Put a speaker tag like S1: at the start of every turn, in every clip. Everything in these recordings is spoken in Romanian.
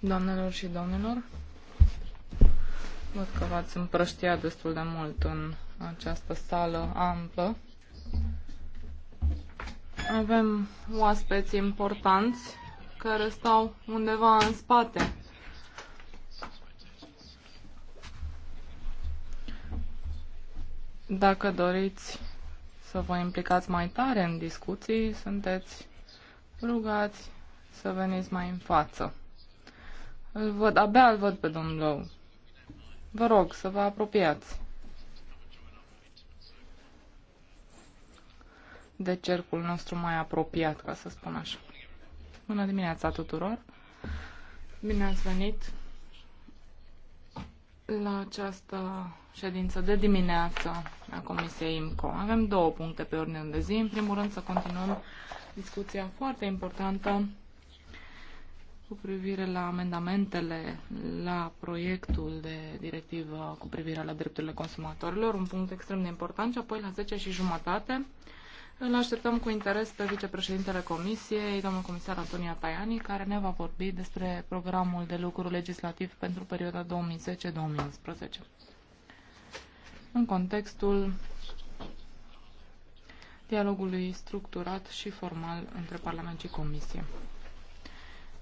S1: Doamnelor și domnilor, văd că v-ați împrăștiat destul de mult în această sală amplă. Avem oaspeți importanți care stau undeva în spate. Dacă doriți să vă implicați mai tare în discuții, sunteți rugați să veniți mai în față. Îl văd, abia îl văd pe domnul Vă rog să vă apropiați de cercul nostru mai apropiat, ca să spun așa. Bună dimineața tuturor! Bine ați venit! la această ședință de dimineață a Comisiei IMCO. Avem două puncte pe ordine de zi. În primul rând să continuăm discuția foarte importantă cu privire la amendamentele la proiectul de directivă cu privire la drepturile consumatorilor, un punct extrem de important, și apoi la 10 și jumătate îl așteptăm cu interes pe vicepreședintele Comisiei, domnul comisar Antonia Tajani, care ne va vorbi despre programul de lucru legislativ pentru perioada 2010-2011. În contextul dialogului structurat și formal între Parlament și Comisie.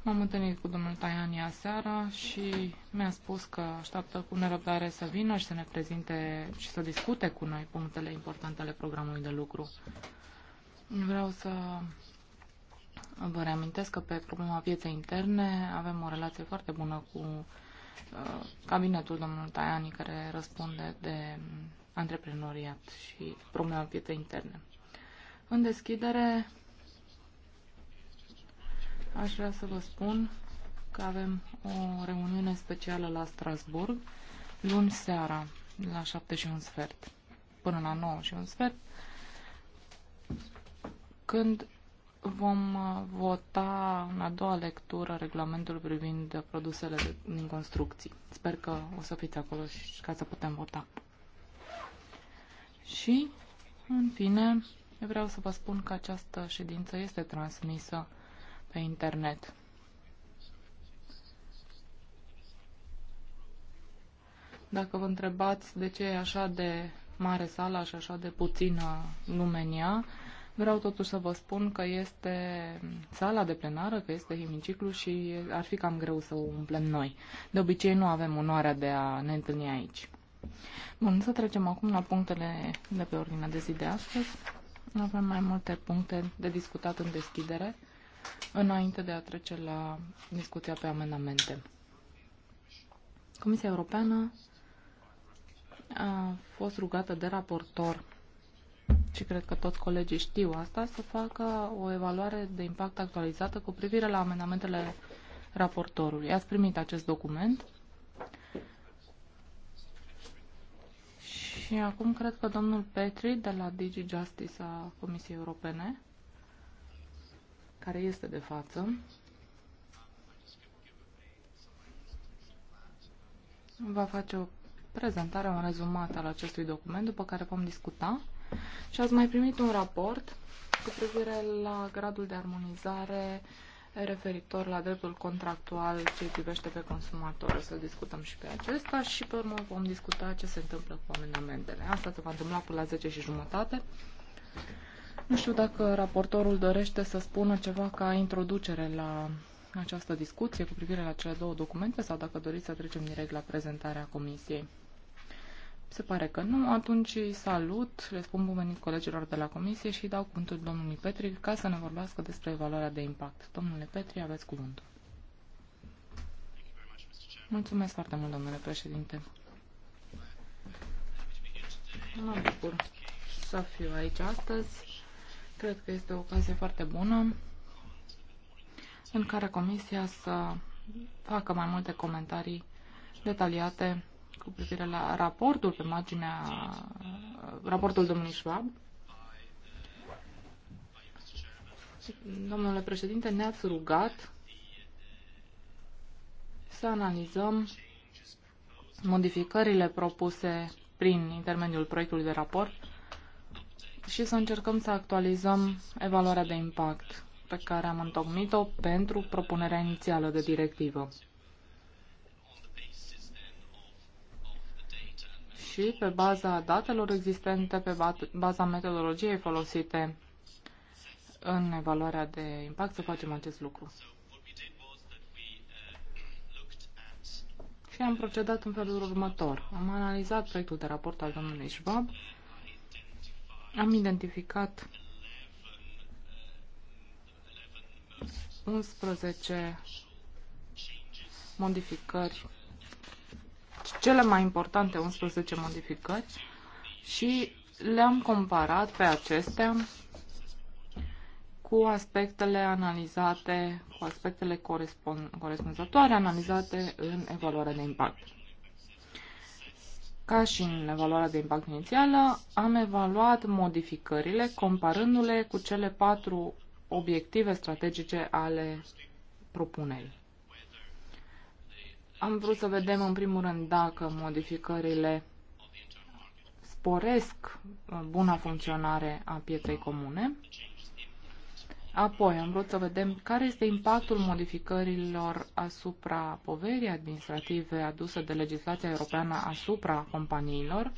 S1: M-am întâlnit cu domnul Tajani aseară și mi-a spus că așteaptă cu nerăbdare să vină și să ne prezinte și să discute cu noi punctele importante ale programului de lucru. Vreau să vă reamintesc că pe problema pieței interne avem o relație foarte bună cu uh, cabinetul domnului Taiani care răspunde de antreprenoriat și problema pieței interne. În deschidere, aș vrea să vă spun că avem o reuniune specială la Strasburg luni seara la 7 și un sfert până la 9 și un sfert când vom uh, vota în a doua lectură regulamentul privind produsele din construcții. Sper că o să fiți acolo și ca să putem vota. Și, în fine, eu vreau să vă spun că această ședință este transmisă pe internet. Dacă vă întrebați de ce e așa de mare sala și așa de puțină lumenia, în Vreau totuși să vă spun că este sala de plenară, că este hemiciclu și ar fi cam greu să o umplem noi. De obicei nu avem onoarea de a ne întâlni aici. Bun, să trecem acum la punctele de pe ordinea de zi de astăzi. Avem mai multe puncte de discutat în deschidere, înainte de a trece la discuția pe amendamente. Comisia Europeană a fost rugată de raportor și cred că toți colegii știu asta, să facă o evaluare de impact actualizată cu privire la amendamentele raportorului. Ați primit acest document și acum cred că domnul Petri de la Digi Justice a Comisiei Europene, care este de față, va face o prezentare, un rezumat al acestui document, după care vom discuta și ați mai primit un raport cu privire la gradul de armonizare referitor la dreptul contractual ce privește pe consumator. O să discutăm și pe acesta și pe urmă vom discuta ce se întâmplă cu amendamentele. Asta se va întâmpla până la 10 și jumătate. Nu știu dacă raportorul dorește să spună ceva ca introducere la această discuție cu privire la cele două documente sau dacă doriți să trecem direct la prezentarea comisiei. Se pare că nu, atunci îi salut, le spun bun venit colegilor de la comisie și dau cuvântul domnului Petri ca să ne vorbească despre evaluarea de impact. Domnule Petri, aveți cuvântul. Mulțumesc foarte mult, domnule președinte. Mă bucur să fiu aici astăzi. Cred că este o ocazie foarte bună în care comisia să facă mai multe comentarii detaliate cu privire la raportul pe marginea, raportul domnului Schwab. Domnule președinte, ne-ați rugat să analizăm modificările propuse prin intermediul proiectului de raport și să încercăm să actualizăm evaluarea de impact pe care am întocmit-o pentru propunerea inițială de directivă. și pe baza datelor existente, pe baza metodologiei folosite în evaluarea de impact, să facem acest lucru. Și am procedat în felul următor. Am analizat proiectul de raport al domnului Schwab, am identificat 11 modificări cele mai importante 11 modificări și le-am comparat pe acestea cu aspectele analizate, cu aspectele corespunzătoare analizate în evaluarea de impact. Ca și în evaluarea de impact inițială, am evaluat modificările comparându-le cu cele patru obiective strategice ale propunerii. Am vrut să vedem, în primul rând, dacă modificările sporesc uh, buna funcționare a pieței comune. Apoi am vrut să vedem care este impactul modificărilor asupra poverii administrative aduse de legislația europeană asupra companiilor.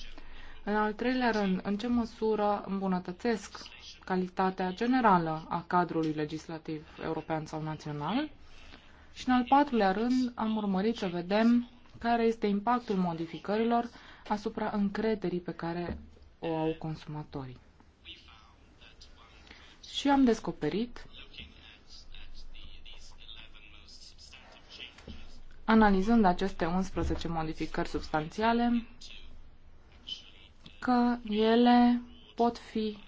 S1: În al treilea rând, în ce măsură îmbunătățesc calitatea generală a cadrului legislativ european sau național. Și în al patrulea rând am urmărit să vedem care este impactul modificărilor asupra încrederii pe care o au consumatorii. Și am descoperit, analizând aceste 11 modificări substanțiale, că ele pot fi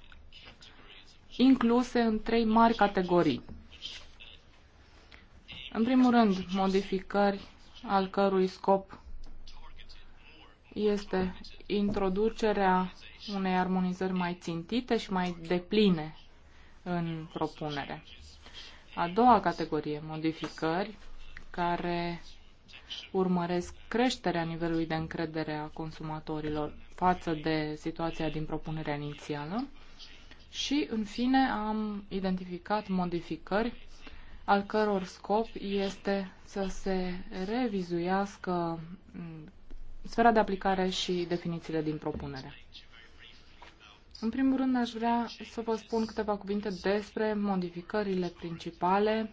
S1: incluse în trei mari categorii. În primul rând, modificări al cărui scop este introducerea unei armonizări mai țintite și mai depline în propunere. A doua categorie, modificări care urmăresc creșterea nivelului de încredere a consumatorilor față de situația din propunerea inițială. Și, în fine, am identificat modificări al căror scop este să se revizuiască mm, sfera de aplicare și definițiile din propunere. În primul rând, aș vrea să vă spun câteva cuvinte despre modificările principale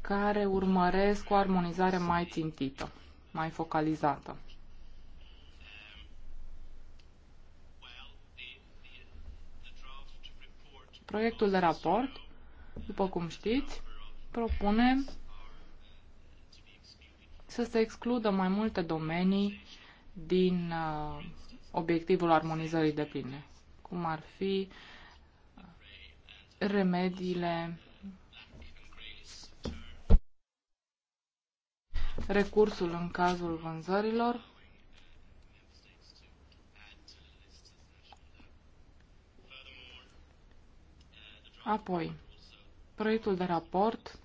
S1: care urmăresc o armonizare mai țintită, mai focalizată. Proiectul de raport după cum știți, propune să se excludă mai multe domenii din uh, obiectivul armonizării de pline, cum ar fi uh, remediile, recursul în cazul vânzărilor, apoi Proiectul de raport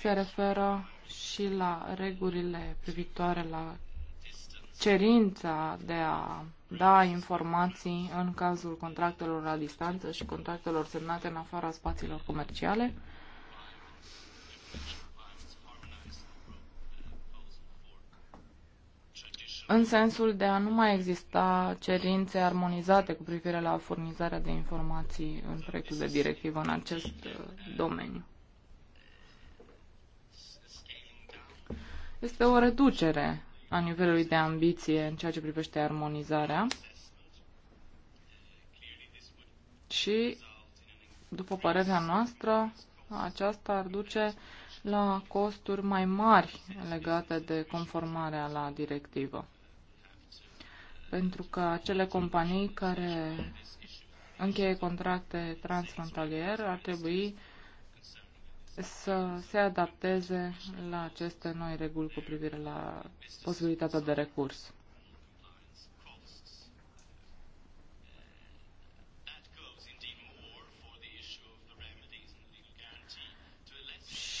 S1: se referă și la regulile privitoare la cerința de a da informații în cazul contractelor la distanță și contractelor semnate în afara spațiilor comerciale. în sensul de a nu mai exista cerințe armonizate cu privire la furnizarea de informații în proiectul de directivă în acest uh, domeniu. Este o reducere a nivelului de ambiție în ceea ce privește armonizarea și, după părerea noastră, aceasta ar duce la costuri mai mari legate de conformarea la directivă pentru că acele companii care încheie contracte transfrontalier ar trebui să se adapteze la aceste noi reguli cu privire la posibilitatea de recurs.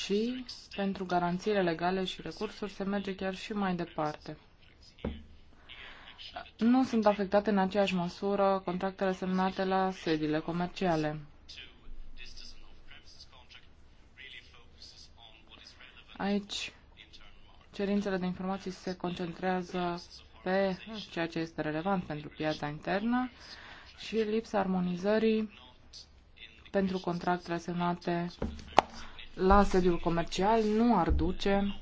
S1: Și pentru garanțiile legale și recursuri se merge chiar și mai departe nu sunt afectate în aceeași măsură contractele semnate la sediile comerciale. Aici, cerințele de informații se concentrează pe ceea ce este relevant pentru piața internă și lipsa armonizării pentru contractele semnate la sediul comercial nu ar duce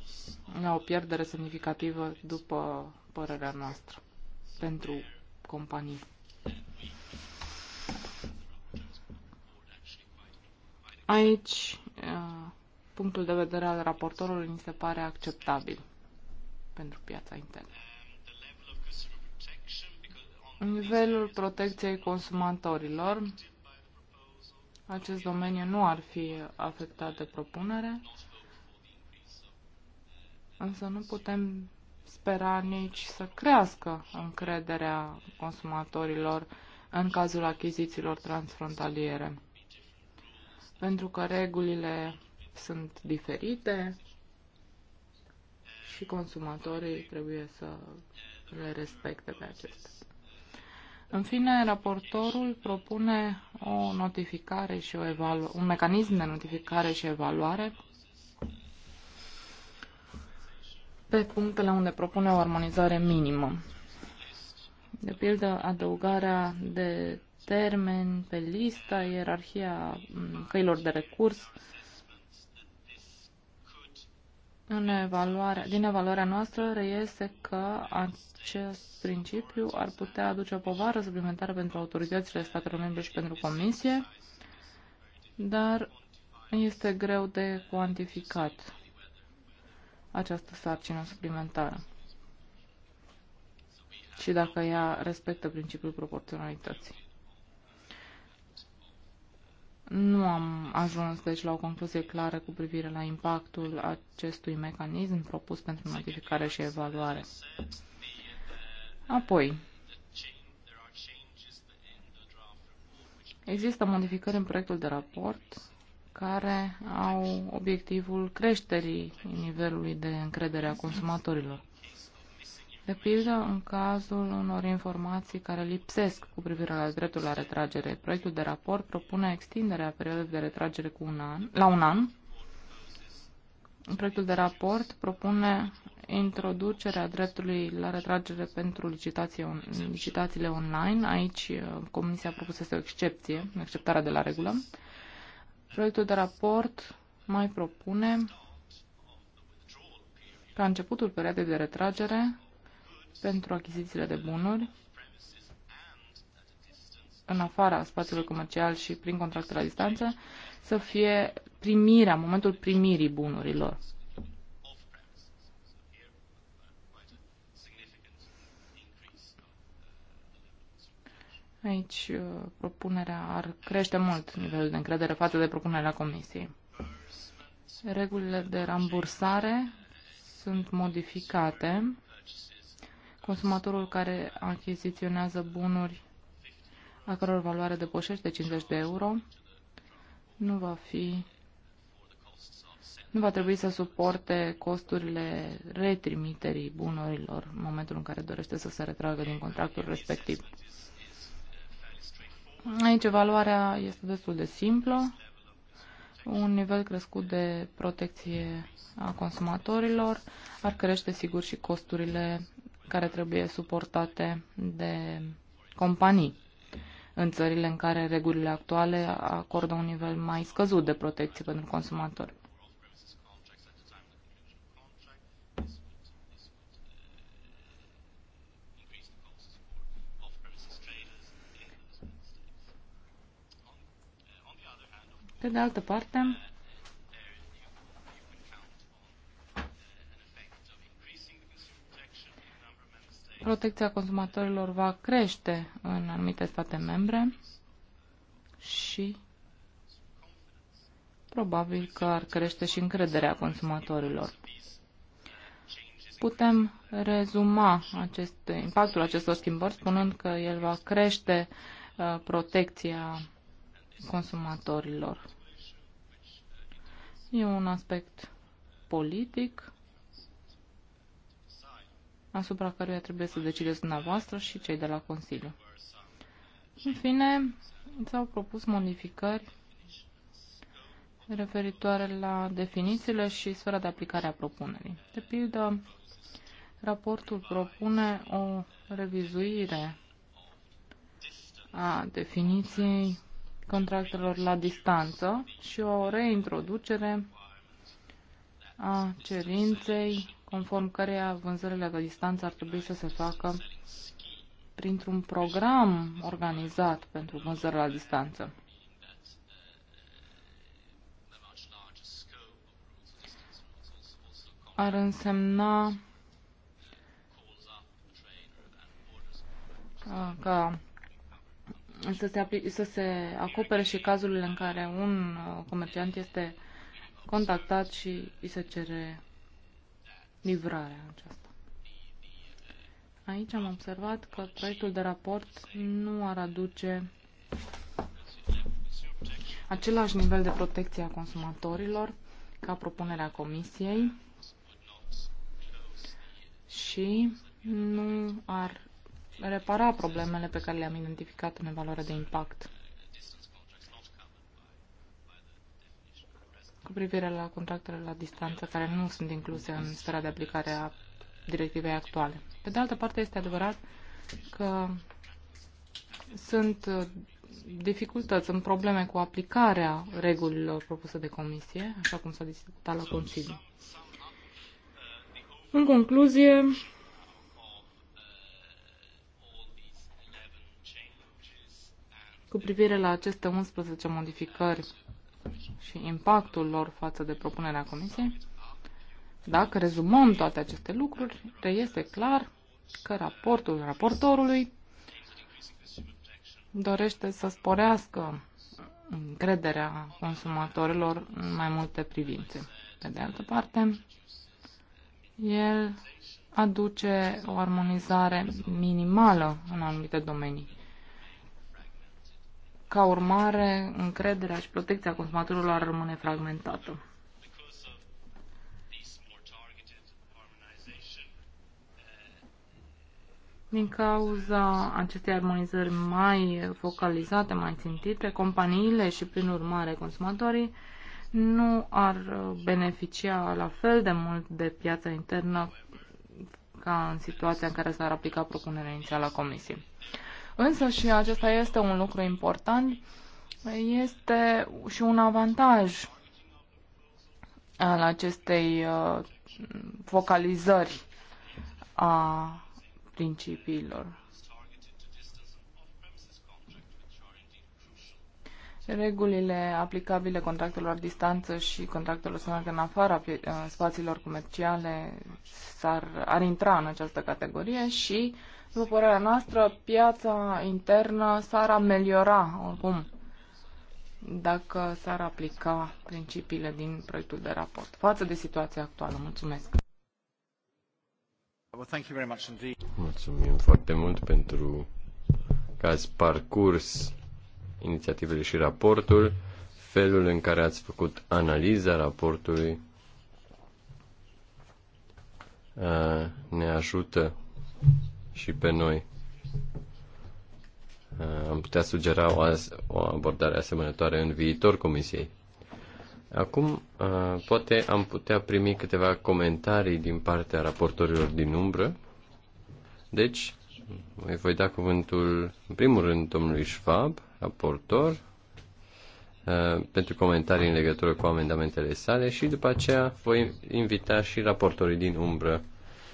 S1: la o pierdere semnificativă, după părerea noastră pentru companii. Aici, uh, punctul de vedere al raportorului mi se pare acceptabil pentru piața internă. Nivelul protecției consumatorilor. Acest domeniu nu ar fi afectat de propunere, însă nu putem spera nici să crească încrederea consumatorilor în cazul achizițiilor transfrontaliere. Pentru că regulile sunt diferite și consumatorii trebuie să le respecte pe acestea. În fine, raportorul propune o notificare și o un mecanism de notificare și evaluare pe punctele unde propune o armonizare minimă. De pildă, adăugarea de termeni pe lista, ierarhia căilor de recurs. În evaluarea, din evaluarea noastră reiese că acest principiu ar putea aduce o povară suplimentară pentru autoritățile statelor membre și pentru comisie, dar este greu de cuantificat această sarcină suplimentară și dacă ea respectă principiul proporționalității. Nu am ajuns, deci, la o concluzie clară cu privire la impactul acestui mecanism propus pentru notificare și evaluare. Apoi, există modificări în proiectul de raport care au obiectivul creșterii nivelului de încredere a consumatorilor. De pildă, în cazul unor informații care lipsesc cu privire la dreptul la retragere, proiectul de raport propune extinderea perioadei de retragere cu un an, la un an. Proiectul de raport propune introducerea dreptului la retragere pentru licitație, licitațiile online. Aici uh, Comisia propusese o excepție, exceptarea de la regulă. Proiectul de raport mai propune ca începutul perioadei de retragere pentru achizițiile de bunuri în afara spațiului comercial și prin contracte la distanță să fie primirea, momentul primirii bunurilor. Aici uh, propunerea ar crește mult nivelul de încredere față de propunerea Comisiei. Regulile de rambursare sunt modificate. Consumatorul care achiziționează bunuri a căror valoare depășește 50 de euro nu va fi nu va trebui să suporte costurile retrimiterii bunurilor în momentul în care dorește să se retragă din contractul respectiv. Aici evaluarea este destul de simplă. Un nivel crescut de protecție a consumatorilor ar crește sigur și costurile care trebuie suportate de companii în țările în care regulile actuale acordă un nivel mai scăzut de protecție pentru consumatori. Pe de altă parte, protecția consumatorilor va crește în anumite state membre și probabil că ar crește și încrederea consumatorilor. Putem rezuma acest, impactul acestor schimbări spunând că el va crește uh, protecția consumatorilor. E un aspect politic asupra căruia trebuie să decideți dumneavoastră și cei de la Consiliu. În fine, s-au propus modificări referitoare la definițiile și sfera de aplicare a propunerii. De pildă, raportul propune o revizuire a definiției contractelor la distanță și o reintroducere a cerinței conform căreia vânzările la distanță ar trebui să se facă printr-un program organizat pentru vânzări la distanță.
S2: Ar însemna uh,
S1: ca să se, apli- să se acopere și cazurile în care un uh, comerciant este contactat și îi se cere livrarea aceasta. Aici am observat că proiectul de raport nu ar aduce același nivel de protecție a consumatorilor ca propunerea comisiei și nu ar repara problemele pe care le-am identificat în evaluarea de impact. Cu privire la contractele la distanță care nu sunt incluse în sfera de aplicare a directivei actuale. Pe de altă parte, este adevărat că sunt uh, dificultăți, sunt probleme cu aplicarea regulilor propuse de comisie, așa cum s-a discutat la Consiliu. În concluzie, cu privire la aceste 11 modificări și impactul lor față de propunerea Comisiei, dacă rezumăm toate aceste lucruri, reiese clar că raportul raportorului dorește să sporească încrederea consumatorilor în mai multe privințe. Pe de altă parte, el aduce o armonizare minimală în anumite domenii ca urmare, încrederea și protecția consumatorilor ar rămâne fragmentată. Din cauza acestei armonizări mai focalizate, mai țintite, companiile și, prin urmare, consumatorii nu ar beneficia la fel de mult de piața internă ca în situația în care s-ar aplica propunerea inițială a Comisiei. Însă și acesta este un lucru important, este și un avantaj al acestei uh, focalizări a principiilor. Regulile aplicabile contractelor distanță și contractelor semnate în afara uh, spațiilor comerciale s-ar, ar intra în această categorie și după părerea noastră, piața internă s-ar ameliora oricum dacă s-ar aplica principiile din proiectul de raport față de situația actuală. Mulțumesc!
S2: Mulțumim foarte
S3: mult pentru că ați parcurs inițiativele și raportul, felul în care ați făcut analiza raportului uh, ne ajută și pe noi. Uh, am putea sugera o, o abordare asemănătoare în viitor comisiei. Acum, uh, poate am putea primi câteva comentarii din partea raportorilor din umbră. Deci, îi voi da cuvântul, în primul rând, domnului Schwab, raportor, uh, pentru comentarii în legătură cu amendamentele sale și după aceea voi invita și raportorii din umbră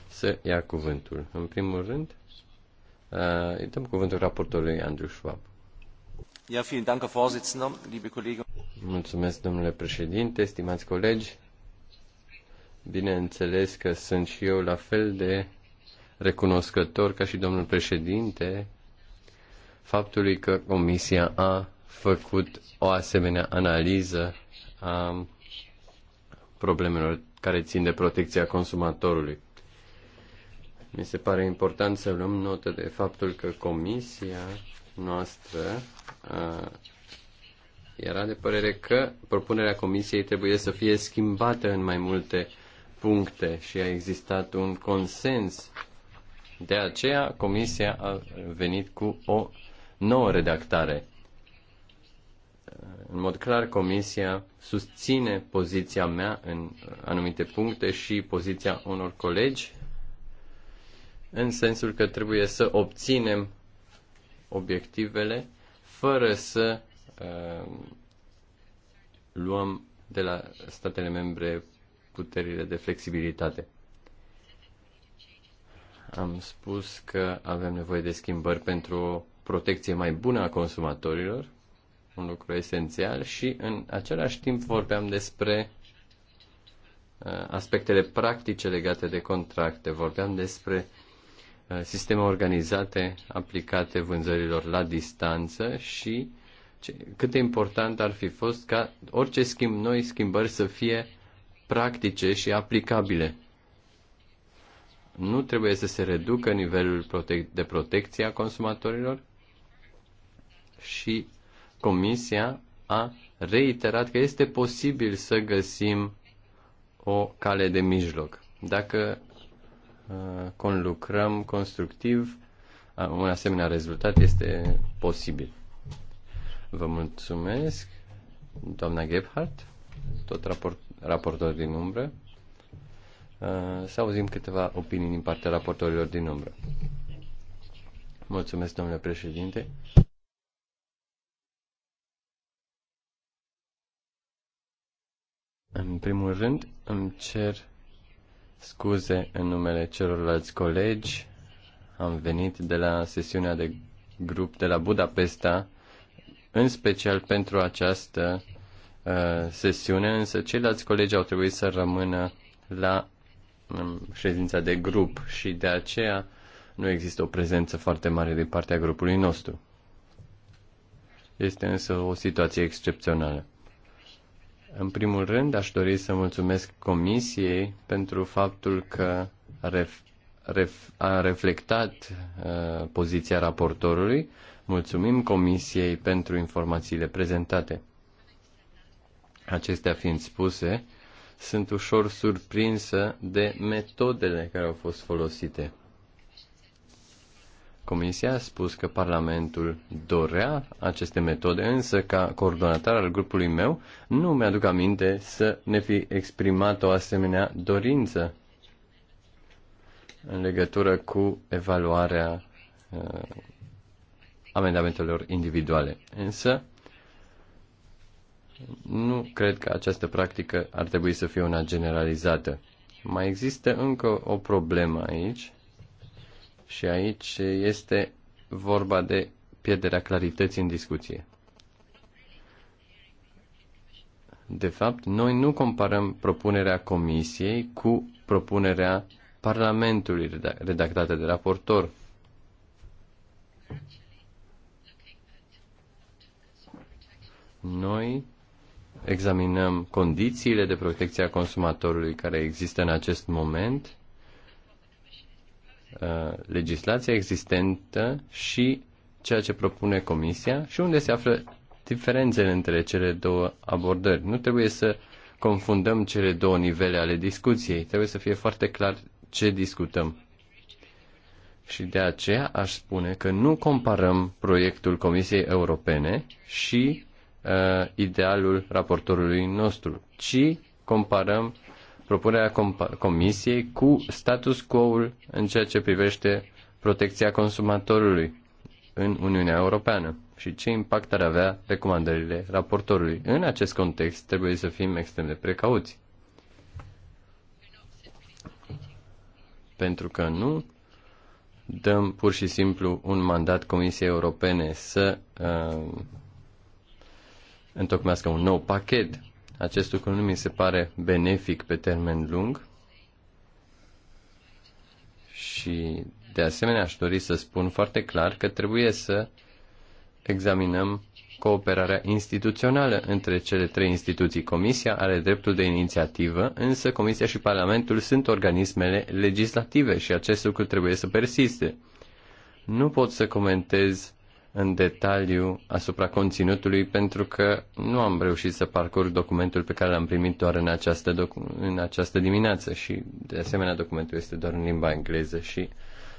S3: să ia cuvântul. În primul rând, uh, îi dăm cuvântul raportorului Andrew Schwab. Ja, vielen Dank, Herr Vorsitzender, liebe Kollegen. Mulțumesc, domnule președinte, stimați colegi. Bineînțeles că sunt și eu la fel de recunoscător ca și domnul președinte faptului că Comisia a făcut o asemenea analiză a problemelor care țin de protecția consumatorului. Mi se pare important să luăm notă de faptul că comisia noastră uh, era de părere că propunerea comisiei trebuie să fie schimbată în mai multe puncte și a existat un consens. De aceea, comisia a venit cu o nouă redactare. În mod clar, comisia susține poziția mea în anumite puncte și poziția unor colegi în sensul că trebuie să obținem obiectivele fără să uh, luăm de la statele membre puterile de flexibilitate. Am spus că avem nevoie de schimbări pentru o protecție mai bună a consumatorilor, un lucru esențial, și în același timp vorbeam despre uh, aspectele practice legate de contracte, vorbeam despre uh, Uh, sisteme organizate aplicate vânzărilor la distanță și cât de important ar fi fost ca orice schimb, noi schimbări să fie practice și aplicabile. Nu trebuie să se reducă nivelul protec- de protecție a consumatorilor și Comisia a reiterat că este posibil să găsim o cale de mijloc. Dacă Uh, conlucrăm constructiv, uh, un asemenea rezultat este posibil. Vă mulțumesc, doamna Gebhardt, tot raport, raportor din umbră. Uh, să auzim câteva opinii din partea raportorilor din umbră. Mulțumesc, domnule președinte. În primul rând, îmi cer scuze în numele celorlalți colegi. Am venit de la sesiunea de grup de la Budapesta, în special pentru această uh, sesiune, însă ceilalți colegi au trebuit să rămână la um, ședința de grup și de aceea nu există o prezență foarte mare din partea grupului nostru. Este însă o situație excepțională. În primul rând, aș dori să mulțumesc Comisiei pentru faptul că ref, ref, a reflectat uh, poziția raportorului. Mulțumim Comisiei pentru informațiile prezentate. Acestea fiind spuse, sunt ușor surprinsă de metodele care au fost folosite. Comisia a spus că Parlamentul dorea aceste metode, însă ca coordonator al grupului meu nu mi-aduc aminte să ne fi exprimat o asemenea dorință în legătură cu evaluarea uh, amendamentelor individuale. Însă, nu cred că această practică ar trebui să fie una generalizată. Mai există încă o problemă aici, și aici este vorba de pierderea clarității în discuție. De fapt, noi nu comparăm propunerea Comisiei cu propunerea Parlamentului redactată de raportor. Noi examinăm condițiile de protecție a consumatorului care există în acest moment Uh, legislația existentă și ceea ce propune Comisia și unde se află diferențele între cele două abordări. Nu trebuie să confundăm cele două nivele ale discuției. Trebuie să fie foarte clar ce discutăm. Și de aceea aș spune că nu comparăm proiectul Comisiei Europene și uh, idealul raportorului nostru, ci comparăm propunerea Comisiei cu status quo-ul în ceea ce privește protecția consumatorului în Uniunea Europeană și ce impact ar avea recomandările raportorului. În acest context trebuie să fim extrem de precauți. Pentru că nu dăm pur și simplu un mandat Comisiei Europene să uh, întocmească un nou pachet acest lucru nu mi se pare benefic pe termen lung și de asemenea aș dori să spun foarte clar că trebuie să examinăm cooperarea instituțională între cele trei instituții. Comisia are dreptul de inițiativă, însă Comisia și Parlamentul sunt organismele legislative și acest lucru trebuie să persiste. Nu pot să comentez în detaliu asupra conținutului pentru că nu am reușit să parcurg documentul pe care l-am primit doar în această, în această dimineață și de asemenea documentul este doar în limba engleză și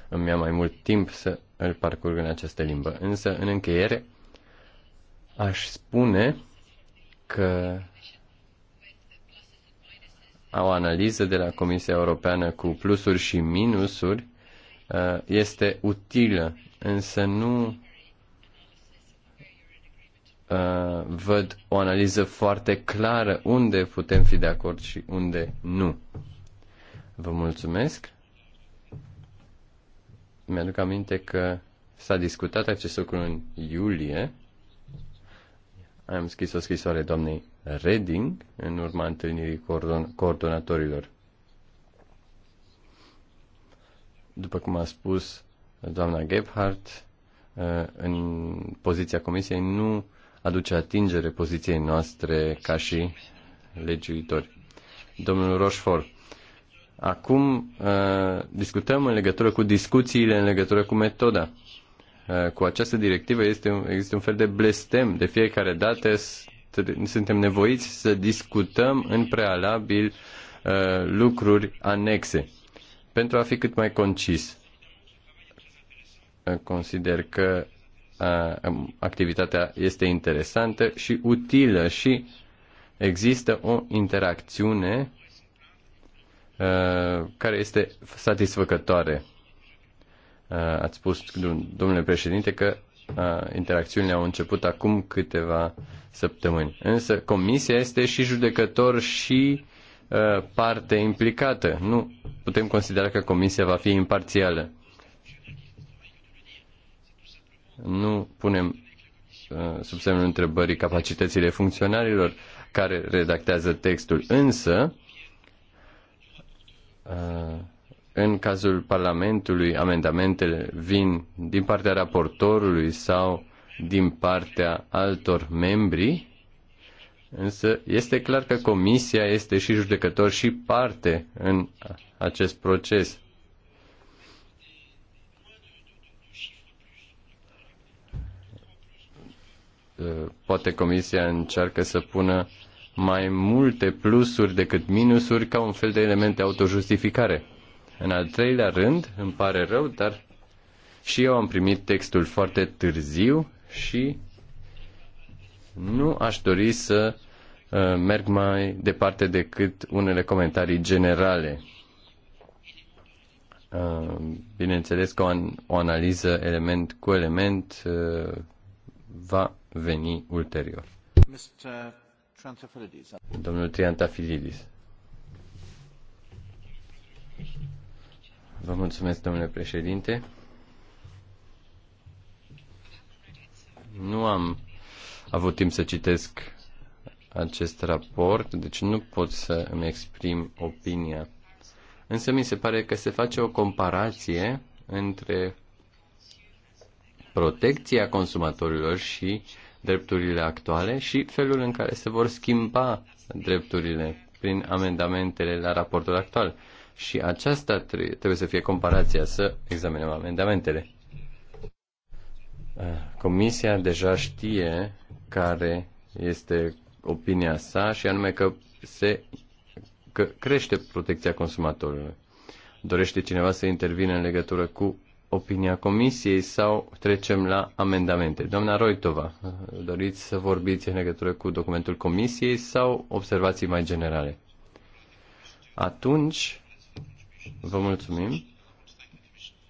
S3: îmi ia mai mult timp să îl parcurg în această limbă. Însă, în încheiere, aș spune că o analiză de la Comisia Europeană cu plusuri și minusuri uh, este utilă, însă nu Uh, văd o analiză foarte clară unde putem fi de acord și unde nu. Vă mulțumesc. Mi-aduc aminte că s-a discutat acest lucru în iulie. Am scris o scrisoare doamnei Reding în urma întâlnirii coordon- coordonatorilor. După cum a spus doamna Gebhardt, uh, în poziția comisiei nu aduce atingere poziției noastre ca și legiuitori. Domnul Rochefort, acum uh, discutăm în legătură cu discuțiile, în legătură cu metoda. Uh, cu această directivă este, există un fel de blestem. De fiecare dată suntem nevoiți să discutăm în prealabil uh, lucruri anexe. Pentru a fi cât mai concis, uh, consider că activitatea este interesantă și utilă și există o interacțiune care este satisfăcătoare. Ați spus, domnule președinte, că interacțiunile au început acum câteva săptămâni. Însă comisia este și judecător și parte implicată. Nu putem considera că comisia va fi imparțială nu punem uh, sub semnul întrebării capacitățile funcționarilor care redactează textul, însă uh, în cazul Parlamentului amendamentele vin din partea raportorului sau din partea altor membri, însă este clar că Comisia este și judecător și parte în acest proces. poate Comisia încearcă să pună mai multe plusuri decât minusuri ca un fel de elemente autojustificare. În al treilea rând, îmi pare rău, dar și eu am primit textul foarte târziu și nu aș dori să uh, merg mai departe decât unele comentarii generale. Uh, bineînțeles că o analiză element cu element uh, va veni ulterior. Domnul Triantafilidis. Vă mulțumesc, domnule președinte. Nu am avut timp să citesc acest raport, deci nu pot să îmi exprim opinia. Însă mi se pare că se face o comparație între protecția consumatorilor și drepturile actuale și felul în care se vor schimba drepturile prin amendamentele la raportul actual. Și aceasta trebuie să fie comparația, să examinăm amendamentele. Ah, comisia deja știe care este opinia sa și anume că se că crește protecția consumatorului. Dorește cineva să intervină în legătură cu opinia comisiei sau trecem la amendamente? Doamna Roitova, doriți să vorbiți în legătură cu documentul comisiei sau observații mai generale? Atunci, vă mulțumim.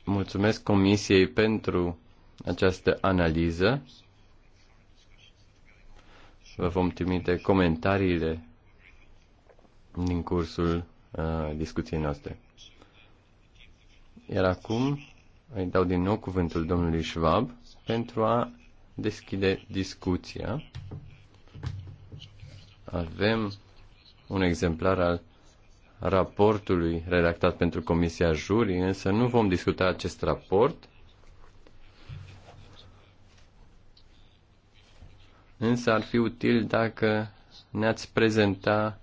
S3: Mulțumesc comisiei pentru această analiză. Vă vom trimite comentariile din cursul uh, discuției noastre. Iar acum îi dau din nou cuvântul domnului Schwab pentru a deschide discuția. Avem un exemplar al raportului redactat pentru Comisia Juri, însă nu vom discuta acest raport. Însă ar fi util dacă ne-ați prezenta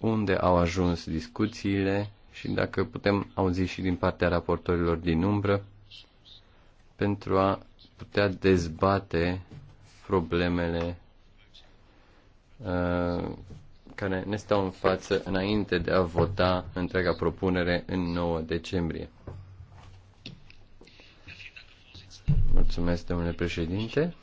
S3: unde au ajuns discuțiile și dacă putem auzi și din partea raportorilor din umbră pentru a putea dezbate problemele uh, care ne stau în față înainte de a vota întreaga propunere în 9 decembrie. Mulțumesc, domnule președinte.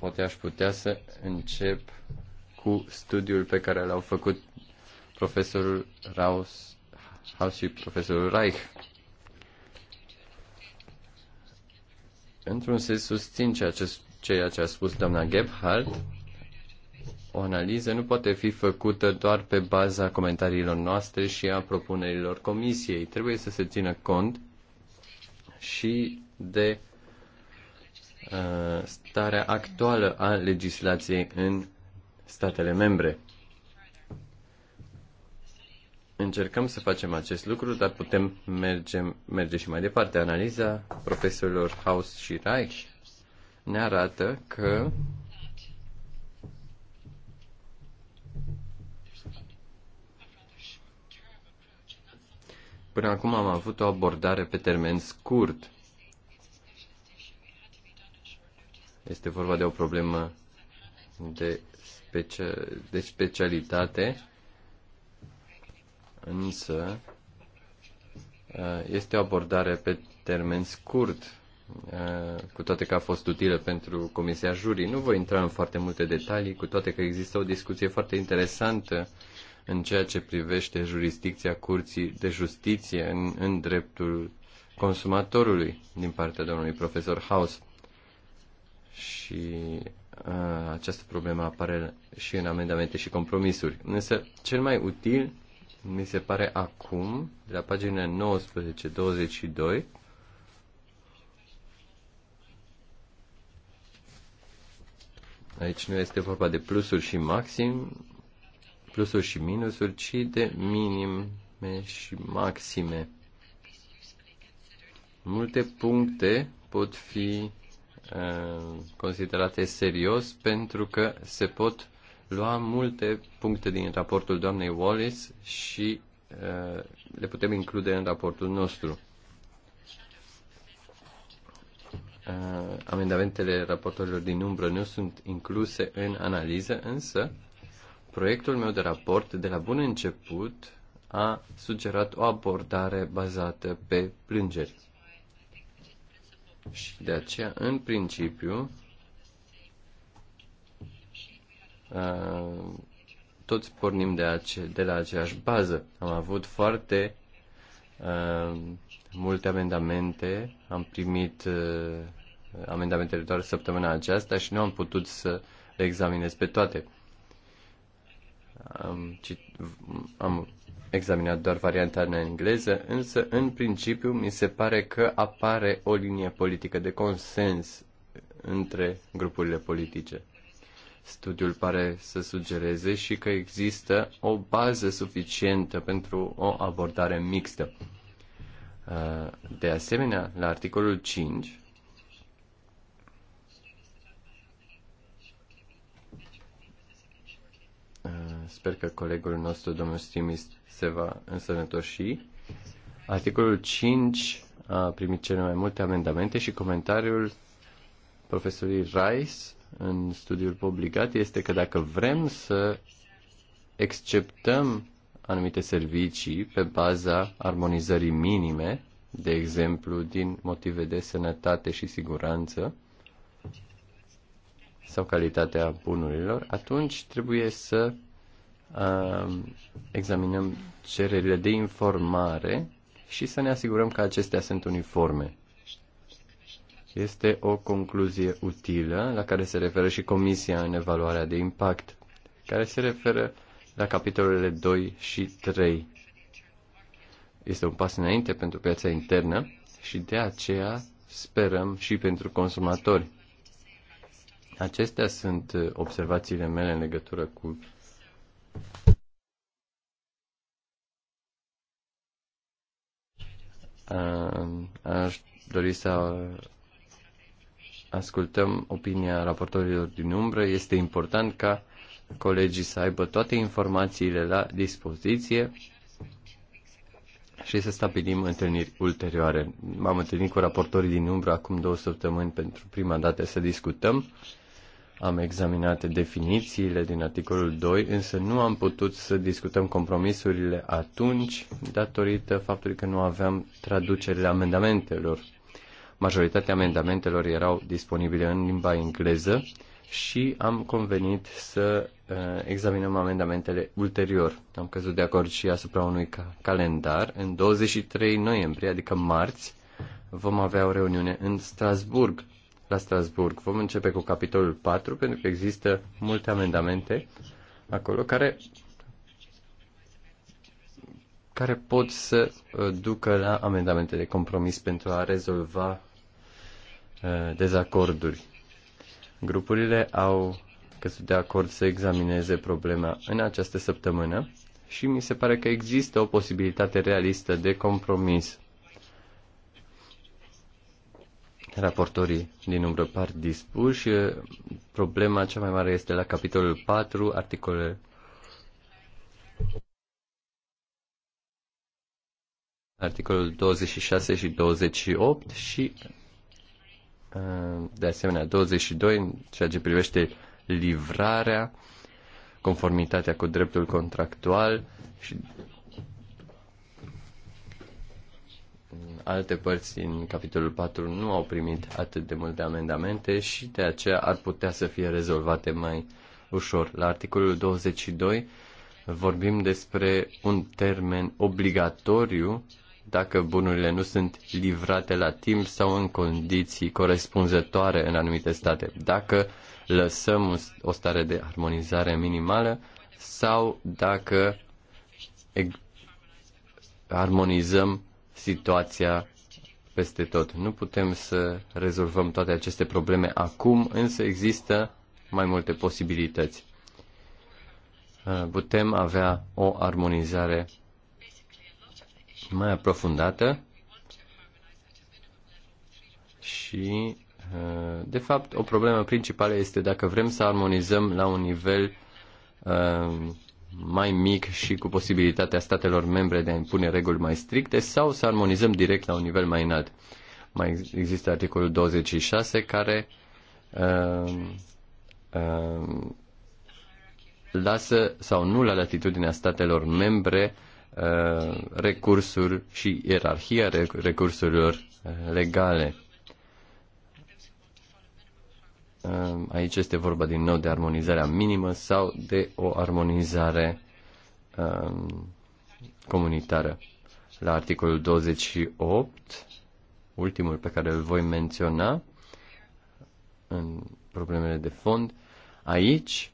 S3: Poate aș putea să încep cu studiul pe care l-au făcut profesorul Raus, Haus și profesorul Reich. Într-un sens susțin ceea ce, ceea ce a spus doamna Gebhardt. O analiză nu poate fi făcută doar pe baza comentariilor noastre și a propunerilor comisiei. Trebuie să se țină cont și de Uh, starea actuală a legislației în statele membre. Încercăm să facem acest lucru, dar putem merge, merge și mai departe. Analiza profesorilor House și Reich ne arată că Până acum am avut o abordare pe termen scurt Este vorba de o problemă de, specia, de specialitate, însă este o abordare pe termen scurt, cu toate că a fost utilă pentru Comisia Jurii. Nu voi intra în foarte multe detalii, cu toate că există o discuție foarte interesantă în ceea ce privește jurisdicția Curții de Justiție în, în dreptul consumatorului din partea domnului profesor House și a, această problemă apare și în amendamente și compromisuri. Însă, cel mai util mi se pare acum, de la pagina 19-22, Aici nu este vorba de plusuri și maxim, plusuri și minusuri, ci de minime și maxime. Multe puncte pot fi Uh, considerate serios pentru că se pot lua multe puncte din raportul doamnei Wallis și uh, le putem include în raportul nostru. Uh, amendamentele raportorilor din umbră nu sunt incluse în analiză, însă proiectul meu de raport de la bun început a sugerat o abordare bazată pe plângeri. Și de aceea, în principiu, toți pornim de, ace- de la aceeași bază. Am avut foarte multe amendamente, am primit uh, amendamentele doar săptămâna aceasta și nu am putut să le examinez pe toate. Am, cit- am examinat doar varianta în engleză, însă în principiu mi se pare că apare o linie politică de consens între grupurile politice. Studiul pare să sugereze și că există o bază suficientă pentru o abordare mixtă. Uh, de asemenea, la articolul 5, uh, Sper că colegul nostru, domnul Stimis, se va însănătoși. Articolul 5 a primit cele mai multe amendamente și comentariul profesorului Rice în studiul publicat este că dacă vrem să exceptăm anumite servicii pe baza armonizării minime, de exemplu din motive de sănătate și siguranță sau calitatea bunurilor, atunci trebuie să Um, examinăm cererile de informare și să ne asigurăm că acestea sunt uniforme. Este o concluzie utilă la care se referă și Comisia în evaluarea de impact, care se referă la capitolele 2 și 3. Este un pas înainte pentru piața internă și de aceea sperăm și pentru consumatori. Acestea sunt observațiile mele în legătură cu Aș dori să ascultăm opinia raportorilor din umbră. Este important ca colegii să aibă toate informațiile la dispoziție și să stabilim întâlniri ulterioare. M-am întâlnit cu raportorii din umbră acum două săptămâni pentru prima dată să discutăm am examinat definițiile din articolul 2, însă nu am putut să discutăm compromisurile atunci datorită faptului că nu aveam traducerile amendamentelor. Majoritatea amendamentelor erau disponibile în limba engleză și am convenit să uh, examinăm amendamentele ulterior. Am căzut de acord și asupra unui calendar. În 23 noiembrie, adică marți, vom avea o reuniune în Strasburg la Strasburg. Vom începe cu capitolul 4, pentru că există multe amendamente acolo care, care pot să uh, ducă la amendamente de compromis pentru a rezolva uh, dezacorduri. Grupurile au căzut de acord să examineze problema în această săptămână și mi se pare că există o posibilitate realistă de compromis raportorii din umbră par dispuși. Problema cea mai mare este la capitolul 4, articole articolul 26 și 28 și de asemenea 22 în ceea ce privește livrarea, conformitatea cu dreptul contractual și alte părți din capitolul 4 nu au primit atât de multe amendamente și de aceea ar putea să fie rezolvate mai ușor. La articolul 22 vorbim despre un termen obligatoriu dacă bunurile nu sunt livrate la timp sau în condiții corespunzătoare în anumite state. Dacă lăsăm o stare de armonizare minimală sau dacă armonizăm situația peste tot. Nu putem să rezolvăm toate aceste probleme acum, însă există mai multe posibilități. Uh, putem avea o armonizare mai aprofundată și, uh, de fapt, o problemă principală este dacă vrem să armonizăm la un nivel uh, mai mic și cu posibilitatea statelor membre de a impune reguli mai stricte sau să armonizăm direct la un nivel mai înalt. Mai există articolul 26 care uh, uh, lasă sau nu la latitudinea statelor membre uh, recursuri și ierarhia recursurilor uh, legale. Uh, aici este vorba din nou de armonizarea minimă sau de o armonizare um, comunitară. La articolul 28, ultimul pe care îl voi menționa în problemele de fond, aici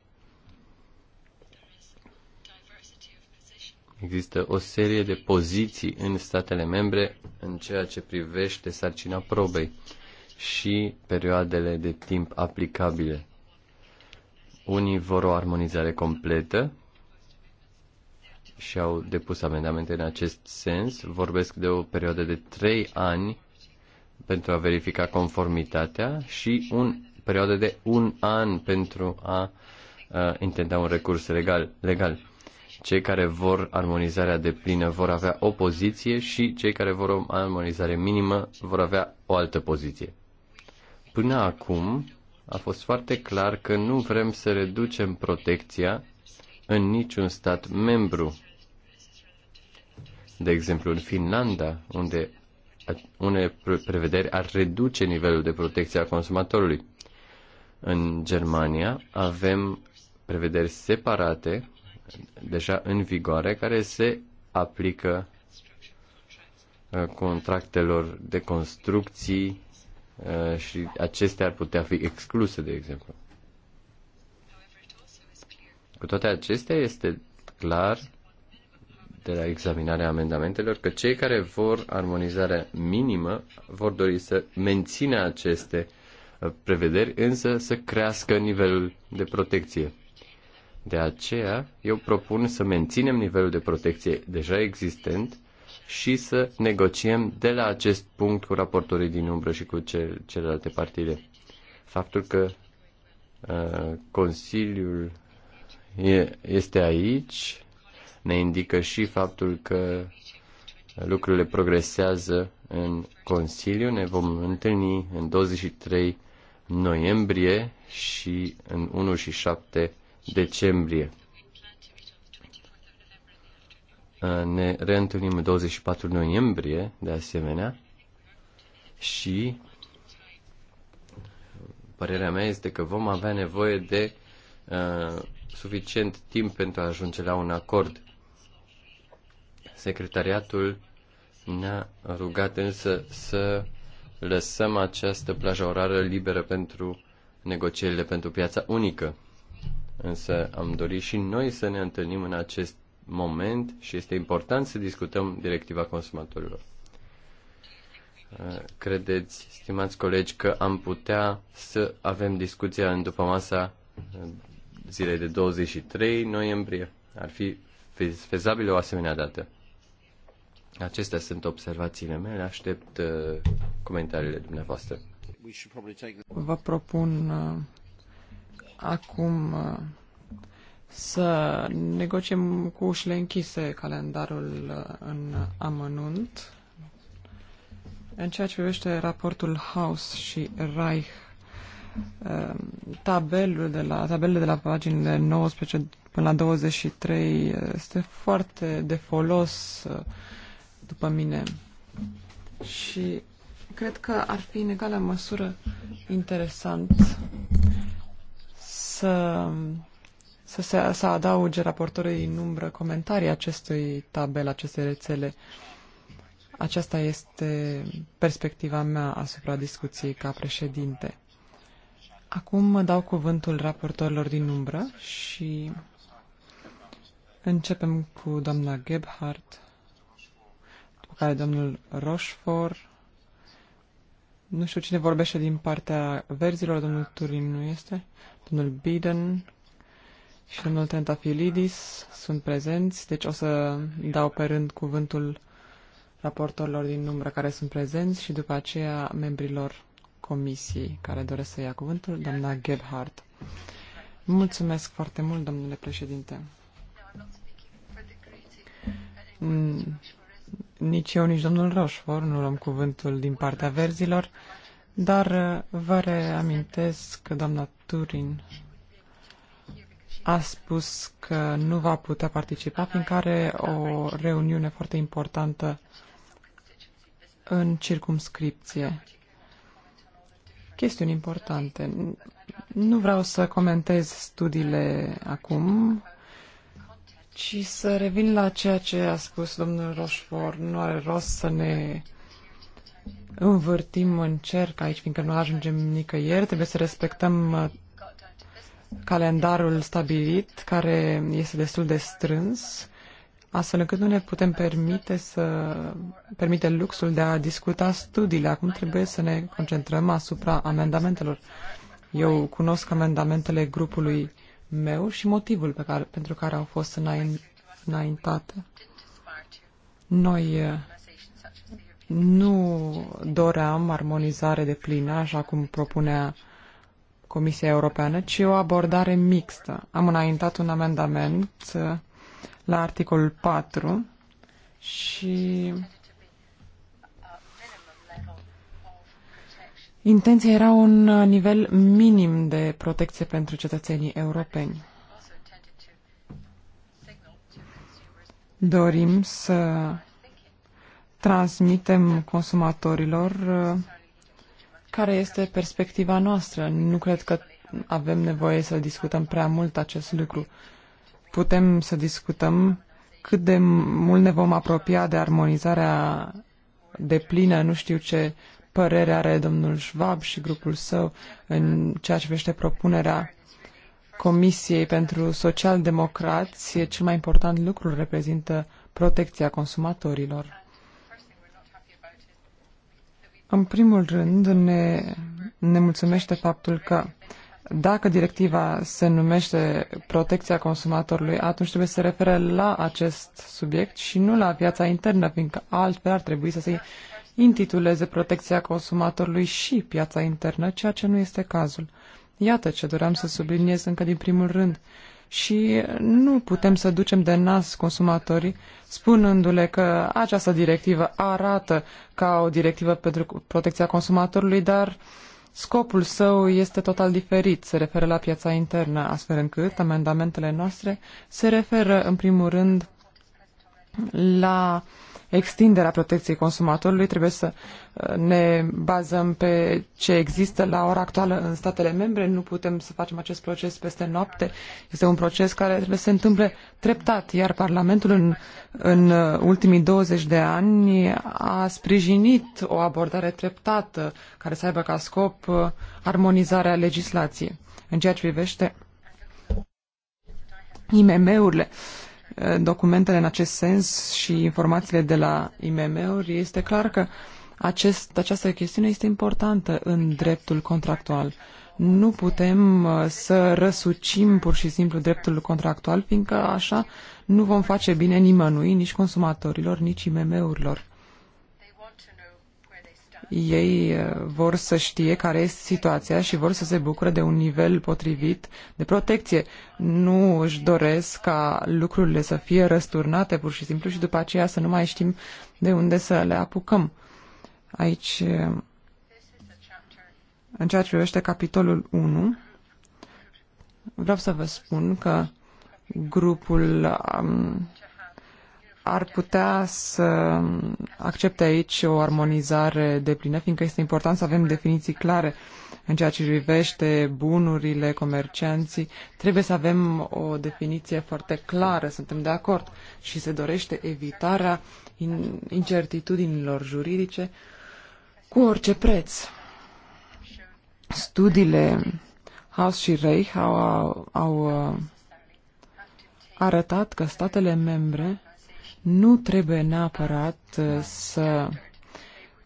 S3: Există o serie de poziții în statele membre în ceea ce privește sarcina probei și perioadele de timp aplicabile. Unii vor o armonizare completă și au depus amendamente în acest sens. Vorbesc de o perioadă de trei ani pentru a verifica conformitatea și un perioadă de un an pentru a uh, intenta un recurs legal. legal. Cei care vor armonizarea de plină vor avea o poziție și cei care vor o armonizare minimă vor avea o altă poziție. Până acum a fost foarte clar că nu vrem să reducem protecția în niciun stat membru. De exemplu, în Finlanda, unde unele prevederi ar reduce nivelul de protecție a consumatorului. În Germania avem prevederi separate, deja în vigoare, care se aplică uh, contractelor de construcții Uh, și acestea ar putea fi excluse, de exemplu. Cu toate acestea, este clar de la examinarea amendamentelor că cei care vor armonizarea minimă vor dori să mențină aceste uh, prevederi, însă să crească nivelul de protecție. De aceea, eu propun să menținem nivelul de protecție deja existent și să negociem de la acest punct cu raportorii din umbră și cu ce, celelalte partide. Faptul că uh, Consiliul e, este aici ne indică și faptul că lucrurile progresează în Consiliu. Ne vom întâlni în 23 noiembrie și în 1 și 7 decembrie. Uh, ne reîntâlnim 24 noiembrie, de asemenea, și părerea mea este că vom avea nevoie de uh, suficient timp pentru a ajunge la un acord. Secretariatul ne-a rugat însă să lăsăm această plajă orară liberă pentru negocierile pentru piața unică. Însă am dorit și noi să ne întâlnim în acest moment și este important să discutăm directiva consumatorilor. Uh, credeți, stimați colegi, că am putea să avem discuția în după masa uh, zilei de 23 noiembrie? Ar fi fezabilă o asemenea dată. Acestea sunt observațiile mele, aștept uh, comentariile dumneavoastră.
S2: Vă
S4: propun acum să negociem cu ușile închise calendarul uh, în amănunt. În ceea ce privește raportul House și Reich, uh, tabelul de la, tabelele de la paginile 19 până la 23 uh, este foarte de folos după mine și cred că ar fi în egală măsură interesant să să, se, să adauge raportorului în umbră comentarii acestui tabel, acestei rețele. Aceasta este perspectiva mea asupra discuției ca președinte. Acum dau cuvântul raportorilor din umbră și începem cu doamna Gebhardt, cu care domnul Rochefort, nu știu cine vorbește din partea verzilor, domnul Turin nu este, domnul Biden, și domnul Tentafilidis sunt prezenți, deci o să dau pe rând cuvântul raportorilor din număr care sunt prezenți și după aceea membrilor comisiei care doresc să ia cuvântul, doamna Gebhardt. Mulțumesc foarte mult, domnule președinte. Mm, nici eu, nici domnul Roșfor nu luăm cuvântul din partea verzilor, dar vă reamintesc că doamna Turin a spus că nu va putea participa, fiindcă are o reuniune foarte importantă în circumscripție. Chestiuni importante. Nu vreau să comentez studiile acum, ci să revin la ceea ce a spus domnul Roșfor. Nu are rost să ne învârtim în cerc aici, fiindcă nu ajungem nicăieri. Trebuie să respectăm uh, calendarul stabilit, care este destul de strâns, astfel încât nu ne putem permite să permite luxul de a discuta studiile. Acum trebuie să ne concentrăm asupra amendamentelor. Eu cunosc amendamentele grupului meu și motivul pe care, pentru care au fost înaintate. Noi eh, nu doream armonizare de plină, așa cum propunea uh, Comisia Europeană, ci o abordare mixtă. Am înaintat un amendament uh, la articolul 4 și intenția era un nivel minim de protecție pentru cetățenii europeni. Dorim să transmitem consumatorilor uh, care este perspectiva noastră. Nu cred că avem nevoie să discutăm prea mult acest lucru. Putem să discutăm cât de mult ne vom apropia de armonizarea de plină, nu știu ce părere are domnul Schwab și grupul său în ceea ce vește propunerea Comisiei pentru social-democrat Social-Democrați, Cel mai important lucru reprezintă protecția consumatorilor. În primul rând, ne, ne mulțumește faptul că dacă directiva se numește protecția consumatorului, atunci trebuie să se refere la acest subiect și nu la piața internă, fiindcă altfel ar trebui să se intituleze protecția consumatorului și piața internă, ceea ce nu este cazul. Iată ce doream să subliniez încă din primul rând și nu putem să ducem de nas consumatorii spunându-le că această directivă arată ca o directivă pentru protecția consumatorului, dar scopul său este total diferit, se referă la piața internă, astfel încât amendamentele noastre se referă în primul rând la uh, extinderea protecției consumatorului. Trebuie să uh, ne bazăm pe ce există la ora actuală în statele membre. Nu putem să facem acest proces peste noapte. Este un proces care trebuie să se întâmple treptat, iar Parlamentul în, în uh, ultimii 20 de ani a sprijinit o abordare treptată care să aibă ca scop uh, armonizarea legislației în ceea ce privește IMM-urile. Uh, documentele în acest sens și informațiile de la IMM-uri, este clar că acest, această chestiune este importantă în dreptul contractual. Nu putem uh, să răsucim pur și simplu dreptul contractual, fiindcă așa nu vom face bine nimănui, nici consumatorilor, nici IMM-urilor ei eh, vor să știe care este situația și vor să se bucure de un nivel potrivit de protecție. Nu își doresc ca lucrurile să fie răsturnate pur și simplu și după aceea să nu mai știm de unde să le apucăm. Aici, eh, în ceea ce privește capitolul 1, vreau să vă spun că grupul um, ar putea să accepte aici o armonizare de plină, fiindcă este important să avem definiții clare în ceea ce privește bunurile, comercianții. Trebuie să avem o definiție foarte clară, suntem de acord, și se dorește evitarea incertitudinilor juridice cu orice preț. Studiile House și Reich au, au uh, arătat că statele membre nu trebuie neapărat uh, să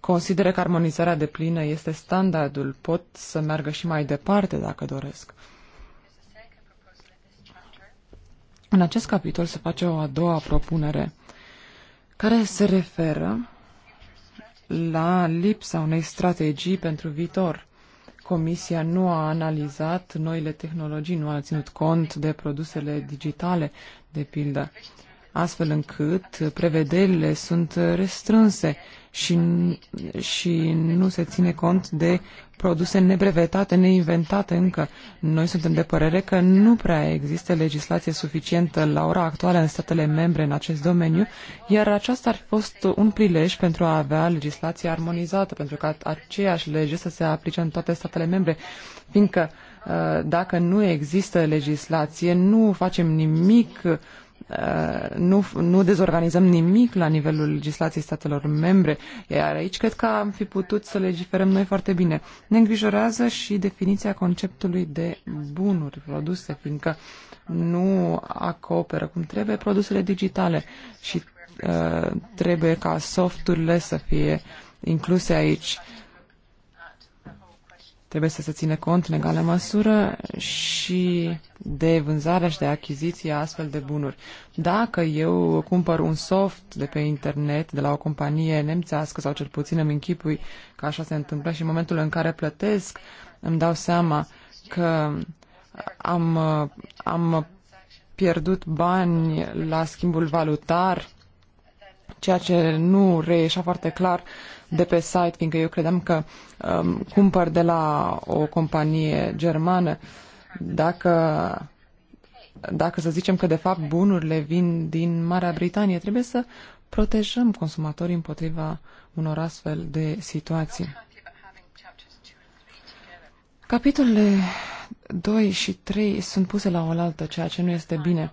S4: considere că armonizarea de plină este standardul. Pot să meargă și mai departe dacă doresc. În acest capitol se face o a doua propunere care se referă la lipsa unei strategii pentru viitor. Comisia nu a analizat noile tehnologii, nu a ținut cont de produsele digitale, de pildă astfel încât prevederile sunt restrânse și, și nu se ține cont de produse nebrevetate, neinventate încă. Noi suntem de părere că nu prea există legislație suficientă la ora actuală în statele membre în acest domeniu, iar aceasta ar fi fost un prilej pentru a avea legislație armonizată, pentru ca aceeași lege să se aplice în toate statele membre, fiindcă uh, dacă nu există legislație, nu facem nimic Uh, nu, nu dezorganizăm nimic la nivelul legislației statelor membre, iar aici cred că am fi putut să legiferăm noi foarte bine. Ne îngrijorează și definiția conceptului de bunuri produse, fiindcă nu acoperă cum trebuie produsele digitale și uh, trebuie ca softurile să fie incluse aici. Uh, Trebuie să se ține cont în egală măsură și de vânzarea și de achiziția astfel de bunuri. Dacă eu cumpăr un soft de pe internet de la o companie nemțească sau cel puțin îmi închipui că așa se întâmplă și în momentul în care plătesc îmi dau seama că am, am pierdut bani la schimbul valutar, ceea ce nu reieșea foarte clar de pe site, fiindcă eu credeam că um, cumpăr de la o companie germană. Dacă, dacă să zicem că de fapt bunurile vin din Marea Britanie, trebuie să protejăm consumatorii împotriva unor astfel de situații. Capitolele 2 și 3 sunt puse la oaltă, ceea ce nu este bine,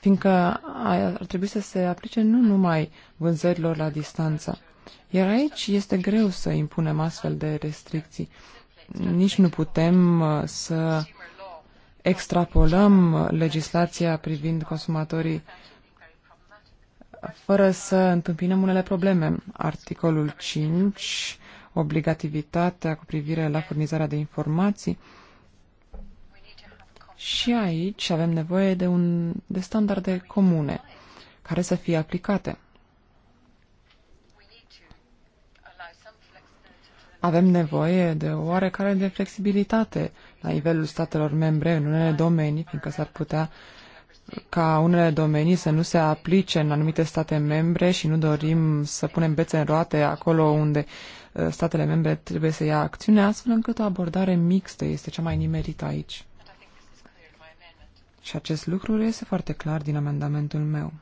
S4: fiindcă ar trebui să se aplice nu numai vânzărilor la distanță, iar aici este greu să impunem astfel de restricții. Nici nu putem uh, să extrapolăm legislația privind consumatorii fără să întâmpinăm unele probleme. Articolul 5, obligativitatea cu privire la furnizarea de informații. Și aici avem nevoie de, un, de standarde comune care să fie aplicate. avem nevoie de o oarecare de flexibilitate la nivelul statelor membre în unele domenii, fiindcă s-ar putea ca unele domenii să nu se aplice în anumite state membre și nu dorim să punem bețe în roate acolo unde ă, statele membre trebuie să ia acțiune, astfel încât o abordare mixtă este cea mai nimerită aici. Și acest lucru este foarte clar din amendamentul meu.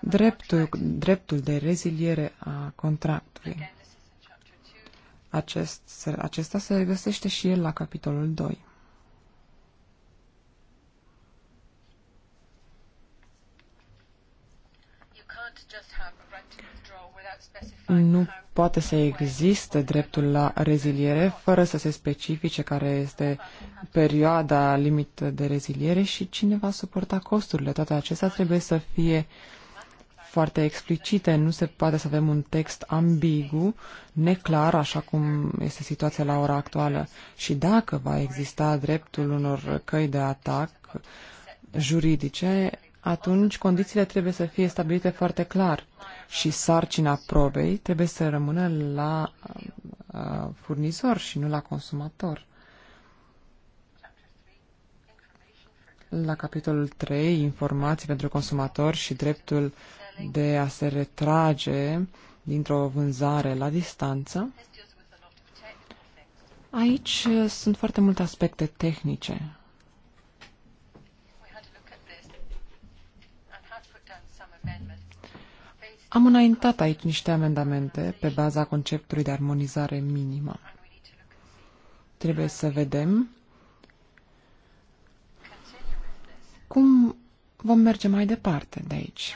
S4: dreptul, dreptul de reziliere a contractului. Acest, acesta se regăsește și el la capitolul 2. Nu poate să existe dreptul la reziliere fără să se specifice care este perioada limită de reziliere și cine va suporta costurile. Toate acestea trebuie să fie uh, foarte explicite. Nu se poate să avem un text ambigu, neclar, așa cum este situația la ora actuală. Și dacă va exista dreptul unor căi de atac juridice, atunci condițiile trebuie să fie stabilite foarte clar și sarcina probei trebuie să rămână la uh, furnizor și nu la consumator. La capitolul 3, informații pentru consumator și dreptul de a se retrage dintr-o vânzare la distanță. Aici uh, sunt foarte multe aspecte tehnice. Am înaintat aici niște amendamente pe baza conceptului de armonizare minimă. Trebuie să vedem cum vom merge mai departe de aici.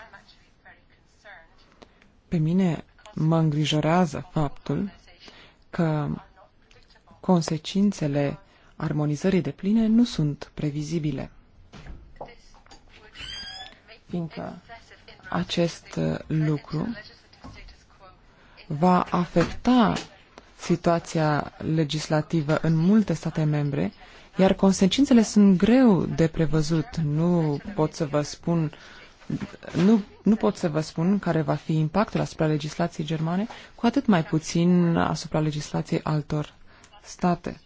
S4: Pe mine mă îngrijorează faptul că consecințele armonizării de pline nu sunt previzibile, fiindcă acest uh, lucru va afecta situația legislativă în multe state membre, iar consecințele sunt greu de prevăzut. Nu pot să vă spun uh, nu, nu pot să vă spun care va fi impactul asupra legislației germane, cu atât mai puțin asupra legislației altor state.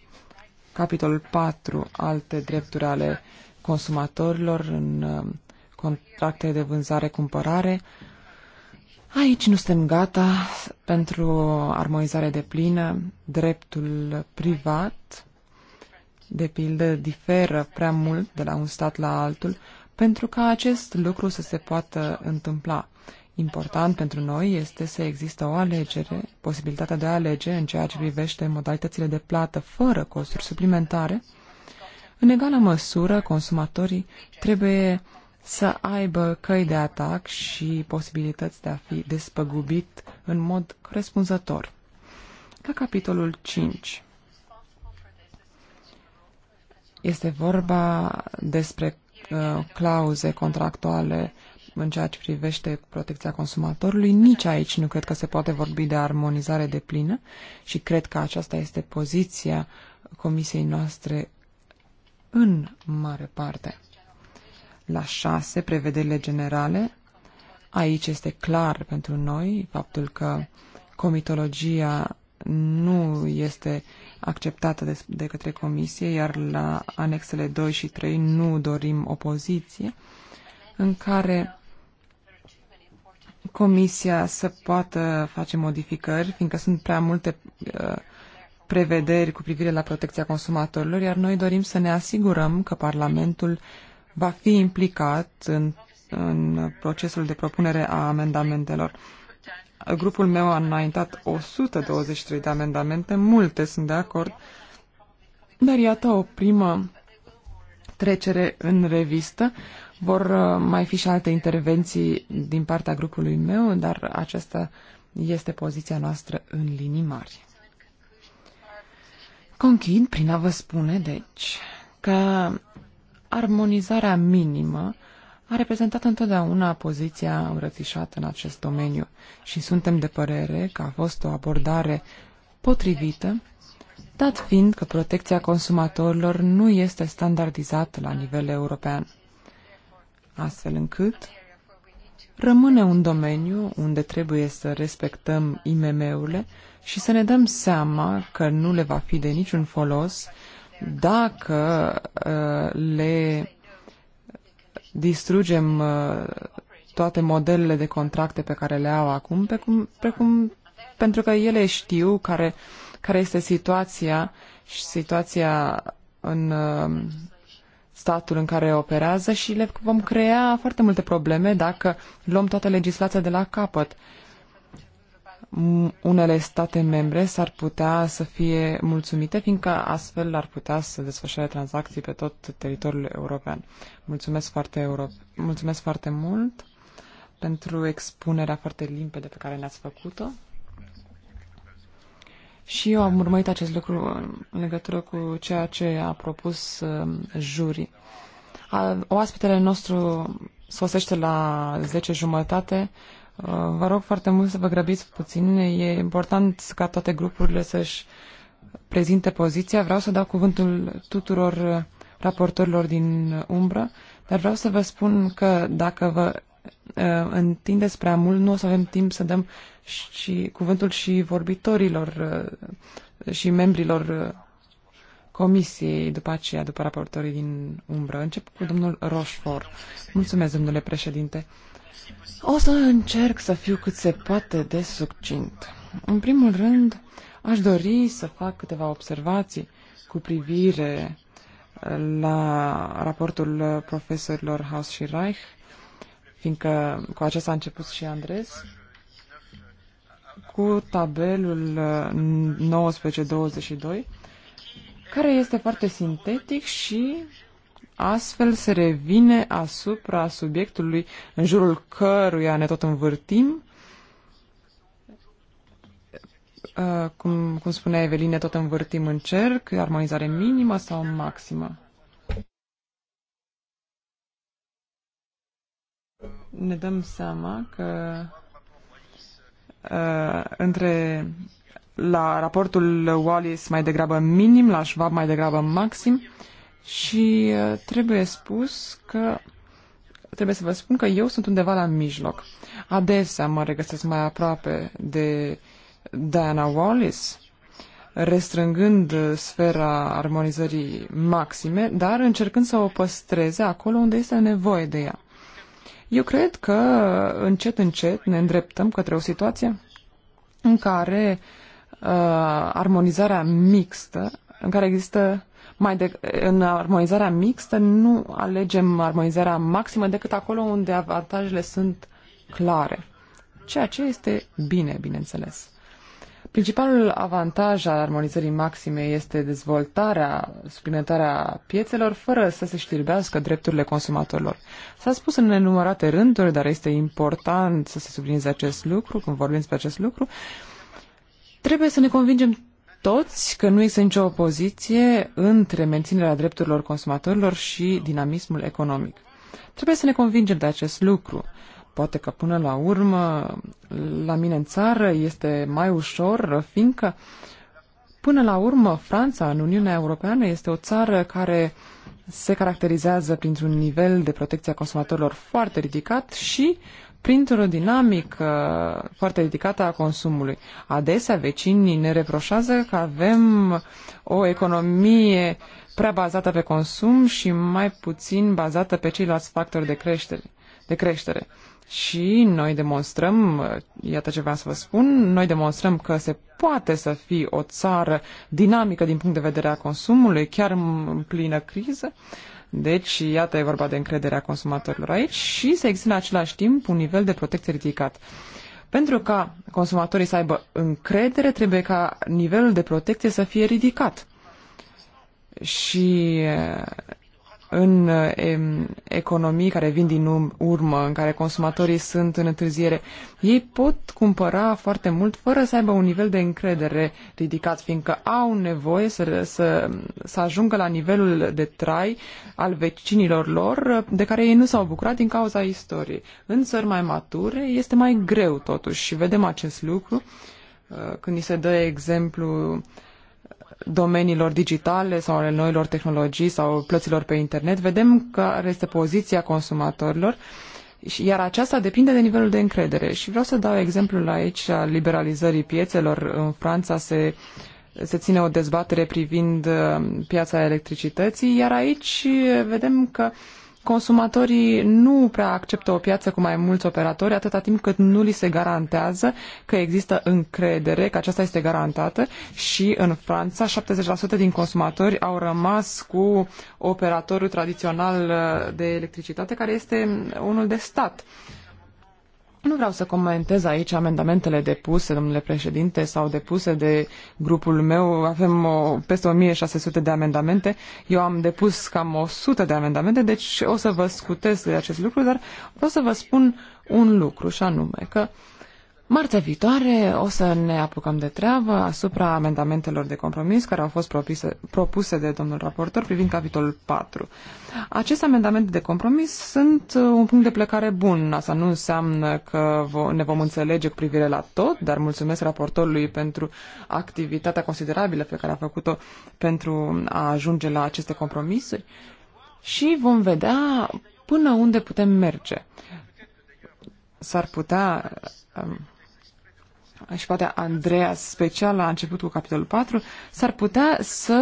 S4: Capitolul 4, alte drepturi ale consumatorilor în uh, contracte de vânzare-cumpărare. Aici nu suntem gata pentru armonizare de plină. Dreptul privat, de pildă, diferă prea mult de la un stat la altul pentru ca acest lucru să se poată întâmpla. Important pentru noi este să există o alegere, posibilitatea de a alege în ceea ce privește modalitățile de plată fără costuri suplimentare. În egală măsură, consumatorii trebuie să aibă căi de atac și posibilități de a fi despăgubit în mod corespunzător. La capitolul 5 este vorba despre Uh, clauze contractuale în ceea ce privește protecția consumatorului. Nici aici nu cred că se poate vorbi de armonizare de plină și cred că aceasta este poziția comisiei noastre în mare parte. La șase, prevederile generale. Aici este clar pentru noi faptul că comitologia nu este uh, acceptată de, de către Comisie, iar la anexele 2 și 3 nu dorim opoziție, în care Comisia să poată face modificări, fiindcă sunt prea multe uh, prevederi cu privire la protecția consumatorilor, iar noi dorim să ne asigurăm că Parlamentul va fi implicat în, în procesul de propunere a amendamentelor. Grupul meu a înaintat 123 de amendamente, multe sunt de acord, dar iată o primă trecere în revistă. Vor uh, mai fi și alte intervenții din partea grupului meu, dar aceasta este poziția noastră în linii mari. Conchid prin a vă spune, deci, că armonizarea minimă a reprezentat întotdeauna poziția îmbrățișată în acest domeniu și suntem de părere că a fost o abordare potrivită, dat fiind că protecția consumatorilor nu este standardizată la nivel european, astfel încât rămâne un domeniu unde trebuie să respectăm IMM-urile și să ne dăm seama că nu le va fi de niciun folos dacă uh, le distrugem uh, toate modelele de contracte pe care le au acum, precum, precum pentru că ele știu care, care este situația și situația în uh, statul în care operează și le vom crea foarte multe probleme dacă luăm toată legislația de la capăt unele state membre s-ar putea să fie mulțumite, fiindcă astfel ar putea să desfășoare tranzacții pe tot teritoriul european. Mulțumesc foarte, euro... Mulțumesc foarte mult pentru expunerea foarte limpede pe care ne-ați făcut-o. Și eu am urmărit acest lucru în legătură cu ceea ce a propus um, juri. Oaspetele nostru sosește la 10 jumătate Uh, vă rog foarte mult să vă grăbiți puțin. E important ca toate grupurile să-și prezinte poziția. Vreau să dau cuvântul tuturor uh, raportorilor din umbră, dar vreau să vă spun că dacă vă uh, întindeți prea mult, nu o să avem timp să dăm și cuvântul și vorbitorilor și membrilor comisiei după aceea, după raportorii din umbră. Încep cu domnul Roșfor. Mulțumesc, domnule președinte. O să încerc să fiu cât se poate de succint. În primul rând, aș dori să fac câteva observații cu privire uh, la raportul uh, profesorilor Haus și Reich, fiindcă cu acesta a început și Andres, cu tabelul 1922, uh, 22 care este foarte sintetic și Astfel se revine asupra subiectului în jurul căruia ne tot învârtim. Uh, cum, cum spunea Evelin, ne tot învârtim în cerc, armonizare minimă sau maximă. Ne dăm seama că uh, între la raportul Wallis mai degrabă minim, la Schwab mai degrabă maxim, uh, și uh, trebuie spus că trebuie să vă spun că eu sunt undeva la mijloc. Adesea mă regăsesc mai aproape de Diana Wallis, restrângând uh, sfera armonizării maxime, dar încercând să o păstreze acolo unde este nevoie de ea. Eu cred că încet, încet ne îndreptăm către o situație în care uh, armonizarea mixtă, în care există mai de, în armonizarea mixtă nu alegem armonizarea maximă decât acolo unde avantajele sunt clare, ceea ce este bine, bineînțeles. Principalul avantaj al armonizării maxime este dezvoltarea, suplimentarea piețelor fără să se știrbească drepturile consumatorilor. S-a spus în nenumărate rânduri, dar este important să se sublinieze acest lucru când vorbim despre acest lucru. Trebuie să ne convingem toți că nu există nicio opoziție între menținerea drepturilor consumatorilor și dinamismul economic. Trebuie să ne convingem de acest lucru. Poate că până la urmă, la mine în țară este mai ușor, fiindcă până la urmă Franța în Uniunea Europeană este o țară care se caracterizează printr-un nivel de protecție a consumatorilor foarte ridicat și uh, printr-o dinamică foarte ridicată a consumului. Adesea vecinii ne reproșează că avem o economie prea bazată pe consum și mai puțin bazată pe ceilalți factori de creștere. De creștere. Și noi demonstrăm, iată ce vreau să vă spun, noi demonstrăm că se poate să fie o țară dinamică din punct de vedere a consumului, chiar în plină criză, uh, deci, iată, e vorba de încrederea consumatorilor aici și să există în același timp un nivel de protecție ridicat. Pentru ca consumatorii să aibă încredere, trebuie ca nivelul de protecție să fie ridicat. Și în eh, economii care vin din urmă, în care consumatorii sunt în întârziere, ei pot cumpăra foarte mult fără să aibă un nivel de încredere ridicat, fiindcă au nevoie să, să, să ajungă la nivelul de trai al vecinilor lor, de care ei nu s-au bucurat din cauza istoriei. În țări mai mature este mai greu totuși și vedem acest lucru eh, când ni se dă exemplu domeniilor digitale sau ale noilor tehnologii sau plăților pe internet, vedem care este poziția consumatorilor, iar aceasta depinde de nivelul de încredere. Și vreau să dau exemplul aici a liberalizării piețelor. În Franța se, se ține o dezbatere privind uh, piața electricității, iar aici vedem că uh, consumatorii nu prea acceptă o piață cu mai mulți operatori atâta timp cât nu li se garantează că există încredere, că aceasta este garantată și în Franța 70% din consumatori au rămas cu operatorul tradițional uh, de electricitate care este unul de stat. Uh, nu vreau să comentez aici amendamentele depuse, domnule președinte, sau depuse de grupul meu. Avem o, peste 1600 de amendamente. Eu am depus cam 100 de amendamente, deci o să vă scutez de acest lucru, dar vreau să vă spun un lucru, și anume că uh, Marțea viitoare o să ne apucăm de treabă asupra amendamentelor de compromis care au fost propise, propuse de domnul raportor privind capitolul 4. Aceste amendamente de compromis sunt uh, un punct de plecare bun. Asta nu înseamnă că ne vom înțelege cu privire la tot, dar mulțumesc raportorului pentru activitatea considerabilă pe care a făcut-o pentru a ajunge la aceste compromisuri și vom vedea până unde putem merge. S-ar putea um, și poate Andreea special a început cu capitolul 4, s-ar putea să,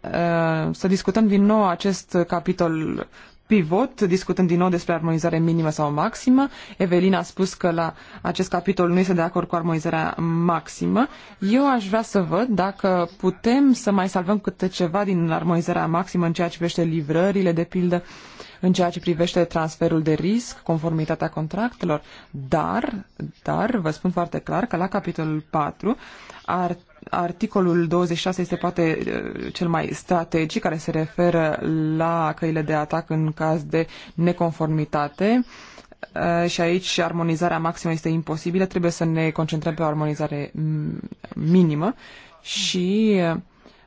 S4: uh, să discutăm din nou acest capitol pivot, discutând din nou despre armonizare minimă sau maximă. Evelina a spus că la acest capitol nu este de acord cu armonizarea maximă. Eu aș vrea să văd dacă putem să mai salvăm câte ceva din armonizarea maximă în ceea ce privește livrările, de pildă. Uh, în ceea ce privește transferul de risc, conformitatea contractelor, dar, dar vă spun foarte clar că la capitolul 4 ar, articolul 26 este poate eh, cel mai strategic, care se referă la căile de atac în caz de neconformitate eh, și aici armonizarea maximă este imposibilă, trebuie să ne concentrăm pe o armonizare mm, minimă și eh,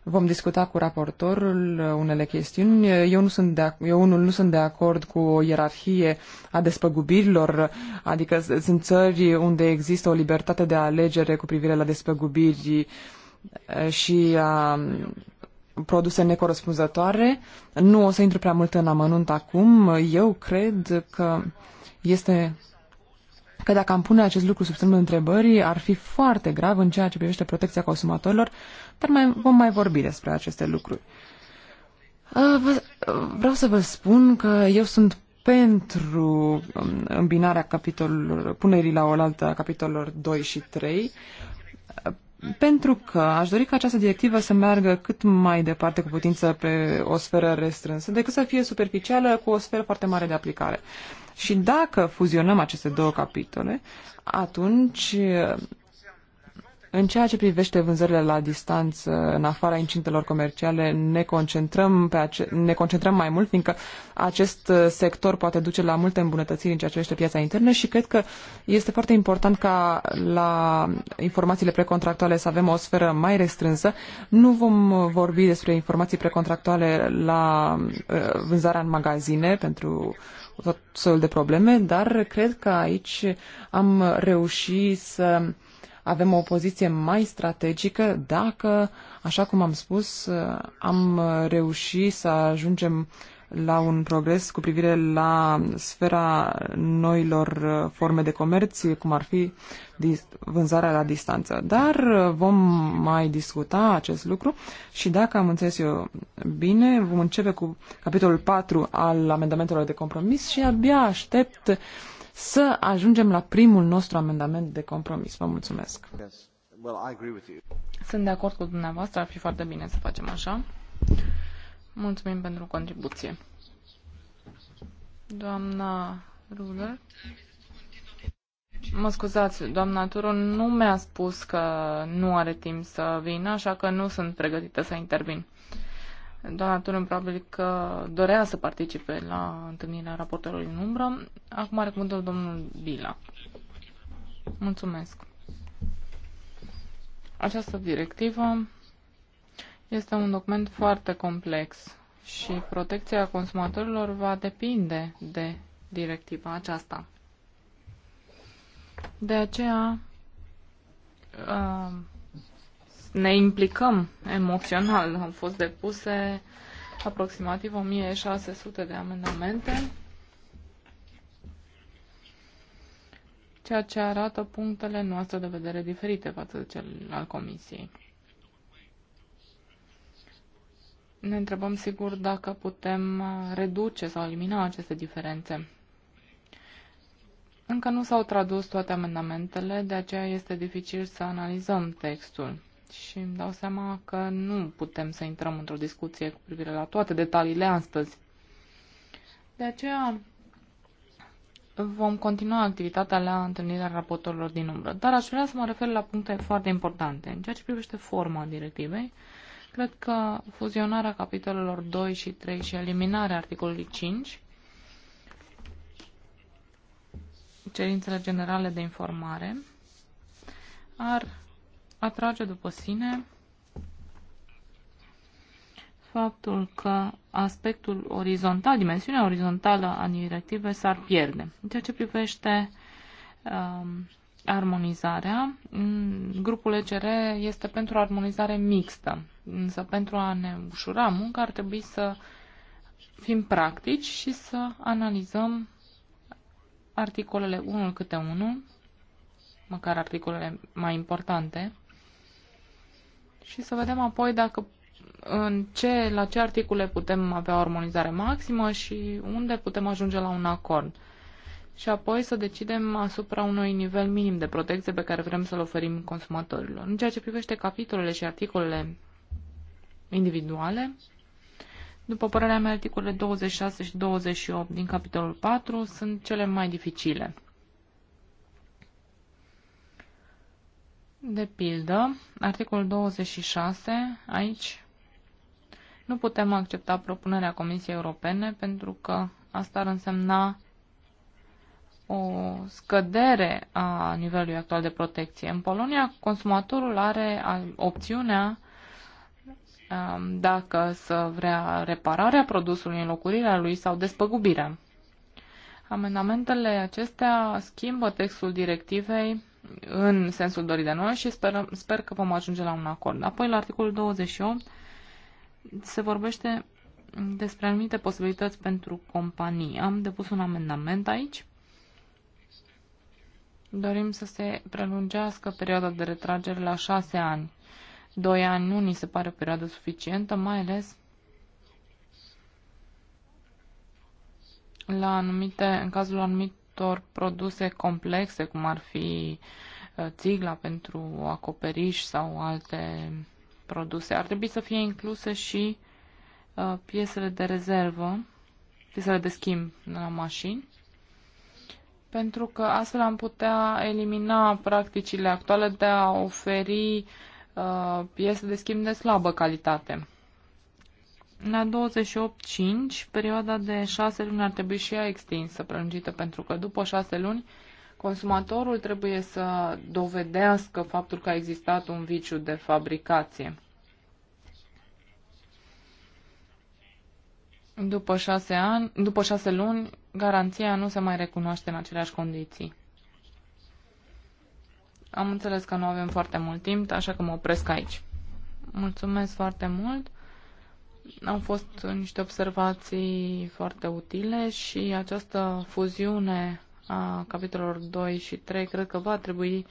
S4: Vom discuta cu raportorul uh, unele chestiuni. Eu, nu sunt de, eu unul nu sunt de acord cu o ierarhie a despăgubirilor, adică sunt țări unde există o libertate de alegere cu privire la despăgubiri uh, și a um, produse necorespunzătoare. Nu o să intru prea mult în amănunt acum. Eu cred că este că dacă am pune acest lucru sub semnul întrebării, ar fi foarte grav în ceea ce privește protecția consumatorilor, dar mai, vom mai vorbi despre aceste lucruri. Uh, vreau să vă spun că eu sunt pentru um, îmbinarea capitolului, punerii la oaltă a capitolelor 2 și 3, uh, pentru că aș dori ca această directivă să meargă cât mai departe cu putință pe o sferă restrânsă, decât să fie superficială cu o sferă foarte mare de aplicare. Uh, și dacă fuzionăm aceste două capitole, atunci în ceea ce privește vânzările la distanță, în afara incintelor comerciale, ne concentrăm, pe ace- ne concentrăm mai mult, fiindcă acest sector poate duce la multe îmbunătățiri în ceea ce privește piața internă și cred că este foarte important ca la informațiile precontractuale să avem o sferă mai restrânsă. Nu vom vorbi despre informații precontractuale la uh, vânzarea în magazine pentru tot soiul de probleme, dar cred că aici am reușit să avem o poziție mai strategică dacă, așa cum am spus, am reușit să ajungem la un progres cu privire la sfera noilor forme de comerț, cum ar fi vânzarea la distanță. Dar vom mai discuta acest lucru și dacă am înțeles eu bine, vom începe cu capitolul 4 al amendamentelor de compromis și abia aștept să ajungem la primul nostru amendament de compromis. Vă mulțumesc!
S1: Sunt de acord cu dumneavoastră, ar fi foarte bine să facem așa. Mulțumim pentru contribuție. Doamna Ruler. Mă scuzați, doamna Turu nu mi-a spus că nu are timp să vină, așa că nu sunt pregătită să intervin. Doamna Turu probabil că dorea să participe la întâlnirea raportorului în umbră. Acum are cuvântul domnul Bila. Mulțumesc. Această directivă este un document foarte complex și protecția consumatorilor va depinde de directiva aceasta. De aceea uh, ne implicăm emoțional. Au fost depuse aproximativ 1600 de amendamente, ceea ce arată punctele noastre de vedere diferite față de cel al Comisiei. ne întrebăm sigur dacă putem uh, reduce sau elimina aceste diferențe. Încă nu s-au tradus toate amendamentele, de aceea este dificil să analizăm textul. Și îmi dau seama că nu putem să intrăm într-o discuție cu privire la toate detaliile astăzi. De aceea vom continua activitatea la întâlnirea raportorilor din umbră. Dar aș vrea să mă refer la puncte foarte importante. În ceea ce privește forma directivei, Cred că fuzionarea capitolelor 2 și 3 și eliminarea articolului 5, cerințele generale de informare, ar atrage după sine faptul că aspectul orizontal, dimensiunea orizontală a directivei s-ar pierde. În ceea ce privește um, armonizarea. Grupul ECR este pentru armonizare mixtă, însă pentru a ne ușura munca ar trebui să fim practici și să analizăm articolele unul câte unul, măcar articolele mai importante, și să vedem apoi dacă în ce, la ce articole putem avea o armonizare maximă și unde putem ajunge la un acord și apoi să decidem asupra unui nivel minim de protecție pe care vrem să-l oferim consumatorilor. În ceea ce privește capitolele și articolele individuale, după părerea mea, articolele 26 și 28 din capitolul 4 sunt cele mai dificile. De pildă, articolul 26, aici nu putem accepta propunerea Comisiei Europene pentru că asta ar însemna o scădere a nivelului actual de protecție. În Polonia, consumatorul are opțiunea um, dacă să vrea repararea produsului, înlocuirea lui sau despăgubirea. Amendamentele acestea schimbă textul directivei în sensul dorit de noi și sperăm, sper că vom ajunge la un acord. Apoi, la articolul 28 se vorbește despre anumite posibilități pentru companii. Am depus un amendament aici Dorim să se prelungească perioada de retragere la șase ani. Doi ani nu ni se pare o perioadă suficientă, mai ales la anumite, în cazul anumitor produse complexe, cum ar fi ă, țigla pentru acoperiș sau alte produse. Ar trebui să fie incluse și ă, piesele de rezervă, piesele de schimb la mașini pentru că astfel am putea elimina practicile actuale de a oferi uh, piese de schimb de slabă calitate. La 28.5, perioada de 6 luni ar trebui și ea extinsă, prelungită, pentru că după 6 luni consumatorul trebuie să dovedească faptul că a existat un viciu de fabricație. După 6, ani, după 6 luni, garanția nu se mai recunoaște în aceleași condiții. Am înțeles că nu avem foarte mult timp, așa că mă opresc aici. Mulțumesc foarte mult. Au fost niște observații foarte utile și această fuziune a capitolelor 2 și 3 cred că va trebui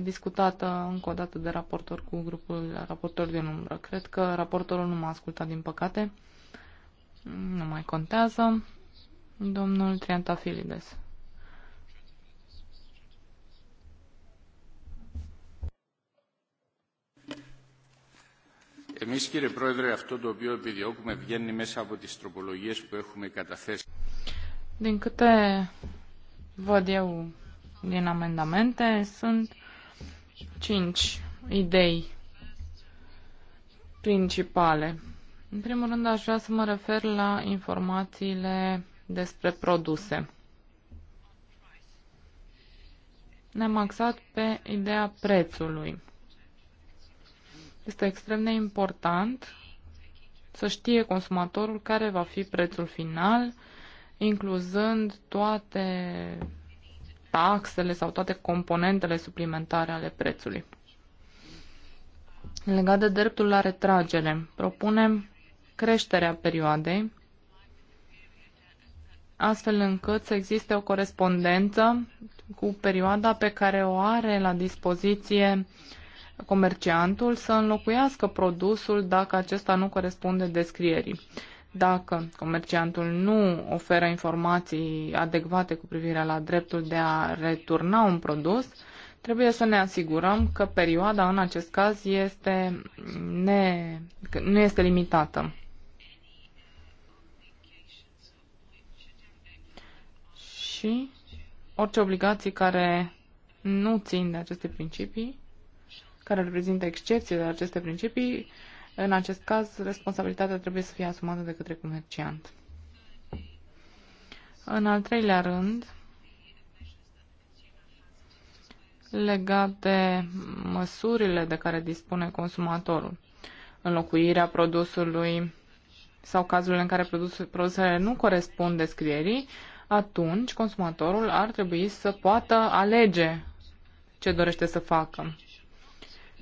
S1: discutată încă o dată de raportor cu grupul raportor din umbră. Cred că raportorul nu m-a ascultat, din păcate. Nu mai contează. Domnul Triantafilides.
S2: Εμείς κύριε Πρόεδρε αυτό το οποίο επιδιώκουμε βγαίνει μέσα από τις τροπολογίες που έχουμε καταθέσει.
S1: Din câte văd eu din amendamente, sunt cinci idei principale. În primul rând aș vrea să mă refer la informațiile despre produse. Ne-am axat pe ideea prețului. Este extrem de important să știe consumatorul care va fi prețul final, incluzând toate taxele sau toate componentele suplimentare ale prețului. Legat de dreptul la retragere, propunem creșterea perioadei astfel încât să existe o corespondență cu perioada pe care o are la dispoziție comerciantul să înlocuiască produsul dacă acesta nu corespunde descrierii. Dacă comerciantul nu oferă informații adecvate cu privire la dreptul de a returna un produs, trebuie să ne asigurăm că perioada în acest caz este ne, nu este limitată. și orice obligații care nu țin de aceste principii, care reprezintă excepție de aceste principii, în acest caz, responsabilitatea trebuie să fie asumată de către comerciant. În al treilea rând, legat de măsurile de care dispune consumatorul, înlocuirea produsului sau cazurile în care produsele nu corespund descrierii, atunci consumatorul ar trebui să poată alege ce dorește să facă.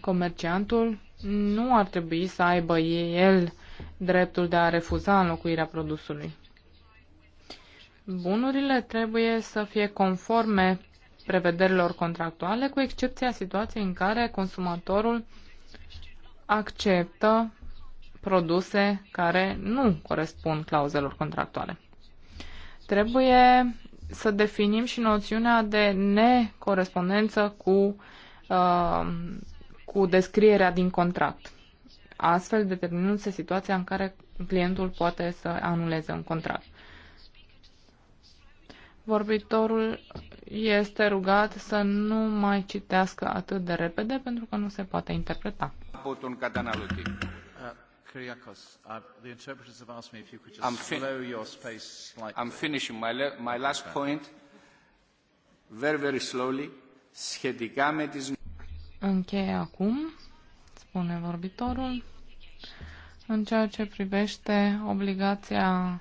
S1: Comerciantul nu ar trebui să aibă el dreptul de a refuza înlocuirea produsului. Bunurile trebuie să fie conforme prevederilor contractuale, cu excepția situației în care consumatorul acceptă produse care nu corespund clauzelor contractuale. Trebuie să definim și noțiunea de necorespondență cu, uh, cu descrierea din contract. Astfel determinându-se situația în care clientul poate să anuleze un contract. Vorbitorul este rugat să nu mai citească atât de repede pentru că nu se poate interpreta.
S2: Kyriakos, uh, the interpreters have asked me if you could just I'm slow your space slightly. I'm finishing my, my last point, very, very slowly, σχετικά με τις...
S1: Încheie acum, spune vorbitorul, în ceea ce privește obligația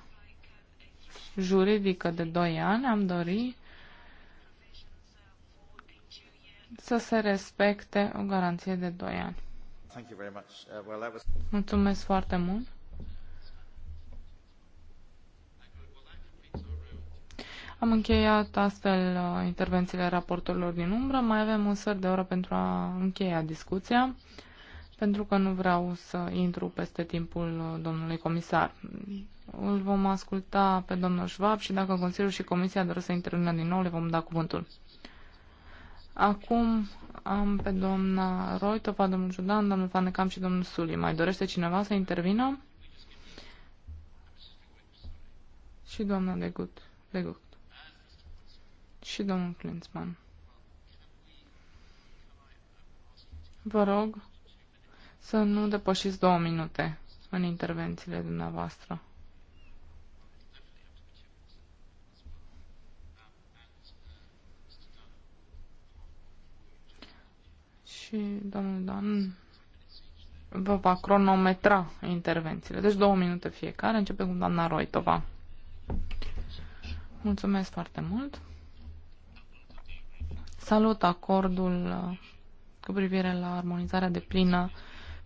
S1: juridică de 2 ani, am dorit să se respecte o garanție de 2 ani.
S2: Uh,
S1: Mulțumesc foarte mult. Am încheiat astfel uh, intervențiile raportorilor din umbră. Mai avem un sfert de oră pentru a încheia discuția, pentru că nu vreau să intru peste timpul uh, domnului comisar. Îl vom asculta pe domnul Schwab și dacă Consiliul și Comisia doresc să intervină din nou, le vom da cuvântul. Acum am pe doamna Roitova, domnul Judan, domnul Fanecam și domnul Suli. Mai dorește cineva să intervină? Și doamna Legut. Legut. Și domnul Klinsman. Vă rog să nu depășiți două minute în intervențiile dumneavoastră. și domnul Dan vă va cronometra intervențiile. Deci două minute fiecare. Începem cu doamna Roitova. Mulțumesc foarte mult. Salut acordul uh, cu privire la armonizarea de plină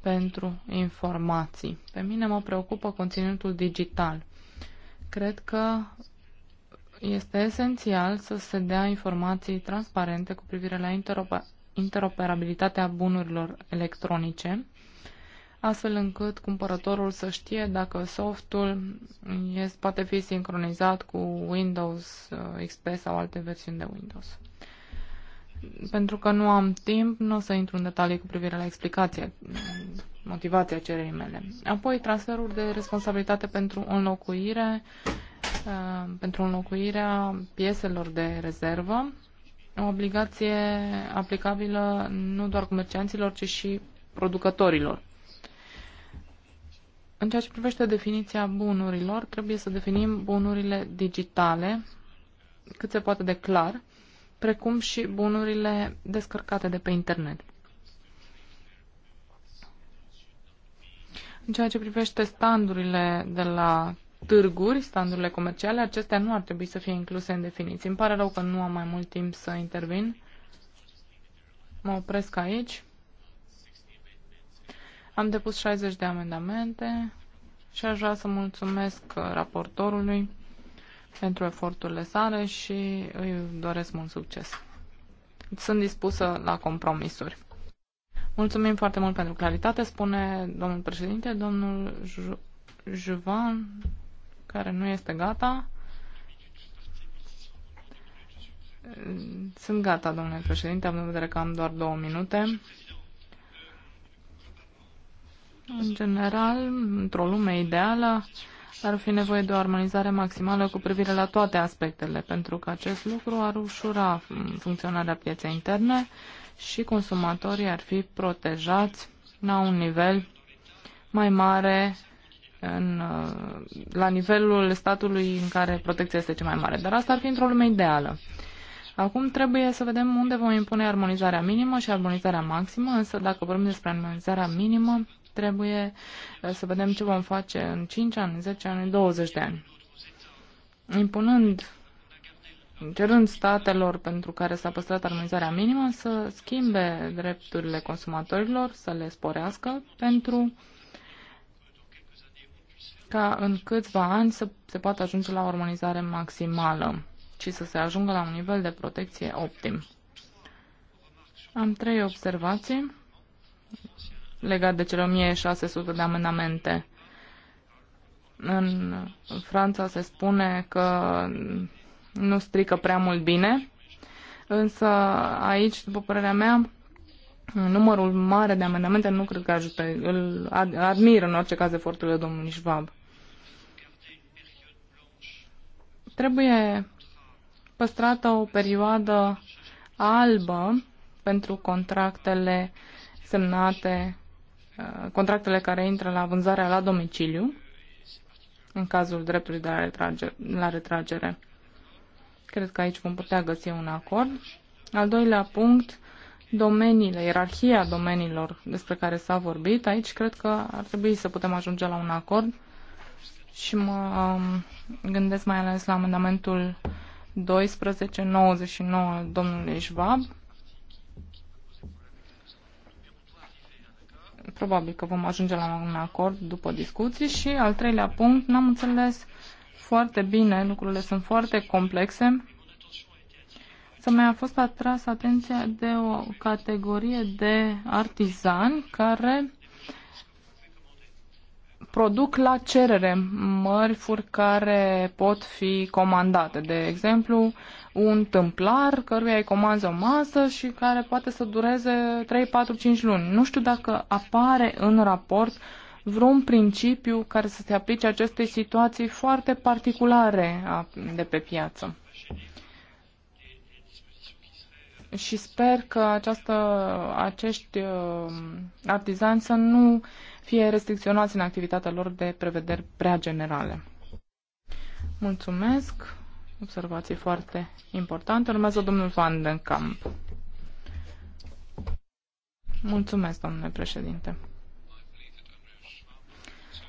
S1: pentru informații. Pe mine mă preocupă conținutul digital. Cred că este esențial să se dea informații transparente cu privire la interoperabilitatea bunurilor electronice, astfel încât cumpărătorul să știe dacă softul este, poate fi sincronizat cu Windows uh, XP sau alte versiuni de Windows. Pentru că nu am timp, nu o să intru în detalii cu privire la explicația, motivația cererii mele. Apoi, transferul de responsabilitate pentru înlocuire, uh, pentru înlocuirea pieselor de rezervă, o obligație aplicabilă nu doar comercianților, ci și producătorilor. În ceea ce privește definiția bunurilor, trebuie să definim bunurile digitale cât se poate de clar, precum și bunurile descărcate de pe internet. În ceea ce privește standurile de la târguri, standurile comerciale, acestea nu ar trebui să fie incluse în definiții. Îmi pare rău că nu am mai mult timp să intervin. Mă opresc aici. Am depus 60 de amendamente și aș vrea să mulțumesc raportorului pentru eforturile sale și îi doresc mult succes. Sunt dispusă la compromisuri. Mulțumim foarte mult pentru claritate, spune domnul președinte, domnul Juvan care nu este gata. Sunt gata, domnule președinte, am în vedere că am doar două minute. În general, într-o lume ideală, ar fi nevoie de o armonizare maximală cu privire la toate aspectele, pentru că acest lucru ar ușura funcționarea pieței interne și consumatorii ar fi protejați la un nivel mai mare în, la nivelul statului în care protecția este cea mai mare. Dar asta ar fi într-o lume ideală. Acum trebuie să vedem unde vom impune armonizarea minimă și armonizarea maximă, însă dacă vorbim despre armonizarea minimă, trebuie uh, să vedem ce vom face în 5 ani, 10 ani, 20 de ani. Impunând, cerând statelor pentru care s-a păstrat armonizarea minimă să schimbe drepturile consumatorilor, să le sporească pentru ca în câțiva ani să se poată ajunge la o armonizare maximală și să se ajungă la un nivel de protecție optim. Am trei observații legate de cele 1600 de amendamente. În Franța se spune că nu strică prea mult bine, însă aici, după părerea mea, numărul mare de amendamente nu cred că ajută. Îl admir în orice caz eforturile domnului Schwab. Trebuie păstrată o perioadă albă pentru contractele semnate, uh, contractele care intră la vânzarea la domiciliu, în cazul dreptului de la retragere. La retragere. Cred că aici vom putea găsi un acord. Al doilea punct, domeniile, ierarhia domeniilor despre care s-a vorbit. Aici cred că ar trebui să putem ajunge la un acord și mă um, Gândesc mai ales la amendamentul 1299 al domnului Schwab. Probabil că vom ajunge la un acord după discuții și al treilea punct, n-am înțeles foarte bine, lucrurile sunt foarte complexe. Să mi-a fost atras atenția de o categorie de artizani care produc la cerere mărfuri care pot fi comandate. De exemplu, un tâmplar căruia îi comanzi o masă și care poate să dureze 3, 4, 5 luni. Nu știu dacă apare în raport vreun principiu care să se aplice acestei situații foarte particulare de pe piață. Și sper că această, acești uh, artizani să nu fie restricționați în activitatea lor de prevederi prea generale. Mulțumesc. Observații foarte importante. Urmează domnul Van den Kamp. Mulțumesc, domnule președinte.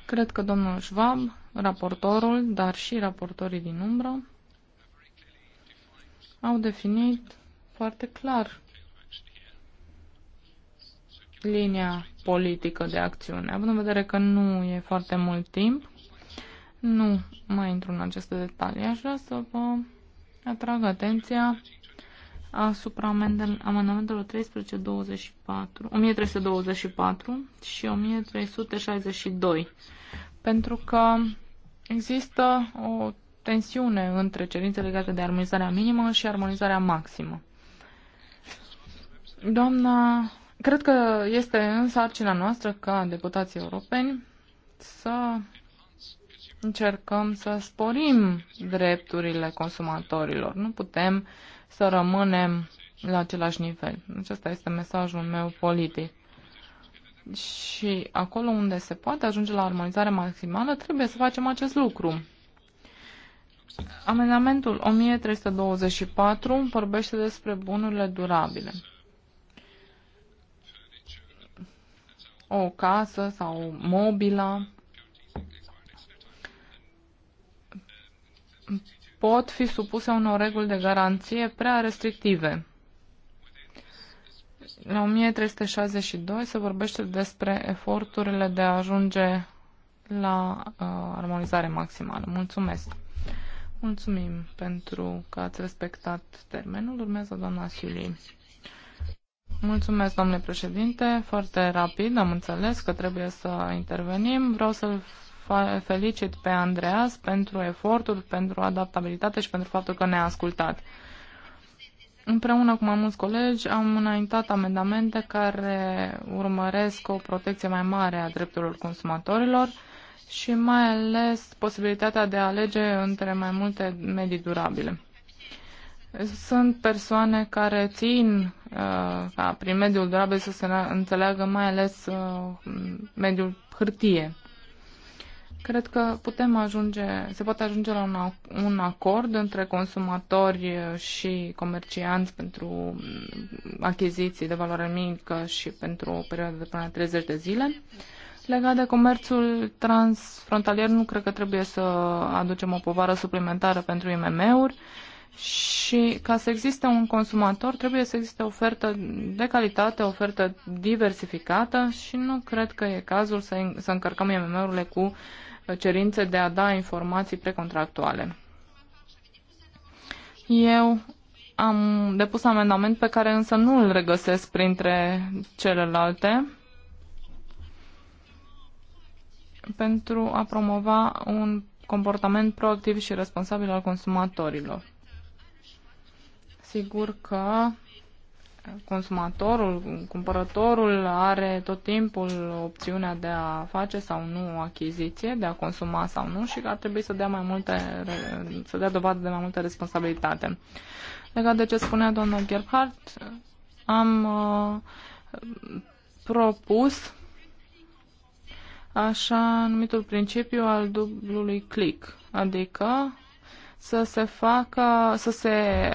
S1: Cred că domnul Schwab, raportorul, dar și raportorii din umbră, au definit foarte clar linia politică de acțiune. Având în vedere că nu e foarte mult timp, nu mai intru în aceste detalii. Aș vrea să vă atrag atenția asupra amendamentelor 1324, 1324 și 1362, pentru că există o tensiune între cerințe legate de armonizarea minimă și armonizarea maximă. Doamna Cred că este în sarcina noastră ca deputații europeni să încercăm să sporim drepturile consumatorilor. Nu putem să rămânem la același nivel. Acesta este mesajul meu politic. Și acolo unde se poate ajunge la armonizare maximală, trebuie să facem acest lucru. Amendamentul 1324 vorbește despre bunurile durabile. o casă sau mobilă pot fi supuse unor reguli de garanție prea restrictive. La 1362 se vorbește despre eforturile de a ajunge la uh, armonizare maximală. Mulțumesc! Mulțumim pentru că ați respectat termenul. Urmează doamna Siulie. Mulțumesc, domnule președinte. Foarte rapid, am înțeles că trebuie să intervenim. Vreau să-l felicit pe Andreas pentru efortul, pentru adaptabilitate și pentru faptul că ne-a ascultat. Împreună cu mai mulți colegi am înaintat amendamente care urmăresc o protecție mai mare a drepturilor consumatorilor și mai ales posibilitatea de a alege între mai multe medii durabile. Sunt persoane care țin uh, ca prin mediul durabil să se înțeleagă mai ales uh, mediul hârtie. Cred că putem ajunge, se poate ajunge la un, un acord între consumatori uh, și comercianți pentru mm, achiziții de valoare mică și pentru o perioadă de până la 30 de zile. Legat de comerțul transfrontalier, nu cred că trebuie să aducem o povară suplimentară pentru IMM-uri. Uh, și ca să existe un consumator trebuie să existe ofertă de calitate, ofertă diversificată și nu cred că e cazul să, să încărcăm IMM-urile cu cerințe de a da informații precontractuale. Eu am depus amendament pe care însă nu îl regăsesc printre celelalte pentru a promova un comportament proactiv și responsabil al consumatorilor sigur că consumatorul, cumpărătorul are tot timpul opțiunea de a face sau nu achiziție, de a consuma sau nu și că ar trebui să dea mai multe, să dea dovadă de mai multă responsabilitate. Legat de ce spunea domnul Gerhardt, am uh, propus așa numitul principiu al dublului click, adică să se facă, să se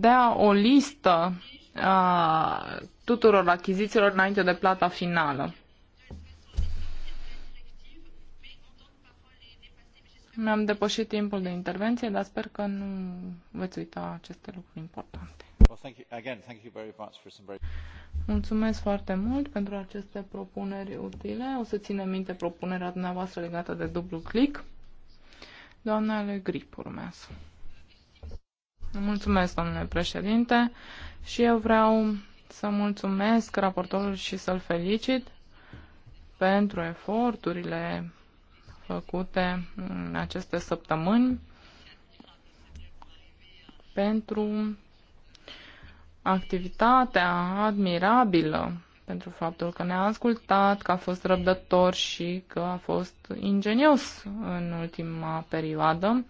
S1: dea o listă a tuturor achizițiilor înainte de plata finală. Mi-am depășit timpul de intervenție, dar sper că nu veți uita aceste lucruri importante. Mulțumesc foarte mult pentru aceste propuneri utile. O să ținem minte propunerea dumneavoastră legată de dublu click. Doamnele Grip urmează. Mulțumesc, domnule președinte, și eu vreau să mulțumesc raportorul și să-l felicit pentru eforturile făcute în aceste săptămâni pentru activitatea admirabilă pentru faptul că ne-a ascultat, că a fost răbdător și că a fost ingenios în ultima perioadă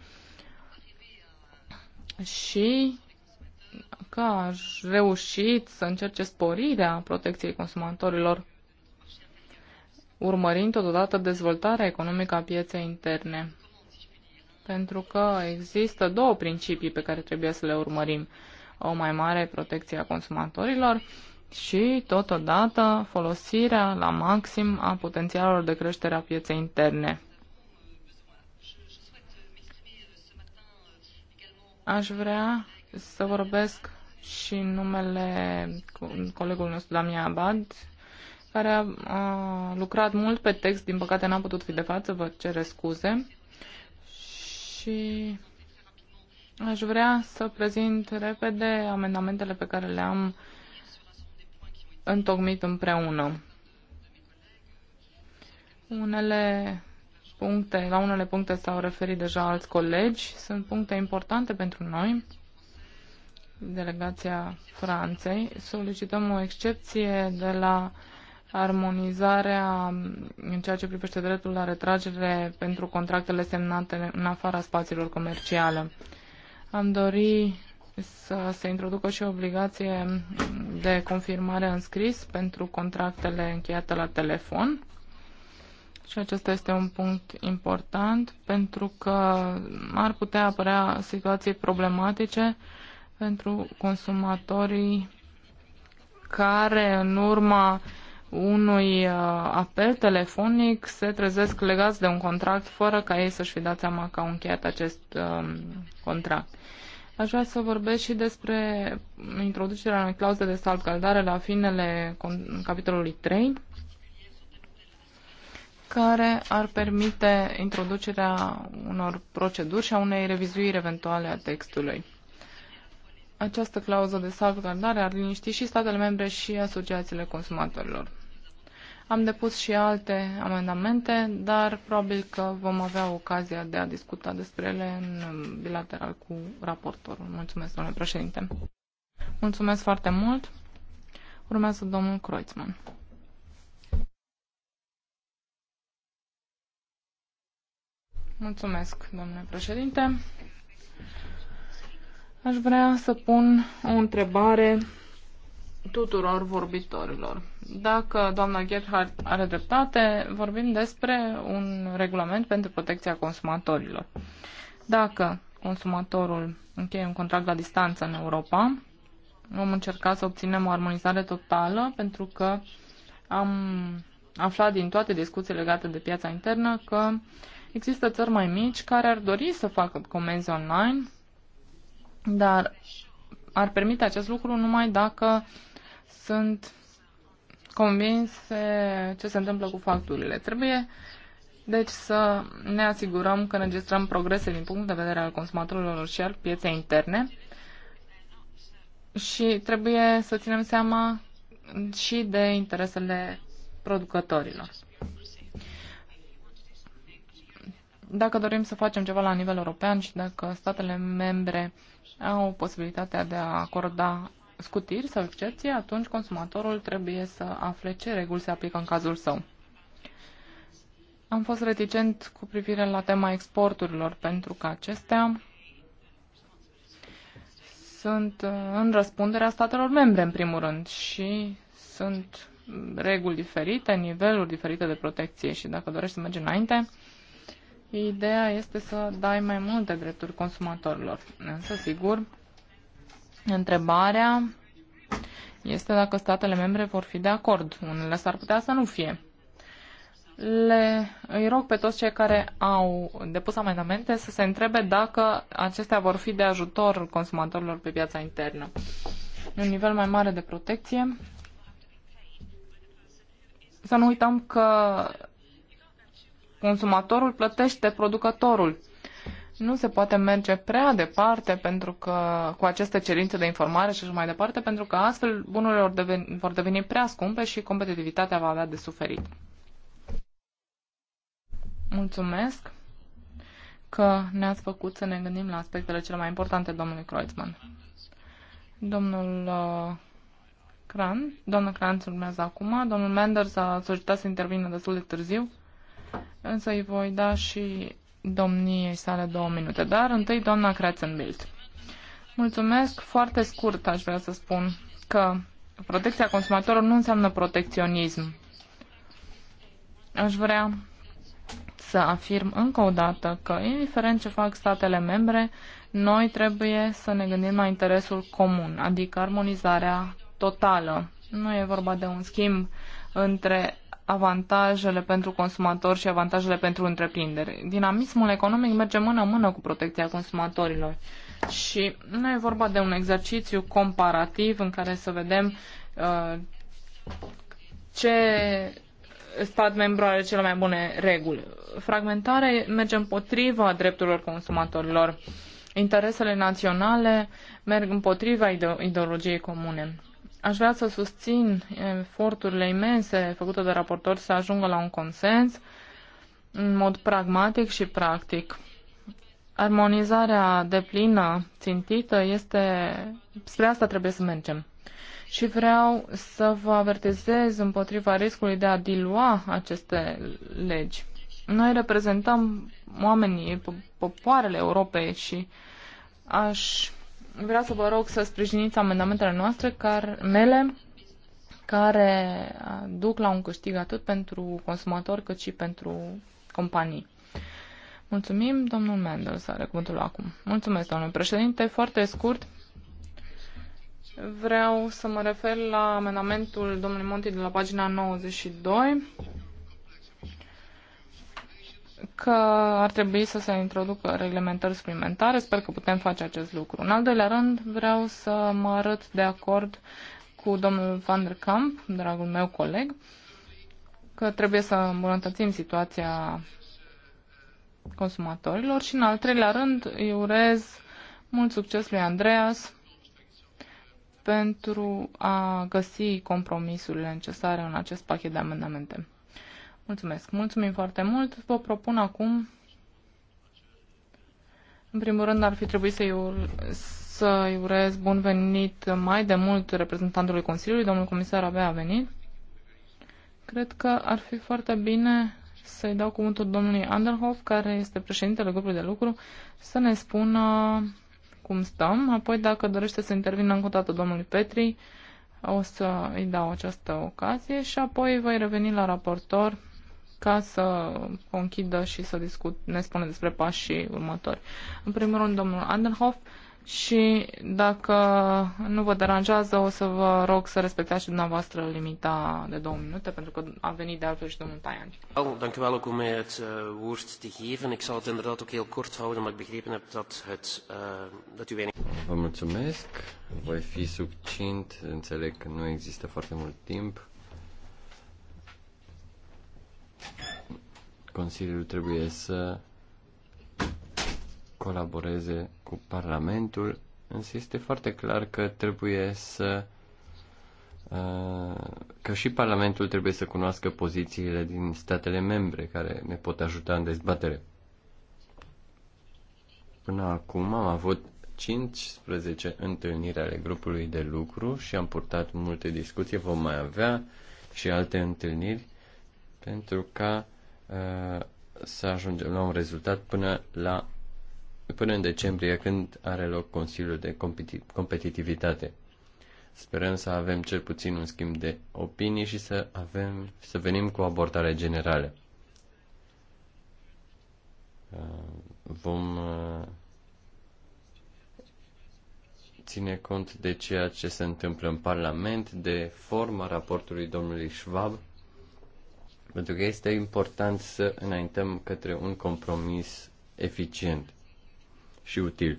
S1: și că a reușit să încerce sporirea protecției consumatorilor, urmărind totodată dezvoltarea economică a pieței interne. Pentru că există două principii pe care trebuie să le urmărim. O mai mare protecție a consumatorilor și, totodată, folosirea la maxim a potențialelor de creștere a pieței interne. Aș vrea să vorbesc și în numele colegului nostru, Damia Abad, care a, a lucrat mult pe text, din păcate n-a putut fi de față, vă cer scuze. Și aș vrea să prezint repede amendamentele pe care le-am uh, întocmit împreună. Unele puncte, la unele puncte s-au referit deja alți colegi, sunt puncte importante pentru noi. Delegația Franței solicităm o excepție de la armonizarea în ceea ce privește dreptul la retragere pentru contractele semnate în afara spațiilor comerciale. Am dori să se introducă și obligație de confirmare în scris pentru contractele încheiate la telefon. Și acesta este un punct important pentru că ar putea apărea situații problematice pentru consumatorii care în urma unui uh, apel telefonic se trezesc legați de un contract fără ca ei să-și fi dat seama că au încheiat acest um, contract. Aș vrea să vorbesc și despre introducerea unei clauze de salvgardare la finele capitolului 3, care ar permite introducerea unor proceduri și a unei revizuiri eventuale a textului. Această clauză de salvgardare ar liniști și statele membre și asociațiile consumatorilor. Am depus și alte amendamente, dar probabil că vom avea ocazia de a discuta despre ele în um, bilateral cu raportorul. Mulțumesc, domnule președinte. Mulțumesc foarte mult. Urmează domnul Kreutzmann. Mulțumesc, domnule președinte. Aș vrea să pun o întrebare tuturor vorbitorilor. Dacă doamna Gerhardt are dreptate, vorbim despre un regulament pentru protecția consumatorilor. Dacă consumatorul încheie un contract la distanță în Europa, vom încerca să obținem o armonizare totală pentru că am aflat din toate discuțiile legate de piața internă că există țări mai mici care ar dori să facă comenzi online, dar ar permite acest lucru numai dacă sunt convinse ce se întâmplă cu facturile. Trebuie deci să ne asigurăm că înregistrăm progrese din punct de vedere al consumatorilor și al pieței interne și trebuie să ținem seama și de interesele producătorilor. Dacă dorim să facem ceva la nivel european și dacă statele membre au posibilitatea de a acorda scutiri sau excepții, atunci consumatorul trebuie să afle ce reguli se aplică în cazul său. Am fost reticent cu privire la tema exporturilor, pentru că acestea sunt uh, în răspunderea statelor membre, în primul rând, și sunt reguli diferite, niveluri diferite de protecție și dacă dorești să mergi înainte, ideea este să dai mai multe drepturi consumatorilor. Însă, sigur, Întrebarea este dacă statele membre vor fi de acord. Unele s-ar putea să nu fie. Le, îi rog pe toți cei care au depus amendamente să se întrebe dacă acestea vor fi de ajutor consumatorilor pe piața internă. Un nivel mai mare de protecție. Să nu uităm că consumatorul plătește producătorul nu se poate merge prea departe pentru că cu aceste cerințe de informare și așa mai departe, pentru că astfel bunurile vor deveni, vor deveni prea scumpe și competitivitatea va avea de suferit. Mulțumesc că ne-ați făcut să ne gândim la aspectele cele mai importante, domnule Kreuzmann. Domnul uh, Cran, domnul Cran urmează acum, domnul Menders a solicitat să intervină destul de târziu, însă îi voi da și domniei sale două minute, dar întâi doamna Kratzenbild. Mulțumesc. Foarte scurt aș vrea să spun că protecția consumatorilor nu înseamnă protecționism. Aș vrea să afirm încă o dată că, indiferent ce fac statele membre, noi trebuie să ne gândim la interesul comun, adică armonizarea totală. Nu e vorba de un schimb între avantajele pentru consumator și avantajele pentru întreprinderi. Dinamismul economic merge mână-mână cu protecția consumatorilor. Și nu e vorba de un exercițiu comparativ în care să vedem uh, ce stat membru are cele mai bune reguli. Fragmentarea merge împotriva drepturilor consumatorilor. Interesele naționale merg împotriva ideologiei comune. Aș vrea să susțin eforturile imense făcute de raportori să ajungă la un consens în mod pragmatic și practic. Armonizarea deplină, țintită, este... Spre asta trebuie să mergem. Și vreau să vă avertizez împotriva riscului de a dilua aceste legi. Noi reprezentăm oamenii, popoarele Europei și aș vreau să vă rog să sprijiniți amendamentele noastre, care, mele, care duc la un câștig atât pentru consumatori cât și pentru companii. Mulțumim, domnul să are cuvântul acum. Mulțumesc, domnul președinte. Foarte scurt, vreau să mă refer la amendamentul domnului Monti de la pagina 92 că ar trebui să se introducă reglementări suplimentare. Sper că putem face acest lucru. În al doilea rând, vreau să mă arăt de acord cu domnul Van der Kamp, dragul meu coleg, că trebuie să îmbunătățim situația consumatorilor și în al treilea rând îi urez mult succes lui Andreas pentru a găsi compromisurile necesare în acest pachet de amendamente. Mulțumesc. Mulțumim foarte mult. Vă propun acum, în primul rând, ar fi trebuit să-i ur- să urez bun venit mai de mult reprezentantului Consiliului. Domnul comisar abia a venit. Cred că ar fi foarte bine să-i dau cuvântul domnului Anderhoff, care este președintele grupului de lucru, să ne spună cum stăm. Apoi, dacă dorește să intervină încă o dată domnului Petri, o să i dau această ocazie și apoi voi reveni la raportor ca să conchidă și să discut, ne spune despre pașii următori. În primul rând, domnul Andenhoff, și dacă nu vă deranjează, o să vă rog să respectați și dumneavoastră limita de două minute, pentru că a venit de altfel și domnul Taian.
S2: Wel, dank u wel ook om mij het uh, woord te geven. Ik zal het inderdaad ook heel kort houden, maar ik begrepen heb dat, het, uh, dat u weinig...
S3: Vă mulțumesc. Voi fi succint. Înțeleg că nu există foarte mult timp Consiliul trebuie să colaboreze cu Parlamentul, însă este foarte clar că trebuie să uh, că și Parlamentul trebuie să cunoască pozițiile din statele membre care ne pot ajuta în dezbatere. Până acum am avut 15 întâlniri ale grupului de lucru și am purtat multe discuții, vom mai avea și alte întâlniri pentru ca uh, să ajungem la un rezultat până la până în decembrie când are loc Consiliul de Competitivitate. Sperăm să avem cel puțin un schimb de opinii și să avem să venim cu o abordare generală. Uh, vom uh, ține cont de ceea ce se întâmplă în Parlament, de forma raportului domnului Schwab pentru că este important să înaintăm către un compromis eficient și util.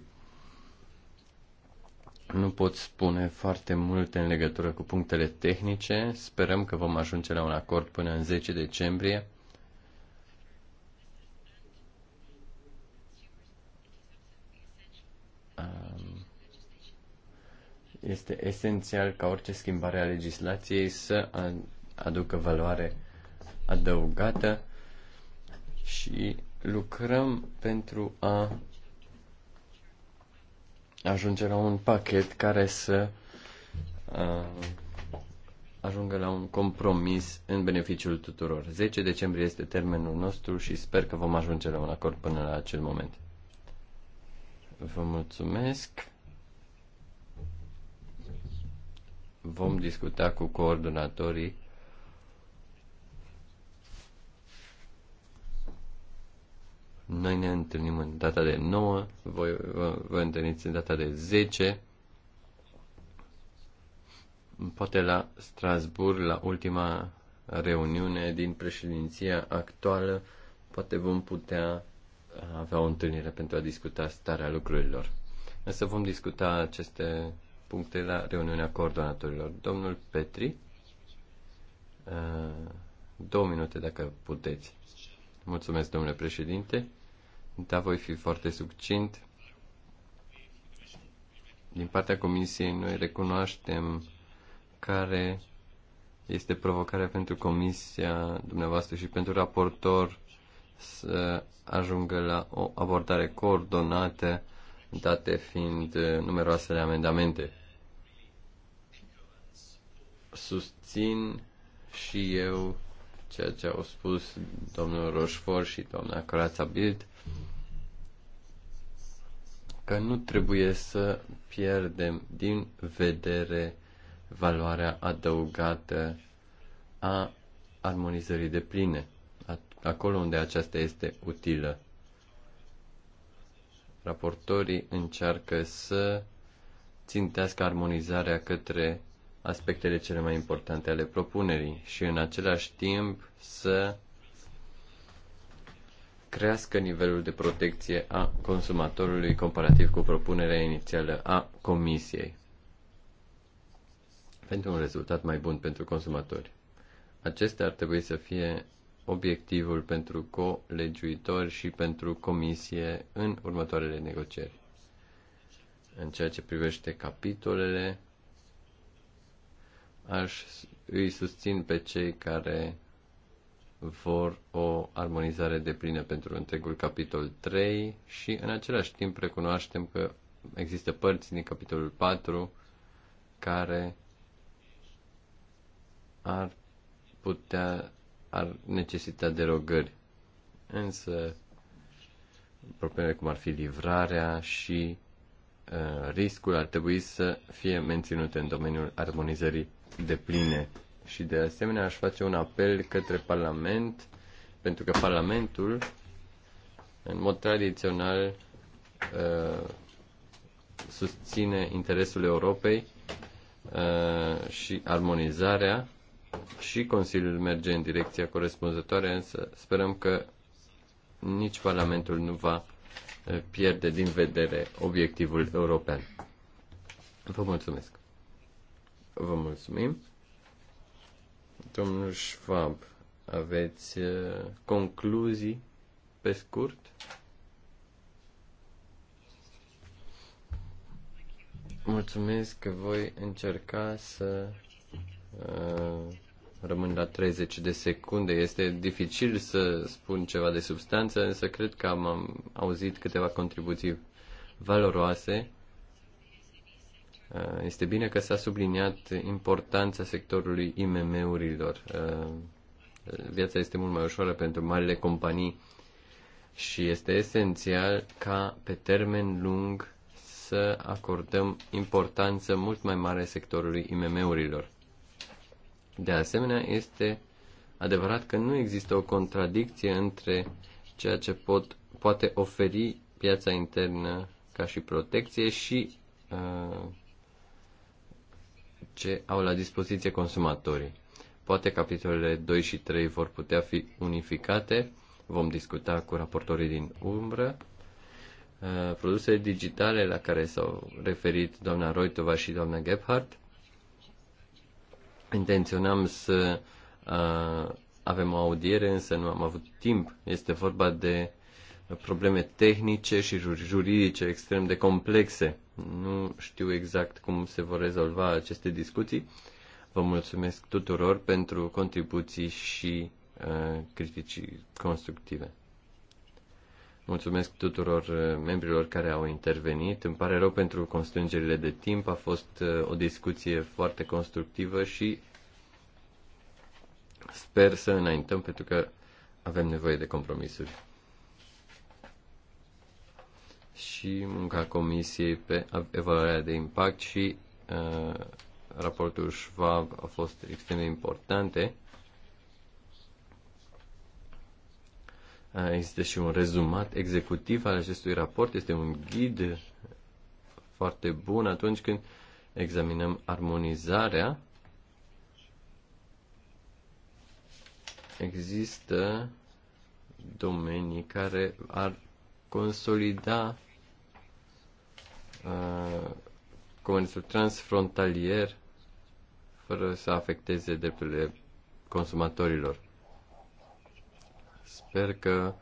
S3: Nu pot spune foarte multe în legătură cu punctele tehnice. Sperăm că vom ajunge la un acord până în 10 decembrie. Este esențial ca orice schimbare a legislației să aducă valoare adăugată și lucrăm pentru a ajunge la un pachet care să uh, ajungă la un compromis în beneficiul tuturor. 10 decembrie este termenul nostru și sper că vom ajunge la un acord până la acel moment. Vă mulțumesc. Vom discuta cu coordonatorii Noi ne întâlnim în data de 9, voi vă, vă întâlniți în data de 10, poate la Strasburg, la ultima reuniune din președinția actuală, poate vom putea avea o întâlnire pentru a discuta starea lucrurilor. Însă vom discuta aceste puncte la reuniunea coordonatorilor. Domnul Petri, uh, două minute dacă puteți. Mulțumesc, domnule președinte. Da, voi fi foarte succint. Din partea Comisiei, noi recunoaștem care este provocarea pentru Comisia dumneavoastră și pentru raportor să ajungă la o abordare coordonată, date fiind numeroasele amendamente. Susțin și eu ceea ce au spus domnul Roșfor și doamna Corața Bild, că nu trebuie să pierdem din vedere valoarea adăugată a armonizării de pline, acolo unde aceasta este utilă. Raportorii încearcă să țintească armonizarea către aspectele cele mai importante ale propunerii și în același timp să crească nivelul de protecție a consumatorului comparativ cu propunerea inițială a Comisiei pentru un rezultat mai bun pentru consumatori. Acesta ar trebui să fie obiectivul pentru colegiuitori și pentru comisie în următoarele negocieri. În ceea ce privește capitolele Aș îi susțin pe cei care vor o armonizare de plină pentru întregul capitol 3 și în același timp recunoaștem că există părți din capitolul 4 care ar putea, ar necesita derogări. Însă, probleme cum ar fi livrarea și uh, riscul ar trebui să fie menținute în domeniul armonizării de pline. Și de asemenea aș face un apel către Parlament, pentru că Parlamentul, în mod tradițional, uh, susține interesul Europei uh, și armonizarea și Consiliul merge în direcția corespunzătoare, însă sperăm că nici Parlamentul nu va uh, pierde din vedere obiectivul european. Vă mulțumesc. Vă mulțumim. Domnul Schwab, aveți uh, concluzii pe scurt? Mulțumesc că voi încerca să uh, rămân la 30 de secunde. Este dificil să spun ceva de substanță, însă cred că am, am auzit câteva contribuții valoroase Uh, este bine că s-a subliniat importanța sectorului IMM-urilor. Uh, viața este mult mai ușoară pentru marile companii și este esențial ca pe termen lung să acordăm importanță mult mai mare sectorului IMM-urilor. De asemenea, este adevărat că nu există o contradicție între ceea ce pot, poate oferi piața internă ca și protecție și uh, ce au la dispoziție consumatorii. Poate capitolele 2 și 3 vor putea fi unificate, vom discuta cu raportorii din umbră. Uh, produsele digitale la care s-au referit doamna Roitova și doamna Gebhardt, intenționam să uh, avem o audiere, însă nu am avut timp. Este vorba de uh, probleme tehnice și juridice extrem de complexe. Nu știu exact cum se vor rezolva aceste discuții. Vă mulțumesc tuturor pentru contribuții și uh, critici constructive. Mulțumesc tuturor uh, membrilor care au intervenit. Îmi pare rău pentru constrângerile de timp. A fost uh, o discuție foarte constructivă și sper să înaintăm pentru că avem nevoie de compromisuri și munca Comisiei pe evaluarea de impact și uh, raportul Schwab a fost extrem de importante. Uh, există și un rezumat executiv al acestui raport, este un ghid foarte bun atunci când examinăm armonizarea. Există domenii care ar consolida Uh, comerțul transfrontalier fără să afecteze drepturile consumatorilor. Sper că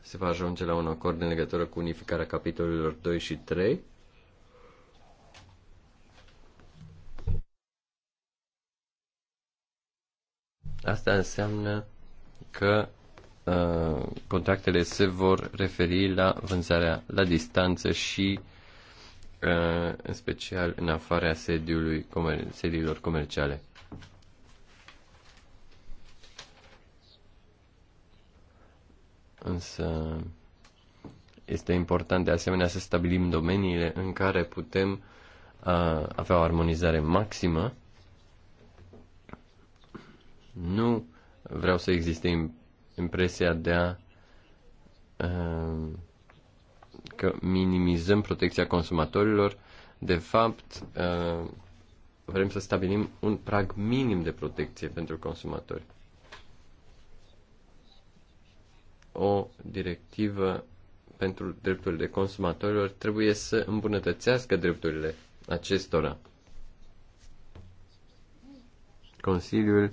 S3: se va ajunge la un acord în legătură cu unificarea capitolelor 2 și 3. Asta înseamnă că uh, contractele se vor referi la vânzarea la distanță și uh, Uh, în special în afara sediului, comer- sediilor comerciale. Însă este important de asemenea să stabilim domeniile în care putem a, uh, avea o armonizare maximă. Nu vreau să existe impresia de a, a uh, că minimizăm protecția consumatorilor, de fapt uh, vrem să stabilim un prag minim de protecție pentru consumatori. O directivă pentru drepturile consumatorilor trebuie să îmbunătățească drepturile acestora. Consiliul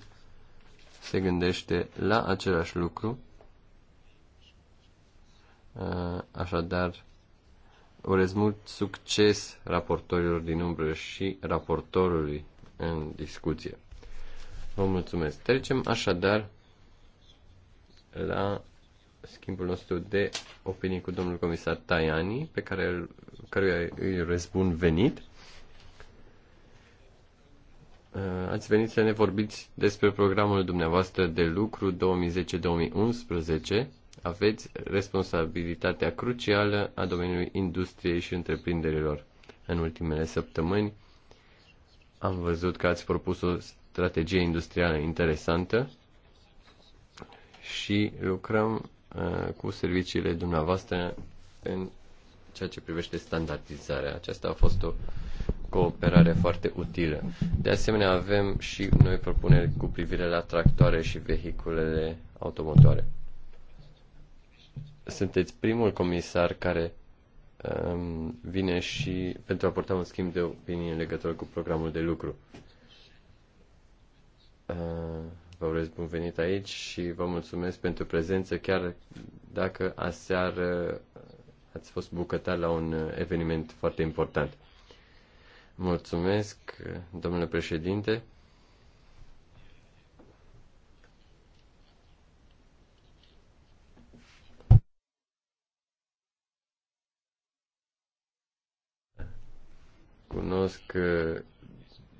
S3: se gândește la același lucru. Uh, așadar, Urez mult succes raportorilor din umbră și raportorului în discuție. Vă mulțumesc. Trecem așadar la schimbul nostru de opinii cu domnul comisar Tajani, pe care căruia îi bun venit. Uh, ați venit să ne vorbiți despre programul dumneavoastră de lucru 2010-2011 aveți responsabilitatea crucială a domeniului industriei și întreprinderilor. În ultimele săptămâni am văzut că ați propus o strategie industrială interesantă și lucrăm uh, cu serviciile dumneavoastră în ceea ce privește standardizarea. Aceasta a fost o cooperare foarte utilă. De asemenea, avem și noi propuneri cu privire la tractoare și vehiculele automotoare sunteți primul comisar care um, vine și pentru a porta un schimb de opinie în legătură cu programul de lucru. Uh, vă urez bun venit aici și vă mulțumesc pentru prezență, chiar dacă aseară ați fost bucătar la un eveniment foarte important. Mulțumesc, domnule președinte.
S2: cunosc uh,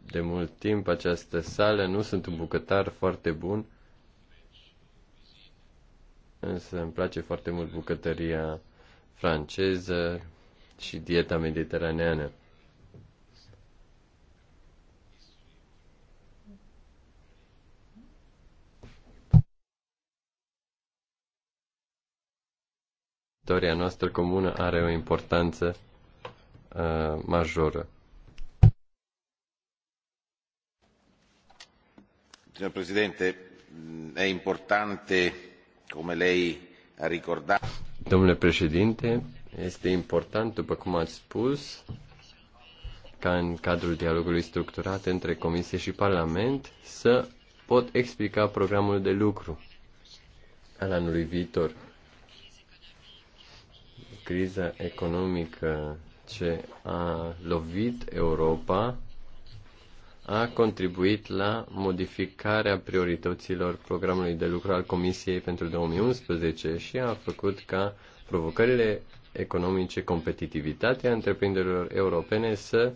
S3: de mult timp această sală, nu sunt un bucătar foarte bun, însă îmi place foarte mult bucătăria franceză și dieta mediteraneană. Istoria noastră comună are o importanță uh, majoră.
S2: signor presidente è importante come lei a ricordat.
S3: domnule președinte este important după cum ați spus ca în cadrul dialogului structurat între comisie și parlament să pot explica programul de lucru al anului viitor. Criza economică ce a lovit Europa a contribuit la modificarea priorităților programului de lucru al Comisiei pentru 2011 și a făcut ca provocările economice, competitivitatea întreprinderilor europene să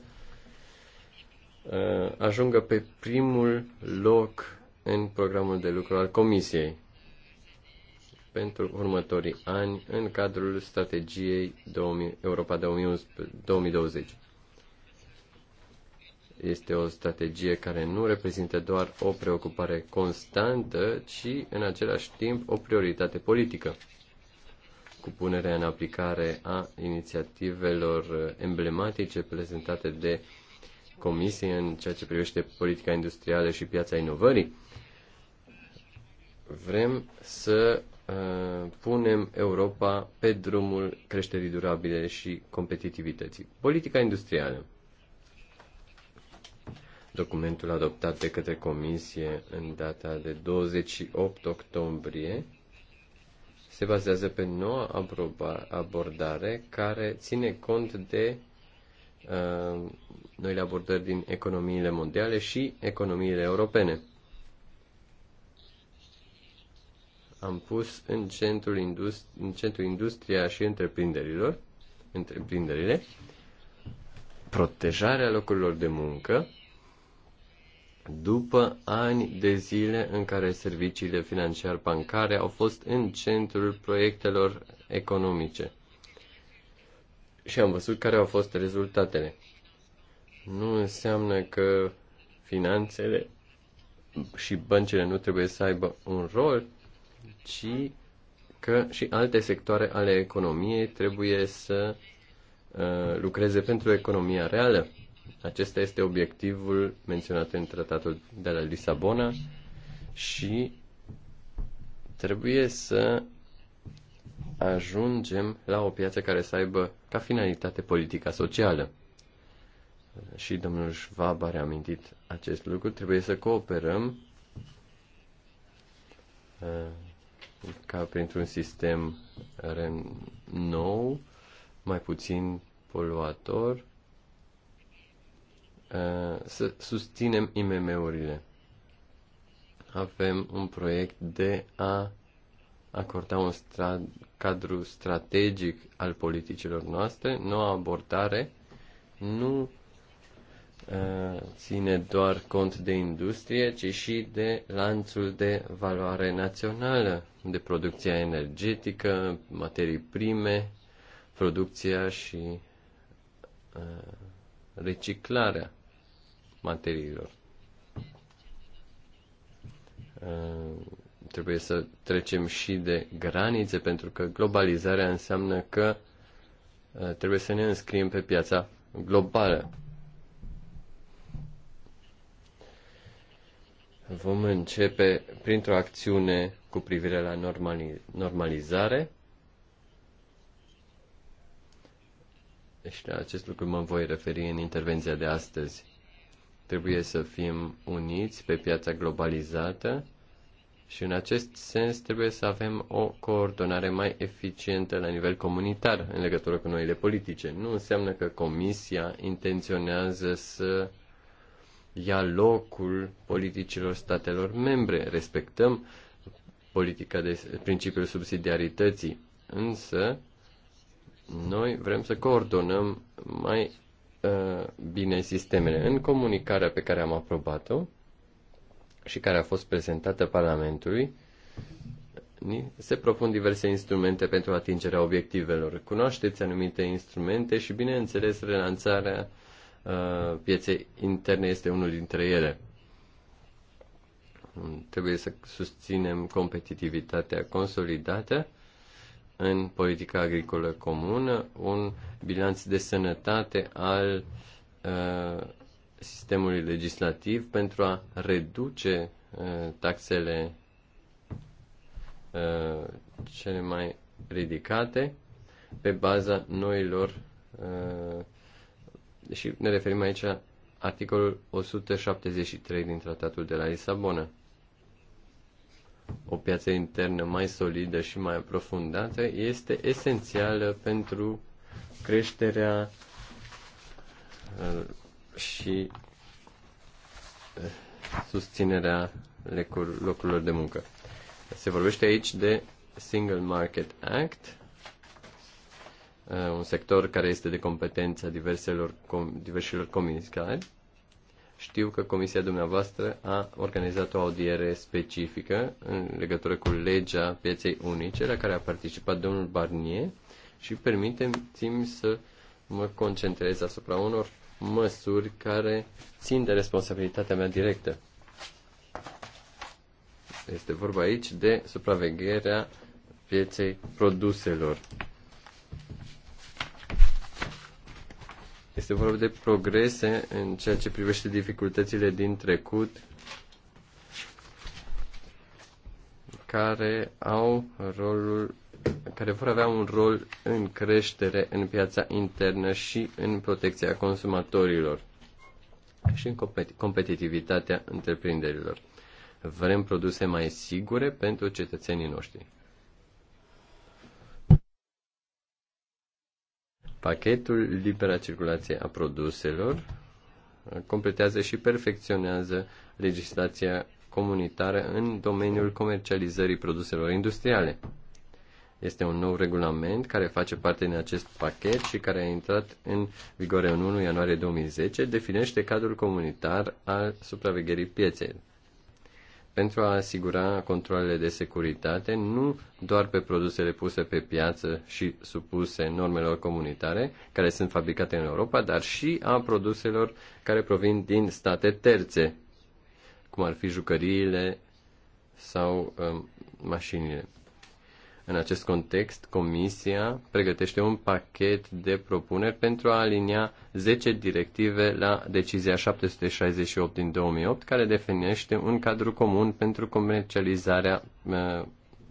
S3: uh, ajungă pe primul loc în programul de lucru al Comisiei pentru următorii ani în cadrul strategiei Europa 2020. Este o strategie care nu reprezintă doar o preocupare constantă, ci în același timp o prioritate politică. Cu punerea în aplicare a inițiativelor emblematice prezentate de Comisie în ceea ce privește politica industrială și piața inovării, vrem să uh, punem Europa pe drumul creșterii durabile și competitivității. Politica industrială documentul adoptat de către Comisie în data de 28 octombrie se bazează pe noua abordare care ține cont de uh, noile abordări din economiile mondiale și economiile europene. Am pus în centrul, industri- în centrul industria și întreprinderilor, întreprinderile, protejarea locurilor de muncă, după ani de zile în care serviciile financiar bancare au fost în centrul proiectelor economice. Și am văzut care au fost rezultatele. Nu înseamnă că finanțele și băncile nu trebuie să aibă un rol, ci că și alte sectoare ale economiei trebuie să uh, lucreze pentru economia reală acesta este obiectivul menționat în tratatul de la Lisabona și trebuie să ajungem la o piață care să aibă ca finalitate politica socială. Și domnul Schwab a reamintit acest lucru. Trebuie să cooperăm uh, ca printr-un sistem nou, mai puțin poluator Uh, să susținem IMM-urile. Avem un proiect de a acorda un stra- cadru strategic al politicilor noastre. Noua abordare nu uh, ține doar cont de industrie, ci și de lanțul de valoare națională, de producția energetică, materii prime, producția și uh, reciclarea materiilor. Trebuie să trecem și de granițe, pentru că globalizarea înseamnă că uh, trebuie să ne înscriem pe piața globală. Vom începe printr-o acțiune cu privire la normalizare. Și la acest lucru mă voi referi în intervenția de astăzi. Trebuie să fim uniți pe piața globalizată și în acest sens trebuie să avem o coordonare mai eficientă la nivel comunitar în legătură cu noile politice. Nu înseamnă că Comisia intenționează să ia locul politicilor statelor membre. Respectăm politica de principiul subsidiarității, însă noi vrem să coordonăm mai Uh, bine sistemele. În comunicarea pe care am aprobat-o și care a fost prezentată Parlamentului, se propun diverse instrumente pentru atingerea obiectivelor. Cunoașteți anumite instrumente și, bineînțeles, relanțarea uh, pieței interne este unul dintre ele. Trebuie să susținem competitivitatea consolidată în politica agricolă comună un bilanț de sănătate al uh, sistemului legislativ pentru a reduce uh, taxele uh, cele mai ridicate pe baza noilor uh, și ne referim aici la articolul 173 din Tratatul de la Lisabona o piață internă mai solidă și mai aprofundată este esențială pentru creșterea uh, și uh, susținerea locurilor de muncă. Se vorbește aici de Single Market Act, uh, un sector care este de competența diverselor, diverselor comisari știu că comisia dumneavoastră a organizat o audiere specifică în legătură cu legea pieței unice, la care a participat domnul Barnier și permiteți-mi să mă concentrez asupra unor măsuri care țin de responsabilitatea mea directă. Este vorba aici de supravegherea pieței produselor. Este vorba de progrese în ceea ce privește dificultățile din trecut care au rolul care vor avea un rol în creștere în piața internă și în protecția consumatorilor și în competitivitatea întreprinderilor. Vrem produse mai sigure pentru cetățenii noștri. Pachetul Libera Circulație a Produselor completează și perfecționează legislația comunitară în domeniul comercializării produselor industriale. Este un nou regulament care face parte din acest pachet și care a intrat în vigoare în 1 ianuarie 2010, definește cadrul comunitar al supravegherii pieței pentru a asigura controlele de securitate nu doar pe produsele puse pe piață și supuse normelor comunitare care sunt fabricate în Europa, dar și a produselor care provin din state terțe, cum ar fi jucăriile sau um, mașinile. În acest context, Comisia pregătește un pachet de propuneri pentru a alinia 10 directive la decizia 768 din 2008, care definește un cadru comun pentru comercializarea uh,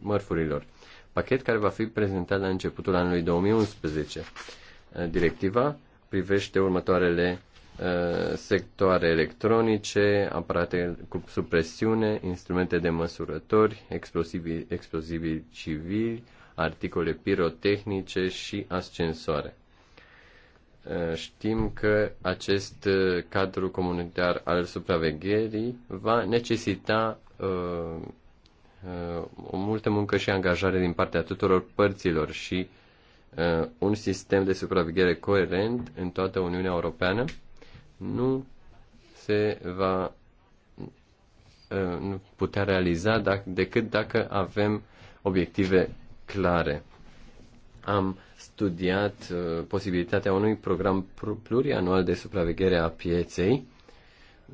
S3: mărfurilor. Pachet care va fi prezentat la începutul anului 2011. Uh, directiva privește următoarele Uh, sectoare electronice, aparate cu supresiune, instrumente de măsurători, explozibili, explozibili civili, articole pirotehnice și ascensoare. Uh, știm că acest uh, cadru comunitar al supravegherii va necesita o multă muncă și angajare din partea tuturor părților și un sistem de supraveghere coerent în toată Uniunea Europeană nu se va ă, putea realiza dacă, decât dacă avem obiective clare. Am studiat ă, posibilitatea unui program plurianual de supraveghere a pieței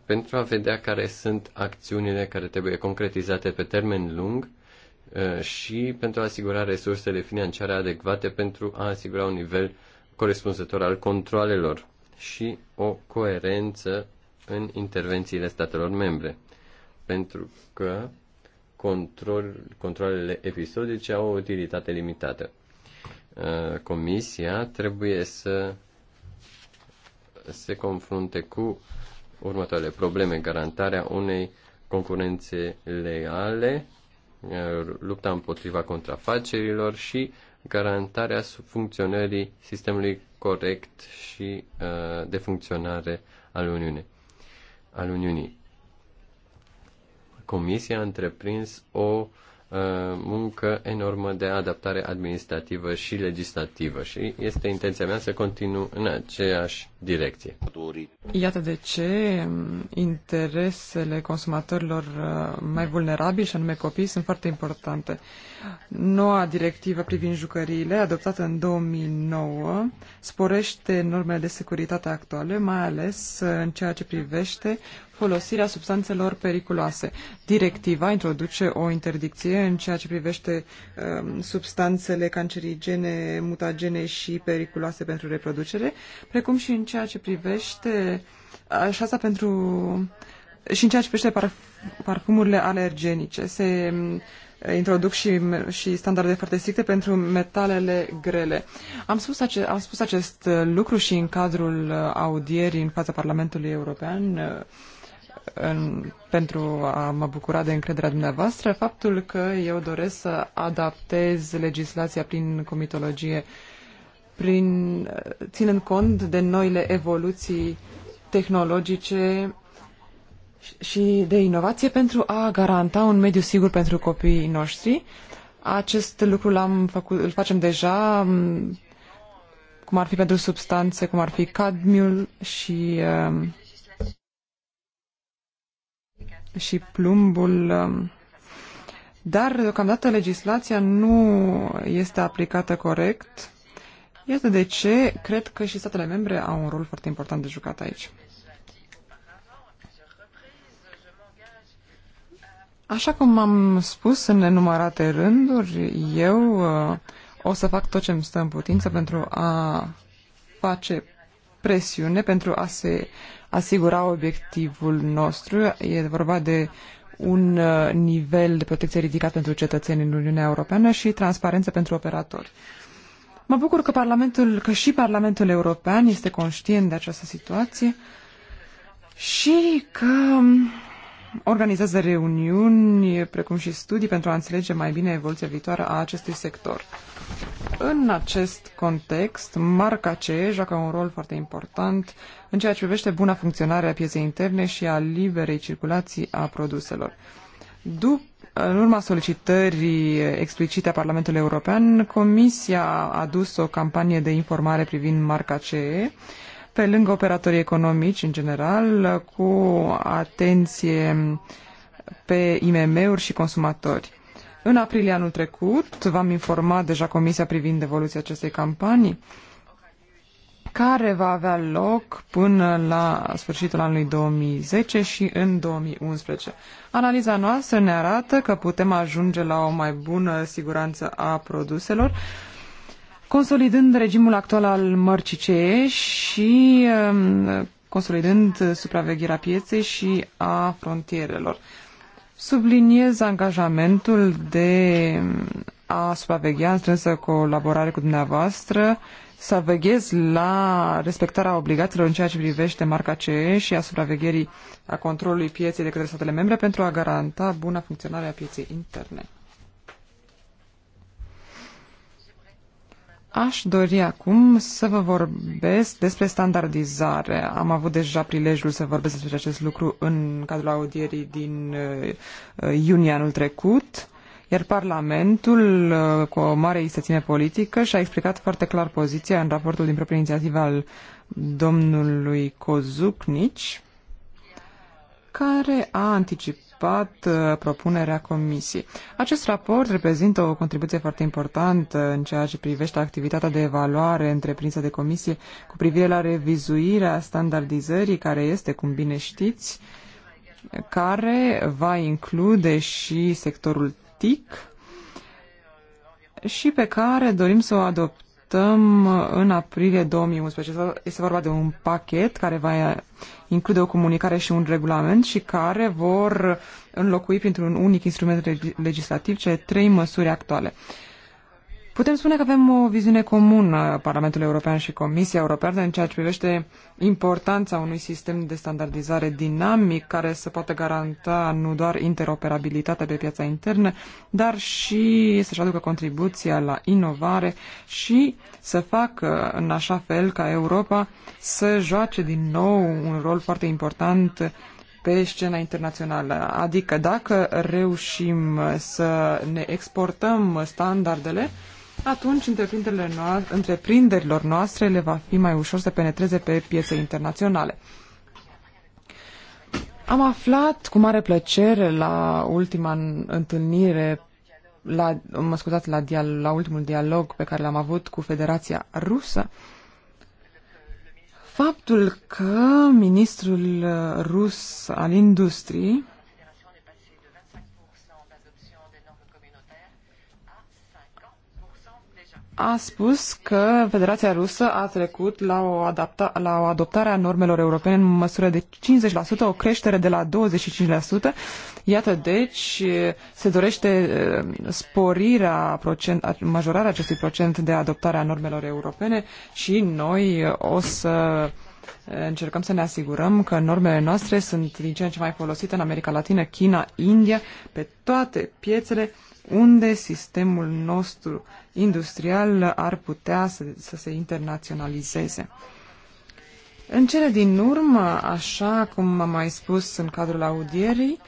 S3: pentru a vedea care sunt acțiunile care trebuie concretizate pe termen lung ă, și pentru a asigura resursele financiare adecvate pentru a asigura un nivel corespunzător al controlelor și o coerență în intervențiile statelor membre, pentru că control, controlele episodice au o utilitate limitată. Uh, comisia trebuie să se confrunte cu următoarele probleme, garantarea unei concurențe leale, uh, lupta împotriva contrafacerilor și garantarea funcționării sistemului corect și uh, de funcționare al Uniunii. Al Uniunii. Comisia a întreprins o Uh, muncă enormă de adaptare administrativă și legislativă și este intenția mea să continu în aceeași direcție.
S4: Iată de ce um, interesele consumatorilor uh, mai vulnerabili, și anume copii, sunt foarte importante. Noua directivă privind jucăriile, adoptată în 2009, sporește normele de securitate actuale, mai ales uh, în ceea ce privește folosirea substanțelor periculoase. Directiva introduce o interdicție în ceea ce privește um, substanțele cancerigene, mutagene și periculoase pentru reproducere, precum și în ceea ce privește așa asta pentru și în ceea ce privește parf- parfumurile alergenice. Se um, introduc și, și standarde foarte stricte pentru metalele grele. Am spus, ace- am spus acest lucru și în cadrul audierii în fața Parlamentului European în, pentru a mă bucura de încrederea dumneavoastră faptul că eu doresc să adaptez legislația prin comitologie, prin, ținând cont de noile evoluții tehnologice și de inovație pentru a garanta un mediu sigur pentru copiii noștri. Acest lucru l-am făcut, îl facem deja, mm, cum ar fi pentru substanțe, cum ar fi cadmiul și uh, și plumbul. Um, dar, deocamdată, legislația nu este aplicată corect. Iată de ce cred că și statele membre au un rol foarte important de jucat aici. Așa cum am spus în nenumărate rânduri, eu uh, o să fac tot ce îmi stă în putință pentru a face presiune, pentru a se asigura obiectivul nostru. E vorba de un uh, nivel de protecție ridicat pentru cetățeni în Uniunea Europeană și transparență pentru operatori. Mă bucur că, Parlamentul, că și Parlamentul European este conștient de această situație și că um, organizează reuniuni, precum și studii, pentru a înțelege mai bine evoluția viitoare a acestui sector. În acest context, marca CE joacă un rol foarte important în ceea ce privește buna funcționare a pieței interne și a liberei circulații a produselor. După în urma solicitării explicite a Parlamentului European, Comisia a adus o campanie de informare privind marca CE, pe lângă operatorii economici în general, cu atenție pe IMM-uri și consumatori. În aprilie anul trecut v-am informat deja Comisia privind evoluția acestei campanii care va avea loc până la sfârșitul anului 2010 și în 2011. Analiza noastră ne arată că putem ajunge la o mai bună siguranță a produselor, consolidând regimul actual al mărcii CE și um, consolidând supravegherea pieței și a frontierelor subliniez angajamentul de a supraveghea în strânsă colaborare cu dumneavoastră, să veghez la respectarea obligațiilor în ceea ce privește marca CE și a supravegherii a controlului pieței de către statele membre pentru a garanta buna funcționare a pieței interne. Aș dori acum să vă vorbesc despre standardizare. Am avut deja prilejul să vorbesc despre acest lucru în cadrul audierii din uh, iunie anul trecut, iar Parlamentul, uh, cu o mare istețime politică, și-a explicat foarte clar poziția în raportul din propria inițiativă al domnului Kozucnici, care a anticipat participat propunerea comisiei. Acest raport reprezintă o contribuție foarte importantă în ceea ce privește activitatea de evaluare întreprinsă de comisie cu privire la revizuirea standardizării care este, cum bine știți, care va include și sectorul TIC și pe care dorim să o adoptăm așteptăm în aprilie 2011. Este vorba de un pachet care va include o comunicare și un regulament și care vor înlocui printr-un unic instrument legislativ cele trei măsuri actuale. Uh, Putem spune că avem o viziune comună, Parlamentul European și Comisia Europeană, în ceea ce privește importanța unui sistem de standardizare dinamic care să poată garanta nu doar interoperabilitatea pe piața internă, dar și să-și aducă contribuția la inovare și să facă în așa fel ca Europa să joace din nou un rol foarte important pe scena internațională. Adică dacă reușim să ne exportăm standardele, atunci întreprinderilor noastre, întreprinderilor noastre le va fi mai ușor să penetreze pe piețe internaționale. Am aflat cu mare plăcere la ultima întâlnire, la, mă scuzați, la, dial, la ultimul dialog pe care l-am avut cu Federația Rusă, faptul că ministrul rus al industriei a spus că Federația Rusă a trecut la o, adapta, la o adoptare a normelor europene în măsură de 50%, o creștere de la 25%. Iată, deci, se dorește eh, sporirea, procent, majorarea acestui procent de adoptare a normelor europene și noi eh, o să eh, încercăm să ne asigurăm că normele noastre sunt din ce în ce mai folosite în America Latină, China, India, pe toate piețele unde sistemul nostru industrial ar putea să, să se internaționalizeze. În cele din urmă, așa cum am mai spus în cadrul audierii,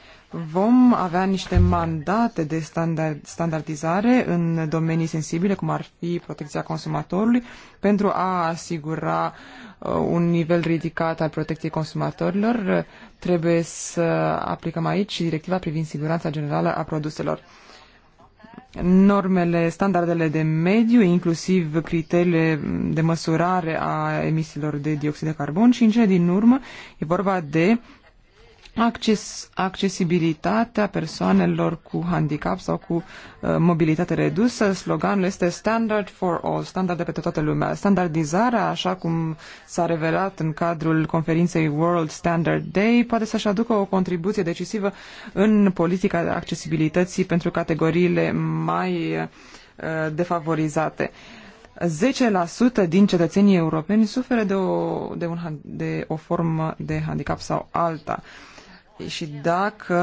S4: vom avea niște mandate de standard, standardizare în domenii sensibile, cum ar fi protecția consumatorului, pentru a asigura uh, un nivel ridicat al protecției consumatorilor. Trebuie să aplicăm aici directiva privind siguranța generală a produselor normele, standardele de mediu, inclusiv criteriile de măsurare a emisiilor de dioxid de carbon și, în cele din urmă, e vorba de acces, accesibilitatea persoanelor cu handicap sau cu uh, mobilitate redusă. Sloganul este Standard for All, standarde pentru toată lumea. Standardizarea, așa cum s-a revelat în cadrul conferinței World Standard Day, poate să-și aducă o contribuție decisivă în politica de accesibilității pentru categoriile mai uh, defavorizate. 10% din cetățenii europeni suferă de o, de, un, de o formă de handicap sau alta. Uh, și dacă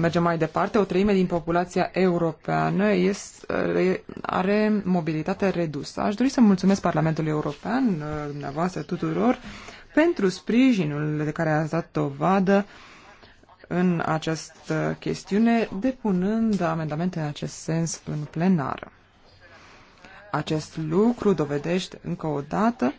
S4: mergem mai departe, o treime din populația europeană este, are mobilitate redusă. Aș dori să mulțumesc Parlamentului European, uh, dumneavoastră tuturor, pentru sprijinul de care ați dat dovadă în această chestiune, depunând amendamente în acest sens în plenară. Acest lucru dovedește încă o dată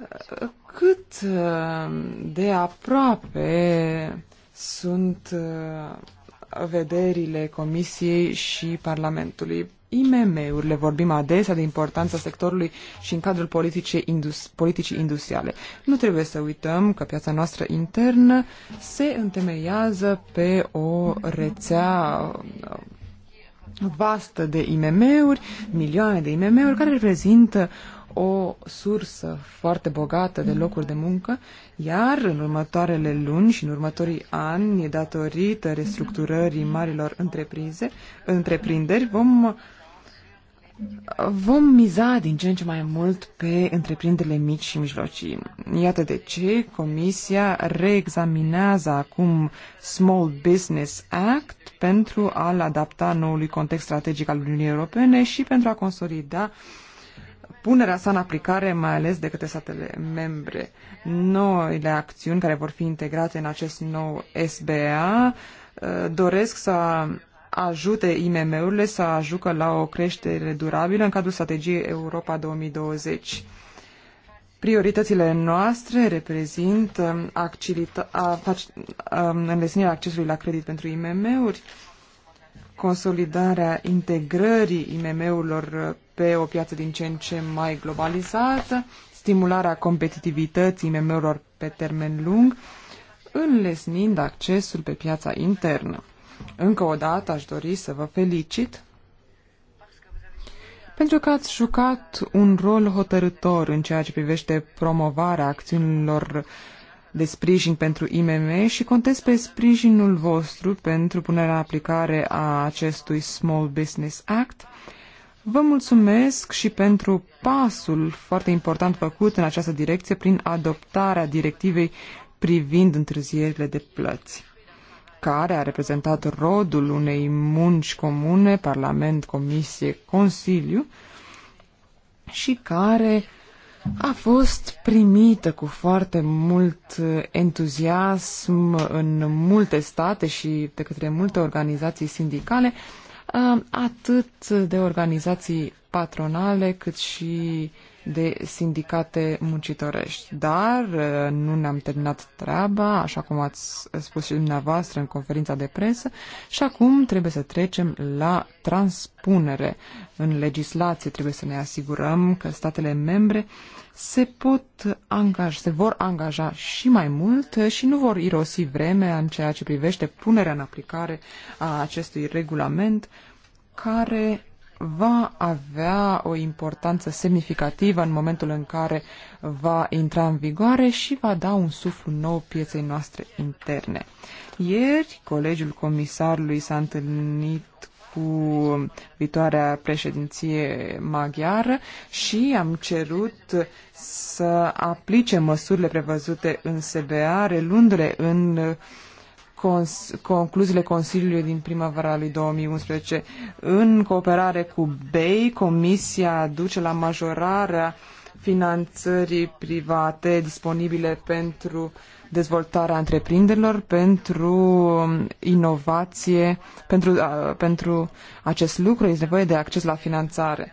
S4: uh, cât uh, de aproape sunt uh, vederile Comisiei și Parlamentului. IMM-urile vorbim adesea de importanța sectorului și în cadrul politicii, indus, industriale. Nu trebuie să uităm că piața noastră internă se întemeiază pe o rețea uh, vastă de IMM-uri, milioane de IMM-uri, care reprezintă o sursă foarte bogată de locuri de muncă, iar în următoarele luni și în următorii ani, datorită restructurării marilor întreprinze, întreprinderi, vom Vom miza din ce în ce mai mult pe întreprinderile mici și mijlocii. Iată de ce Comisia reexaminează acum Small Business Act pentru a-l adapta noului context strategic al Uniunii Europene și pentru a consolida uh, punerea sa în aplicare, mai ales de către statele membre. Noile acțiuni care vor fi integrate în acest nou SBA uh, doresc să ajute IMM-urile să ajucă la o creștere durabilă în cadrul strategiei Europa 2020. Prioritățile noastre reprezintă facilitarea accesului la credit pentru IMM-uri, consolidarea integrării IMM-urilor pe o piață din ce în ce mai globalizată, stimularea competitivității IMM-urilor pe termen lung, înlesnind accesul pe piața internă. Încă o dată aș dori să vă felicit pentru că ați jucat un rol hotărător în ceea ce privește promovarea acțiunilor uh, de sprijin pentru IMM și contez pe sprijinul vostru pentru punerea în aplicare a acestui Small Business Act. Vă mulțumesc și pentru pasul foarte important făcut în această direcție prin adoptarea directivei privind întârzierile de plăți, care a reprezentat rodul unei munci comune, Parlament, Comisie, Consiliu, și care a fost primită cu foarte mult uh, entuziasm în multe state și de către multe organizații sindicale, uh, atât de organizații patronale cât și de sindicate muncitorești. Dar uh, nu ne-am terminat treaba, așa cum ați spus și dumneavoastră în conferința de presă, și acum trebuie să trecem la transpunere în legislație. Trebuie să ne asigurăm că statele membre uh, se pot angaja, se vor angaja și mai mult și nu vor irosi vremea în ceea ce privește punerea în aplicare a acestui regulament care va avea o importanță semnificativă în momentul în care va intra în vigoare și va da un suflu nou pieței noastre interne. Ieri, colegiul comisarului s-a întâlnit cu viitoarea președinție maghiară și am cerut să aplice măsurile prevăzute în SBA, relundu-le în cons- concluziile Consiliului din primăvara lui 2011. În cooperare cu BEI, Comisia duce la majorarea finanțării private disponibile pentru uh, dezvoltarea întreprinderilor, pentru inovație, pentru, pentru acest lucru este nevoie de acces la finanțare.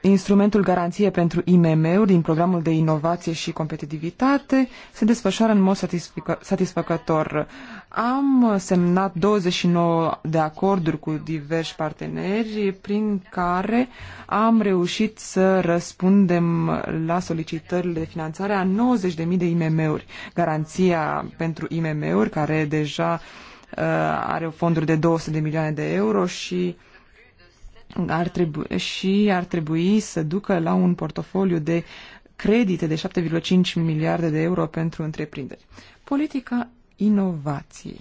S4: instrumentul garanție pentru IMM-uri din programul de inovație și competitivitate se desfășoară în mod satisfăcător. Am semnat 29 de acorduri cu diversi parteneri prin care am reușit să răspundem la solicitările de finanțare a 90.000 de IMM-uri. Garanția pentru IMM-uri care deja uh, are fonduri de 200 de milioane de euro și ar trebui, și ar trebui să ducă la un portofoliu de credite de 7,5 miliarde de euro pentru întreprinderi. Politica inovației.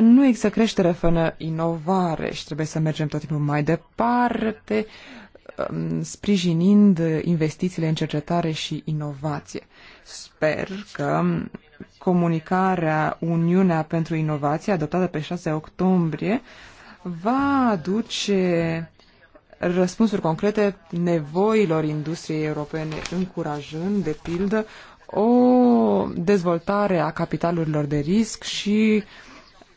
S4: Nu există creștere fără inovare și trebuie să mergem tot timpul mai departe, um, sprijinind investițiile în cercetare și inovație. Sper că comunicarea Uniunea pentru Inovație, adoptată pe 6 octombrie, va aduce răspunsuri concrete nevoilor industriei europene, încurajând, de pildă, o dezvoltare a capitalurilor de risc și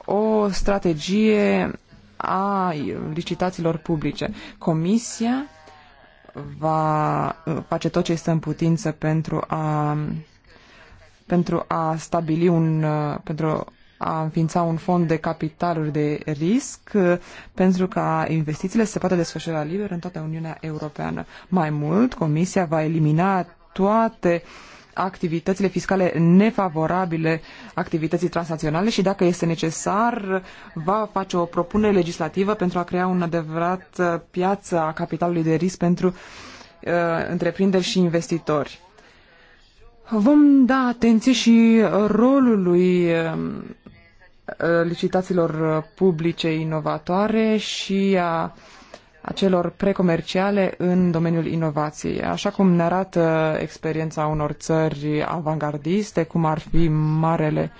S4: o strategie a licitațiilor publice. Comisia va face tot ce este în putință pentru a, pentru a stabili un, pentru a înființa un fond de capitaluri de risc pentru ca investițiile se poată desfășura liber în toată Uniunea Europeană. Mai mult, Comisia va elimina toate uh, activitățile fiscale nefavorabile activității transnaționale și dacă este necesar va face o propunere legislativă pentru a crea un adevărat uh, piață a capitalului de risc pentru uh, întreprinderi și investitori. Vom da atenție și rolului um, uh, licitațiilor publice inovatoare și a acelor precomerciale în domeniul inovației. Așa cum ne arată uh, experiența unor țări avangardiste, cum ar fi Marele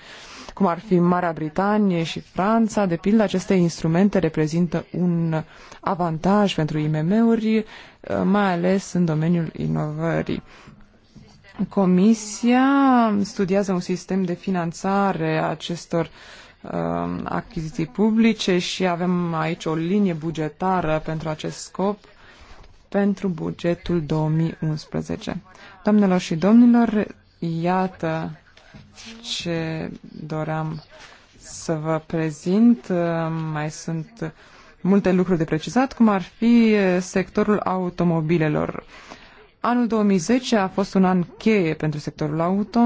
S4: cum ar fi Marea Britanie și Franța, de pildă, aceste instrumente reprezintă un avantaj pentru IMM-uri, uh, mai ales în domeniul inovării. Comisia studiază un sistem de finanțare a acestor uh, Um, achiziții publice și avem aici o linie bugetară pentru acest scop pentru bugetul 2011. Doamnelor și domnilor, iată ce doream să vă prezint. Um, mai sunt multe lucruri de precizat, cum ar fi uh, sectorul automobilelor. Anul 2010 a fost un an cheie pentru sectorul auto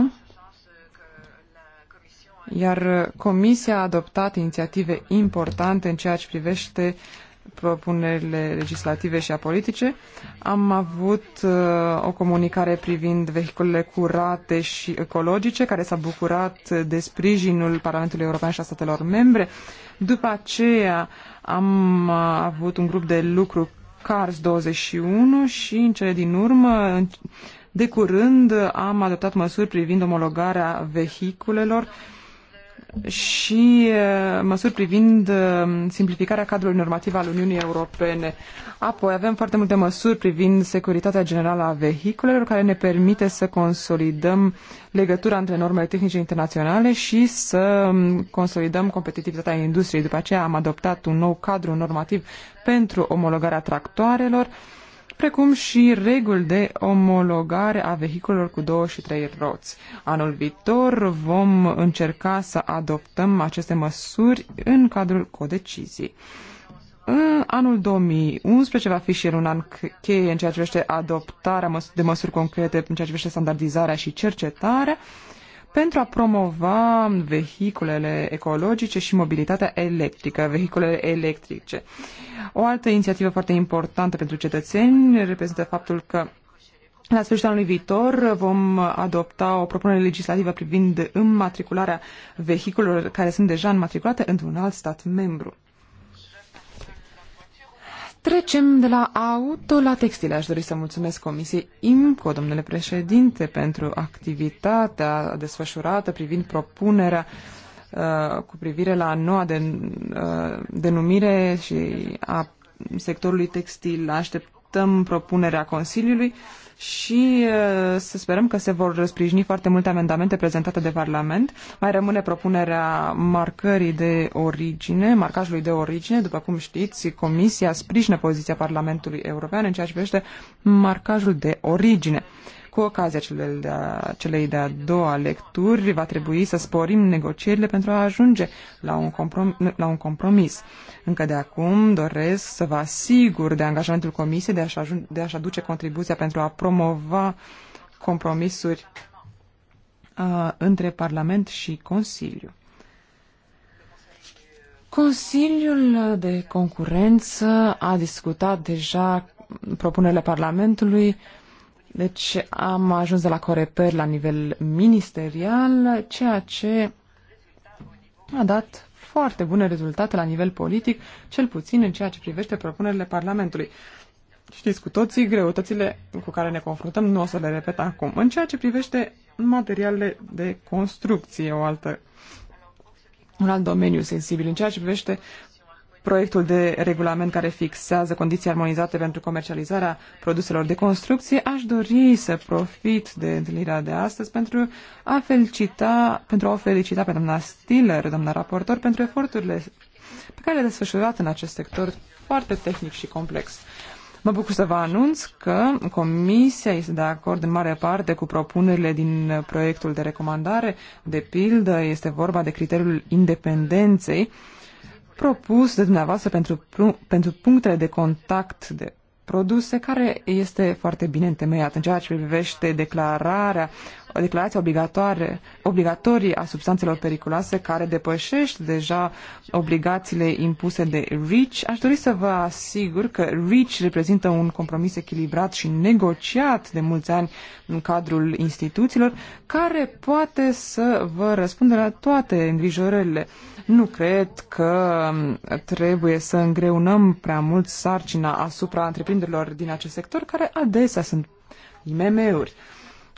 S4: iar uh, Comisia a adoptat inițiative importante în ceea ce privește propunerile legislative și a politice. Am avut uh, o comunicare privind vehiculele curate și ecologice, care s-a bucurat de sprijinul Parlamentului European și a statelor membre. După aceea am uh, avut un grup de lucru CARS 21 și în cele din urmă, de curând, am adoptat măsuri privind omologarea vehiculelor uh, și uh, măsuri privind uh, simplificarea cadrului normativ al Uniunii Europene. Apoi avem foarte multe măsuri privind securitatea generală a vehiculelor care ne permite să consolidăm legătura între normele tehnice internaționale și să um, consolidăm competitivitatea industriei. După aceea am adoptat un nou cadru normativ pentru omologarea tractoarelor precum și reguli de omologare a vehiculelor cu două și trei roți. Anul viitor vom încerca să adoptăm aceste măsuri în cadrul codecizii. În anul 2011 va fi și el un an cheie în ceea ce privește adoptarea de măsuri concrete în ceea ce privește standardizarea și cercetarea pentru a promova vehiculele ecologice și mobilitatea electrică, vehiculele electrice. O altă inițiativă foarte importantă pentru cetățeni reprezintă faptul că la sfârșitul anului viitor vom adopta o propunere legislativă privind înmatricularea vehiculelor care sunt deja înmatriculate într-un alt stat membru. Trecem de la auto la textile. Aș dori să mulțumesc Comisiei IMCO, domnule președinte, pentru activitatea desfășurată privind propunerea uh, cu privire la noua de, uh, denumire și a sectorului textil. Așteptăm propunerea Consiliului și uh, să sperăm că se vor sprijini foarte multe amendamente prezentate de Parlament. Mai rămâne propunerea marcării de origine, marcajului de origine. După cum știți, Comisia sprijină poziția Parlamentului European în ceea ce privește marcajul de origine. Uh, cu ocazia celei de-a, doua lecturi va trebui să sporim negocierile pentru a ajunge la un, comprom- la un compromis. Încă de acum doresc să vă asigur de angajamentul Comisiei de a-și, ajun- de a-și aduce contribuția pentru a promova compromisuri uh, între Parlament și Consiliu. Consiliul de Concurență a discutat deja propunerile Parlamentului deci am ajuns de la Coreper la nivel ministerial, ceea ce a dat foarte bune rezultate la nivel politic, cel puțin în ceea ce privește propunerile Parlamentului. Știți cu toții, greutățile cu care ne confruntăm nu o să le repet acum. În ceea ce privește materialele de construcție, o altă, un alt domeniu sensibil, în ceea ce privește proiectul de regulament care fixează condiții armonizate pentru comercializarea produselor de construcție, aș dori să profit de întâlnirea de astăzi pentru a, felicita, pentru a o felicita pe doamna Stiller, doamna raportor, pentru eforturile pe care le-a desfășurat în acest sector foarte tehnic și complex. Mă bucur să vă anunț că Comisia este de acord în mare parte cu propunerile din proiectul de recomandare. De pildă, este vorba de criteriul independenței propus de dumneavoastră pentru, pentru punctele de contact de produse, care este foarte bine întemeiat în ceea ce privește declararea, declarația obligatoare, obligatorie a substanțelor periculoase care depășește deja obligațiile impuse de REACH. Aș dori să vă asigur că REACH reprezintă un compromis echilibrat și negociat de mulți ani în cadrul instituțiilor, care poate să vă răspundă la toate îngrijorările nu cred că trebuie să îngreunăm prea mult sarcina asupra întreprinderilor din acest sector, care adesea sunt IMM-uri.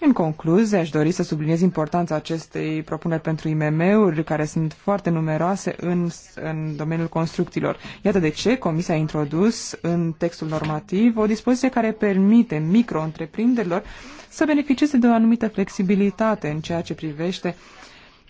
S4: În concluzie, aș dori să subliniez importanța acestei propuneri pentru IMM-uri, care sunt foarte numeroase în, în domeniul construcțiilor. Iată de ce Comisia a introdus în textul normativ o dispoziție care permite micro-întreprinderilor să beneficieze de o anumită flexibilitate în ceea ce privește uh,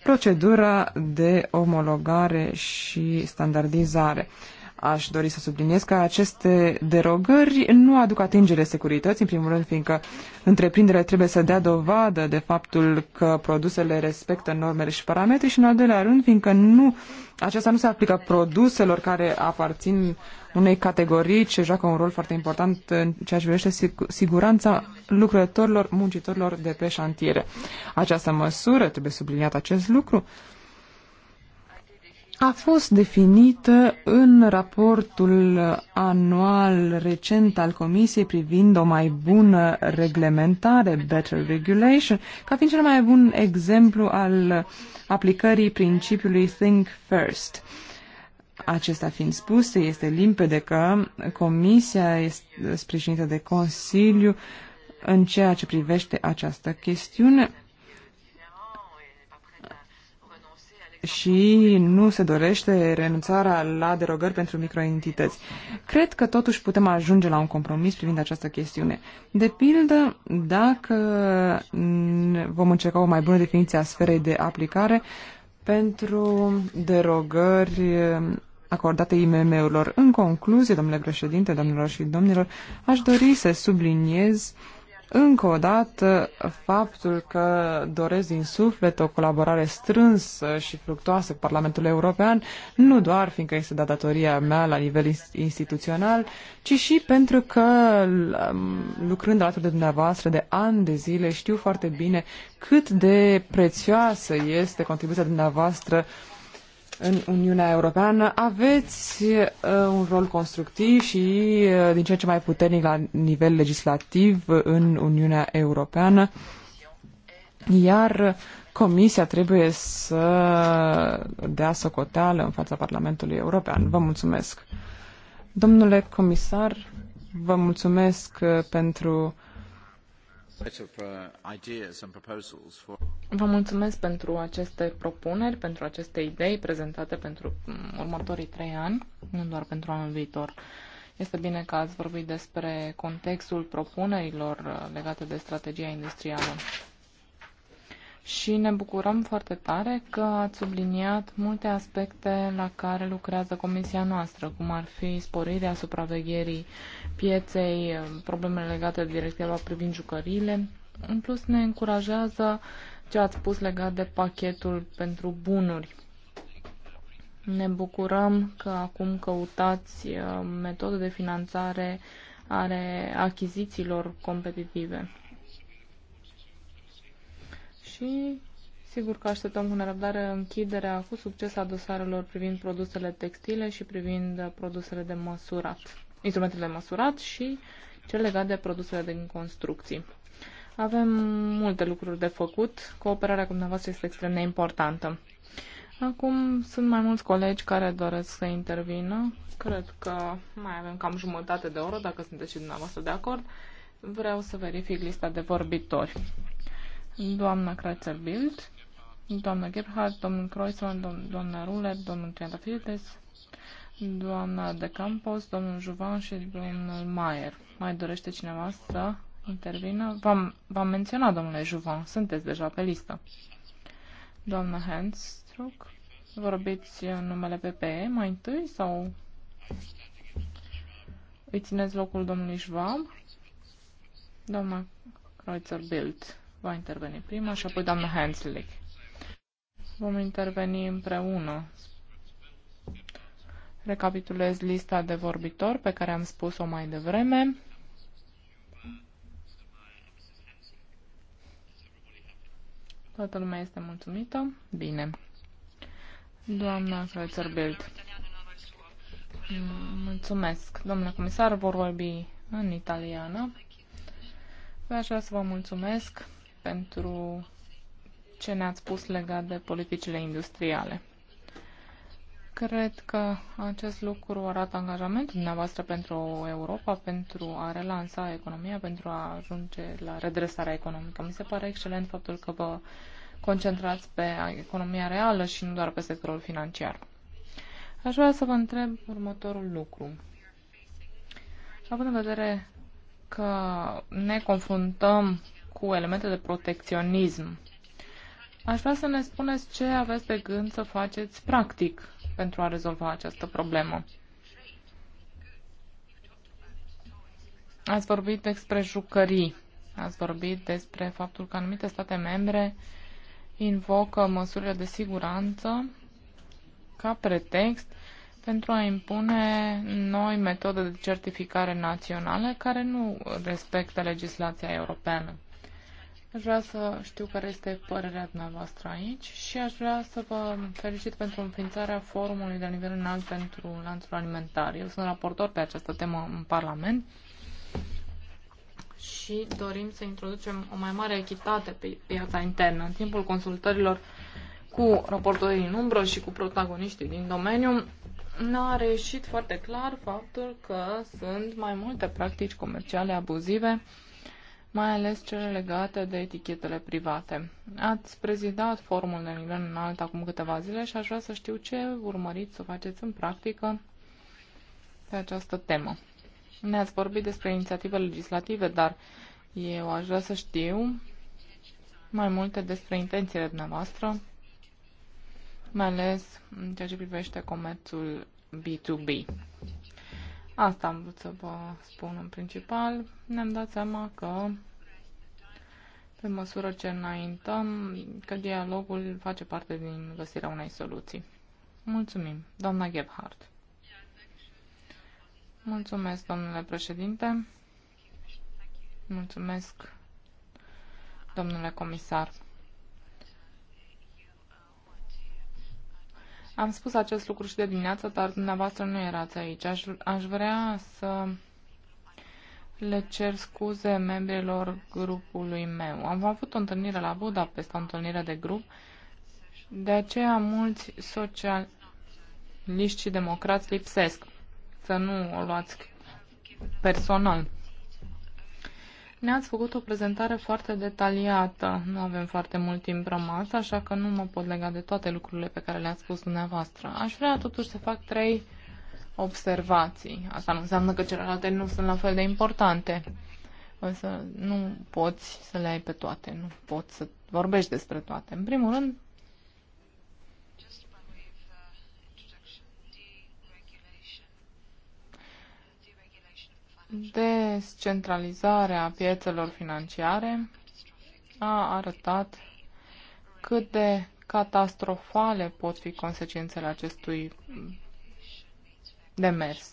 S4: procedura de omologare și standardizare. Aș dori să subliniez că aceste derogări nu aduc atingere securității, în primul rând fiindcă întreprinderea trebuie să dea dovadă de faptul că produsele respectă normele și parametri și, în al doilea rând, fiindcă nu, aceasta nu se aplică produselor care aparțin uh, unei categorii ce joacă un rol foarte important în ceea ce privește siguranța lucrătorilor, muncitorilor de pe șantiere. Această măsură, trebuie subliniat acest lucru, a fost definită în raportul anual recent al Comisiei privind o mai bună reglementare, Better Regulation, ca fiind cel mai bun exemplu al aplicării principiului Think First. Uh, acesta fiind spus, este limpede că Comisia este sprijinită de Consiliu în ceea ce privește această chestiune și nu se dorește renunțarea la derogări pentru microentități. Cred că totuși putem ajunge la un compromis privind această chestiune. De pildă, dacă vom încerca o mai bună definiție a sferei de aplicare pentru derogări acordate IMM-urilor. În concluzie, domnule președinte, domnilor și domnilor, aș dori să subliniez încă o dată faptul că doresc din suflet o colaborare strânsă și fructoasă cu Parlamentul European, nu doar fiindcă este de datoria mea la nivel instituțional, ci și pentru că um, lucrând alături de dumneavoastră de ani de zile știu foarte bine cât de prețioasă este contribuția dumneavoastră uh, în Uniunea Europeană, aveți uh, un rol constructiv și uh, din ce în ce mai puternic la nivel legislativ în Uniunea Europeană, iar Comisia trebuie să dea socoteală în fața Parlamentului European. Vă mulțumesc. Domnule comisar, vă
S1: mulțumesc uh, pentru Uh, Vă mulțumesc pentru aceste propuneri, pentru aceste idei prezentate pentru mm, următorii trei ani, nu doar pentru anul viitor. Este bine că ați vorbit despre contextul propunerilor uh, legate de strategia industrială și ne bucurăm foarte tare că ați subliniat multe aspecte la care lucrează comisia noastră, cum ar fi sporirea supravegherii pieței, problemele legate de directiva privind jucăriile. În plus, ne încurajează ce ați spus legat de pachetul pentru bunuri. Ne bucurăm că acum căutați uh, metode de finanțare are achizițiilor competitive și sigur că așteptăm cu nerăbdare închiderea cu succes a dosarelor privind produsele textile și privind produsele de măsurat, instrumentele de măsurat și cel legat de produsele din construcții. Avem multe lucruri de făcut, cooperarea cu dumneavoastră este extrem de importantă. Acum sunt mai mulți colegi care doresc să intervină. Cred că mai avem cam jumătate de oră, dacă sunteți și dumneavoastră de acord. Vreau să verific lista de vorbitori doamna kreitzer Bild, doamna Gebhardt, domnul Kreuzmann, doamna Ruler, domnul Triantafilides, doamna De Campos, domnul Juvan și domnul Maier. Mai dorește cineva să intervină? V-am, v-am menționat, domnule Juvan, sunteți deja pe listă. Doamna Handstruck, vorbiți în numele PPE mai întâi sau îi țineți locul domnului Schwab? Doamna Kreutzer-Bild va interveni prima și apoi doamna Hanslick. Vom interveni împreună. Recapitulez lista de vorbitori pe care am spus-o mai devreme. Toată lumea este mulțumită? Bine. Doamna kreutzer Mulțumesc. Domnule comisar, vor vorbi în italiană. Aș vrea să vă mulțumesc pentru ce ne-ați spus legat de politicile industriale. Cred că acest lucru arată angajamentul dumneavoastră pentru Europa, pentru a relansa economia, pentru a ajunge la redresarea economică. Mi se pare excelent faptul că vă concentrați pe economia reală și nu doar pe sectorul financiar. Aș vrea să vă întreb următorul lucru. Având în vedere că ne confruntăm cu elemente de protecționism. Aș vrea să ne spuneți ce aveți de gând să faceți practic pentru a rezolva această problemă. Ați vorbit despre jucării, ați vorbit despre faptul că anumite state membre invocă măsurile de siguranță ca pretext pentru a impune noi metode de certificare naționale care nu respectă legislația europeană. Aș vrea să știu care este părerea dumneavoastră aici și aș vrea să vă felicit pentru înființarea forumului de nivel înalt pentru lanțul alimentar. Eu sunt raportor pe această temă în Parlament și dorim să introducem o mai mare echitate pe piața internă. În timpul consultărilor cu raportorii în umbră și cu protagoniștii din domeniu, n-a reușit foarte clar faptul că sunt mai multe practici comerciale abuzive mai ales cele legate de etichetele private. Ați prezidat formul de nivel înalt acum câteva zile și aș vrea să știu ce urmăriți să faceți în practică pe această temă. Ne-ați vorbit despre inițiative legislative, dar eu aș vrea să știu mai multe despre intențiile dumneavoastră, mai ales în ceea ce privește comerțul B2B. Asta am vrut să vă spun în principal. Ne-am dat seama că pe măsură ce înaintăm, că dialogul face parte din găsirea unei soluții. Mulțumim, doamna Gebhardt. Mulțumesc, domnule președinte. Mulțumesc, domnule comisar. Am spus acest lucru și de dimineață, dar dumneavoastră nu erați aici. Aș, aș vrea să le cer scuze membrilor grupului meu. Am avut o întâlnire la Budapesta, o întâlnire de grup, de aceea mulți socialiști și democrați lipsesc. Să nu o luați personal. Ne-ați făcut o prezentare foarte detaliată. Nu avem foarte mult timp rămas, așa că nu mă pot lega de toate lucrurile pe care le-ați spus dumneavoastră. Aș vrea totuși să fac trei observații. Asta nu înseamnă că celelalte nu sunt la fel de importante. Însă nu poți să le ai pe toate, nu poți să vorbești despre toate. În primul rând, Descentralizarea piețelor financiare a arătat cât de catastrofale pot fi consecințele acestui demers.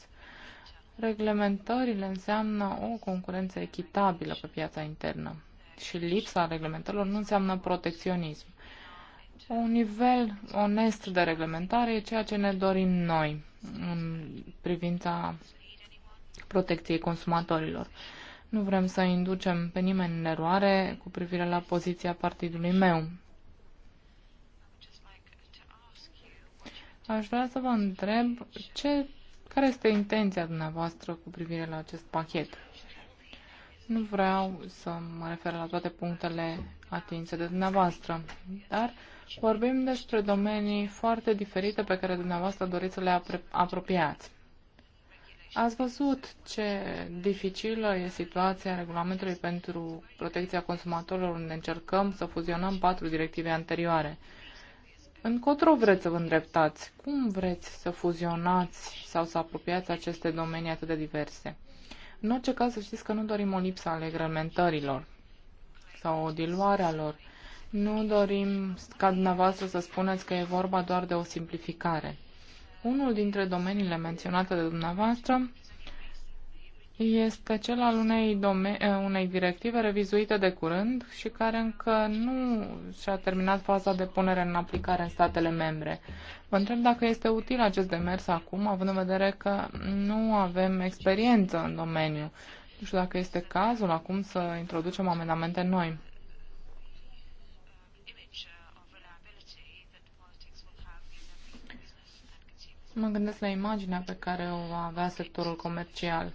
S1: Reglementările înseamnă o concurență echitabilă pe piața internă și lipsa reglementărilor nu înseamnă protecționism. Un nivel onest de reglementare e ceea ce ne dorim noi în privința protecției consumatorilor. Nu vrem să inducem pe nimeni în eroare cu privire la poziția partidului meu. Aș vrea să vă întreb ce, care este intenția dumneavoastră cu privire la acest pachet. Nu vreau să mă refer la toate punctele atinse de dumneavoastră, dar vorbim despre domenii foarte diferite pe care dumneavoastră doriți să le apropiați. Ați văzut ce dificilă e situația regulamentului pentru protecția consumatorilor unde încercăm să fuzionăm patru directive anterioare. Încotro vreți să vă îndreptați? Cum vreți să fuzionați sau să apropiați aceste domenii atât de diverse? În orice caz să știți că nu dorim o lipsă ale reglementărilor sau o diluare a lor. Nu dorim ca dumneavoastră să spuneți că e vorba doar de o simplificare. Unul dintre domeniile menționate de dumneavoastră este cel al unei, eh, unei directive revizuite de curând și care încă nu și-a terminat faza de punere în aplicare în statele membre. Vă întreb dacă este util acest demers acum, având în vedere că nu avem experiență în domeniu. Nu știu dacă este cazul acum să introducem amendamente noi. Mă gândesc la imaginea pe care o va avea sectorul comercial.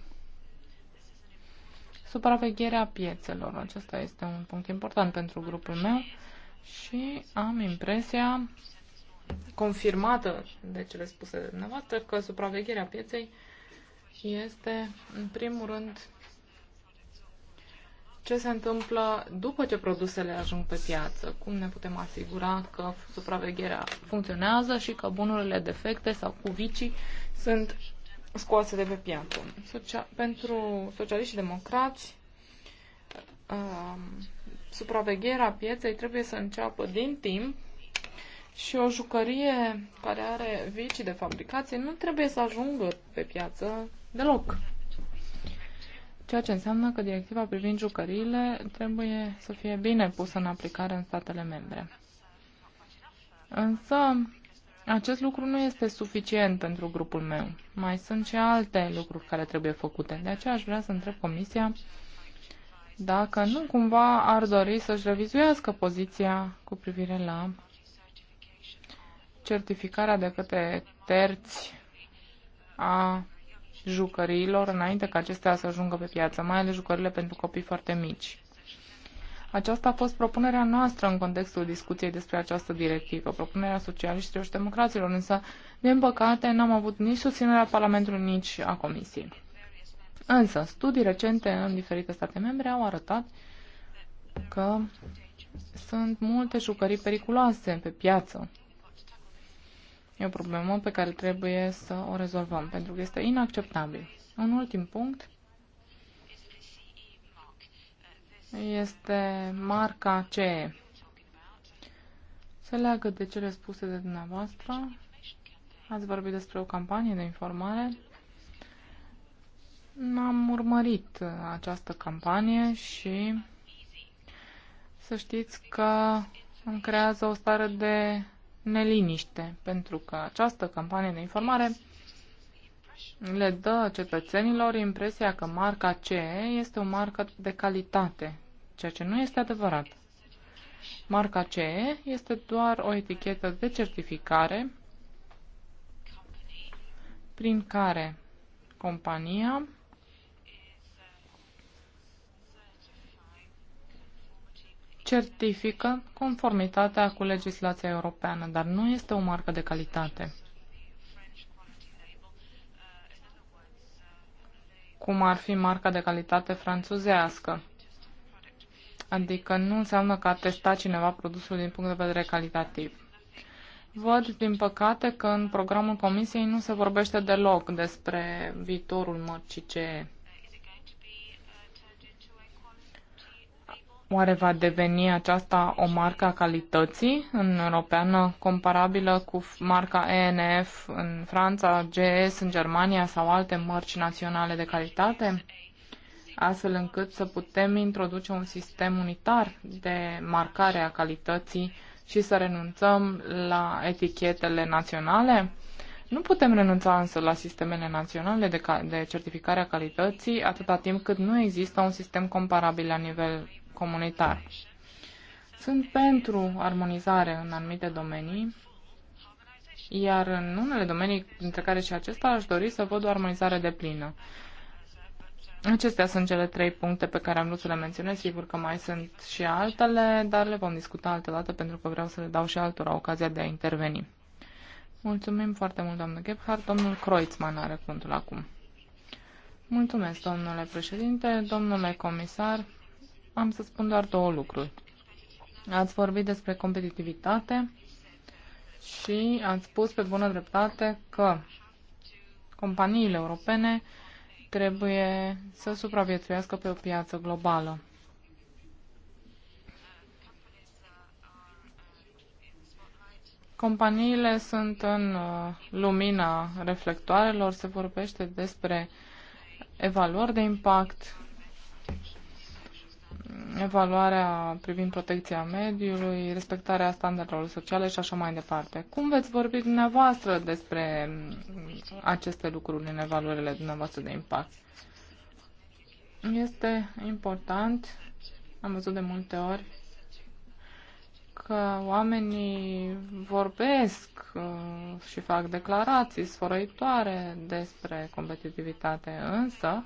S1: Supravegherea piețelor. Acesta este un punct important pentru grupul meu și am impresia confirmată de cele spuse de dumneavoastră că supravegherea pieței este, în primul rând, ce se întâmplă după ce produsele ajung pe piață, cum ne putem asigura că supravegherea funcționează și că bunurile defecte sau cu vicii sunt scoase de pe piață. Socia- pentru socialiști și democrați, uh, supravegherea pieței trebuie să înceapă din timp și o jucărie care are vicii de fabricație nu trebuie să ajungă pe piață deloc ceea ce înseamnă că directiva privind jucăriile trebuie să fie bine pusă în aplicare în statele membre. Însă, acest lucru nu este suficient pentru grupul meu. Mai sunt și alte lucruri care trebuie făcute. De aceea aș vrea să întreb Comisia dacă nu cumva ar dori să-și revizuiască poziția cu privire la certificarea de către terți a jucăriilor înainte ca acestea să ajungă pe piață, mai ales jucările pentru copii foarte mici. Aceasta a fost propunerea noastră în contextul discuției despre această directivă, propunerea socialiștilor și democraților, însă, din păcate, n-am avut nici susținerea Parlamentului, nici a Comisiei. Însă, studii recente în diferite state membre au arătat că sunt multe jucării periculoase pe piață E o problemă pe care trebuie să o rezolvăm, pentru că este inacceptabil. Un ultim punct este marca CE. Se leagă de cele spuse de dumneavoastră. Ați vorbit despre o campanie de informare. Am urmărit această campanie și să știți că îmi creează o stare de neliniște, pentru că această campanie de informare le dă cetățenilor impresia că marca CE este o marcă de calitate, ceea ce nu este adevărat. Marca CE este doar o etichetă de certificare prin care compania certifică conformitatea cu legislația europeană, dar nu este o marcă de calitate. cum ar fi marca de calitate franțuzească. Adică nu înseamnă că a testat cineva produsul din punct de vedere calitativ. Văd, din păcate, că în programul Comisiei nu se vorbește deloc despre viitorul mărcii CE. Oare va deveni aceasta o marcă calității în europeană comparabilă cu marca ENF în Franța, GS în Germania sau alte mărci naționale de calitate? Astfel încât să putem introduce un sistem unitar de marcare a calității și să renunțăm la etichetele naționale? Nu putem renunța însă la sistemele naționale de, de certificare a calității atâta timp cât nu există un sistem comparabil la nivel comunitar. Sunt pentru armonizare în anumite domenii, iar în unele domenii, dintre care și acesta, aș dori să văd o armonizare de plină. Acestea sunt cele trei puncte pe care am vrut să le menționez. Sigur că mai sunt și altele, dar le vom discuta altă dată pentru că vreau să le dau și altora ocazia de a interveni. Mulțumim foarte mult, doamnă Gebhardt. Domnul Kreutzmann are cuvântul acum. Mulțumesc, domnule președinte, domnule comisar am să spun doar două lucruri. Ați vorbit despre competitivitate și ați spus pe bună dreptate că companiile europene trebuie să supraviețuiască pe o piață globală. Companiile sunt în uh, lumina reflectoarelor, se vorbește despre evaluări de impact, evaluarea privind protecția mediului, respectarea standardelor sociale și așa mai departe. Cum veți vorbi dumneavoastră despre aceste lucruri în evaluările dumneavoastră de impact? Este important, am văzut de multe ori, că oamenii vorbesc uh, și fac declarații sfărăitoare despre competitivitate, însă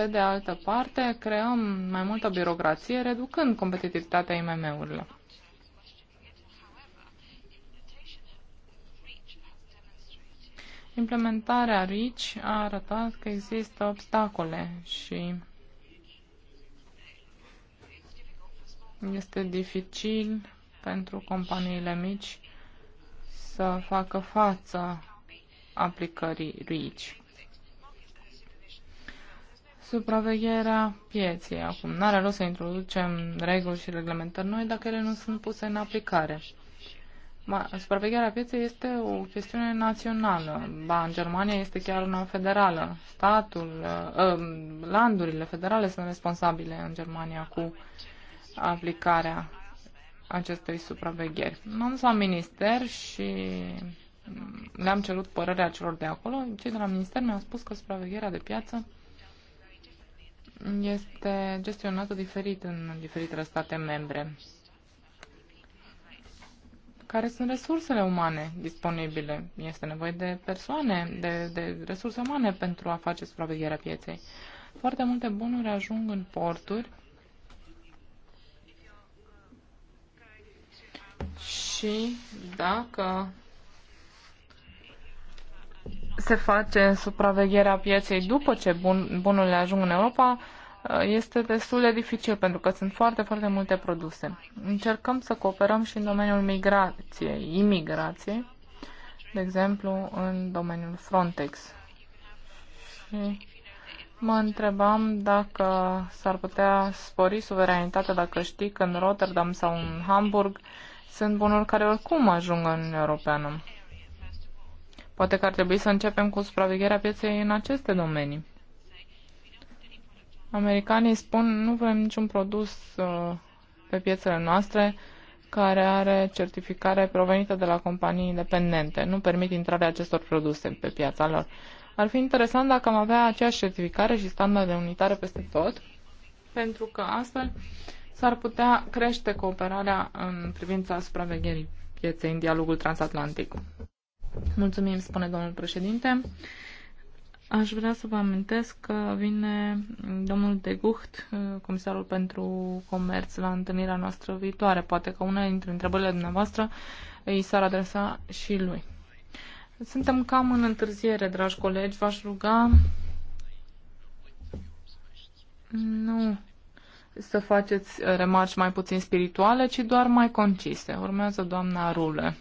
S1: pe de altă parte, creăm mai multă birocrație, reducând competitivitatea IMM-urilor. Implementarea RICI a arătat că există obstacole și este dificil pentru companiile mici să facă față aplicării RICI supravegherea pieței. Acum, n-are rost să introducem reguli și reglementări noi dacă ele nu sunt puse în aplicare. Supravegherea pieței este o chestiune națională. Ba, în Germania este chiar una federală. Statul, uh, landurile federale sunt responsabile în Germania cu aplicarea acestei supravegheri. M-am dus la minister și le-am cerut părerea celor de acolo. Cei de la minister mi-au spus că supravegherea de piață este gestionată diferit în diferitele state membre. Care sunt resursele umane disponibile? Este nevoie de persoane, de, de resurse umane pentru a face supravegherea pieței. Foarte multe bunuri ajung în porturi și dacă se face supravegherea pieței după ce bun, bunurile ajung în Europa uh, este destul de dificil pentru că sunt foarte, foarte multe produse. Încercăm să cooperăm și în domeniul migrației, imigrației, de exemplu în domeniul Frontex. Și mă întrebam dacă s-ar putea spori suveranitatea dacă știi că în Rotterdam sau în Hamburg sunt bunuri care oricum ajung în Europeană. Poate că ar trebui să începem cu supravegherea pieței în aceste domenii. Americanii spun nu vrem niciun produs uh, pe piețele noastre care are certificare provenită de la companii independente. Nu permit intrarea acestor produse pe piața lor. Ar fi interesant dacă am avea aceeași certificare și standarde unitare peste tot, pentru că astfel s-ar putea crește cooperarea în privința supravegherii pieței în dialogul transatlantic. Mulțumim, spune domnul președinte. Aș vrea să vă amintesc că vine domnul de Gucht, comisarul pentru comerț, la întâlnirea noastră viitoare. Poate că una dintre întrebările dumneavoastră îi s-ar adresa și lui. Suntem cam în întârziere, dragi colegi. V-aș ruga nu să faceți remarci mai puțin spirituale, ci doar mai concise. Urmează doamna Rule.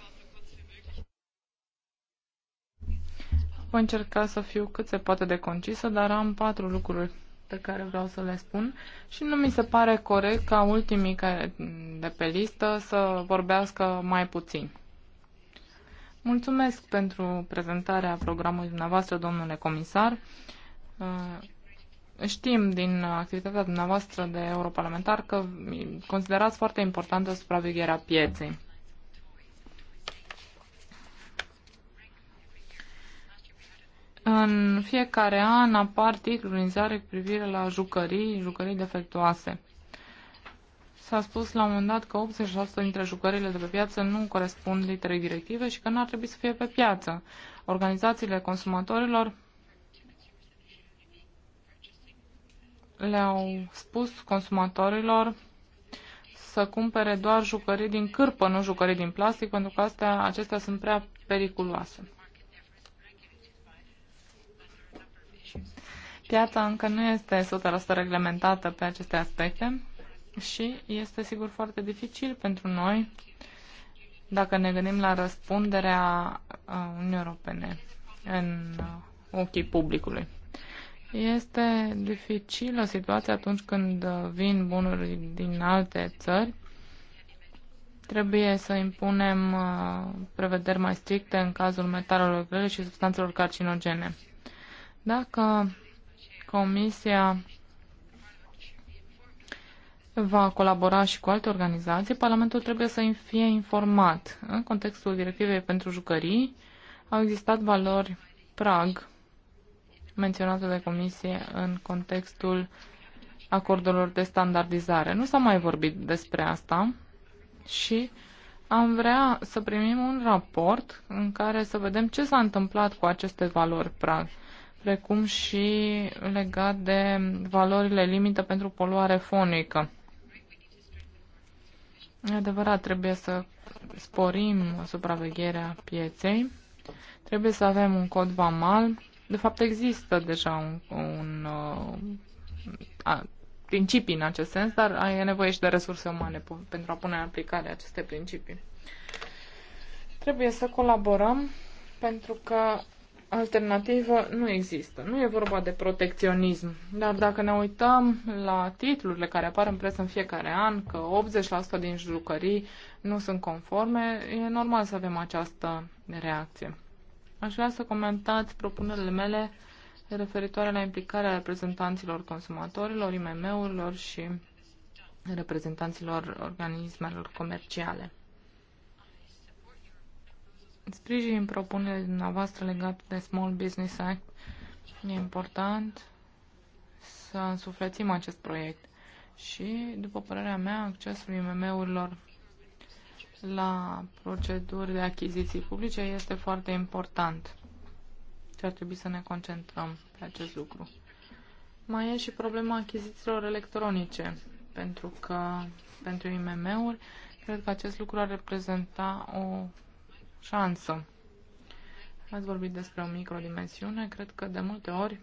S1: Voi încerca să fiu cât se poate de concisă, dar am patru lucruri pe care vreau să le spun și nu mi se pare corect ca ultimii care, de pe listă să vorbească mai puțin. Mulțumesc pentru prezentarea programului dumneavoastră, domnule comisar. Uh, știm din activitatea dumneavoastră de europarlamentar că considerați foarte importantă supravegherea pieței. În fiecare an apar titluri în ziare cu privire la jucării, jucării defectuoase. S-a spus la un moment dat că 86% dintre jucările de pe piață nu corespund literei directive și că nu ar trebui să fie pe piață. Organizațiile consumatorilor le-au spus consumatorilor să cumpere doar jucării din cârpă, nu jucării din plastic, pentru că astea, acestea sunt prea periculoase. Piața încă nu este 100% reglementată pe aceste aspecte și este sigur foarte dificil pentru noi dacă ne gândim la răspunderea uh, Uniunii Europene în uh, ochii publicului. Este dificilă situația atunci când uh, vin bunuri din alte țări. Trebuie să impunem prevederi mai stricte în cazul metalelor grele și substanțelor carcinogene. Dacă Comisia va colabora și cu alte organizații, Parlamentul trebuie să fie informat. În contextul directivei pentru jucării au existat valori prag menționate de Comisie în contextul acordurilor de standardizare. Nu s-a mai vorbit despre asta și am vrea să primim un raport în care să vedem ce s-a întâmplat cu aceste valori prag precum și legat de valorile limită pentru poluare fonică. E adevărat, trebuie să sporim supravegherea pieței, trebuie să avem un cod vamal. De fapt, există deja un, un uh, a, principii în acest sens, dar ai nevoie și de resurse umane pentru a pune în aplicare aceste principii. Trebuie să colaborăm pentru că alternativă nu există. Nu e vorba de protecționism, dar dacă ne uităm la titlurile care apar în presă în fiecare an, că 80% din jucării nu sunt conforme, e normal să avem această reacție. Aș vrea să comentați propunerile mele referitoare la implicarea reprezentanților consumatorilor, IMM-urilor și reprezentanților organismelor comerciale. Sprijin propunerile dumneavoastră legate de Small Business Act. E important să însuflețim acest proiect și, după părerea mea, accesul IMM-urilor la proceduri de achiziții publice este foarte important și ar trebui să ne concentrăm pe acest lucru. Mai e și problema achizițiilor electronice, pentru că pentru IMM-uri cred că acest lucru ar reprezenta o șansă. Ați vorbit despre o microdimensiune. Cred că de multe ori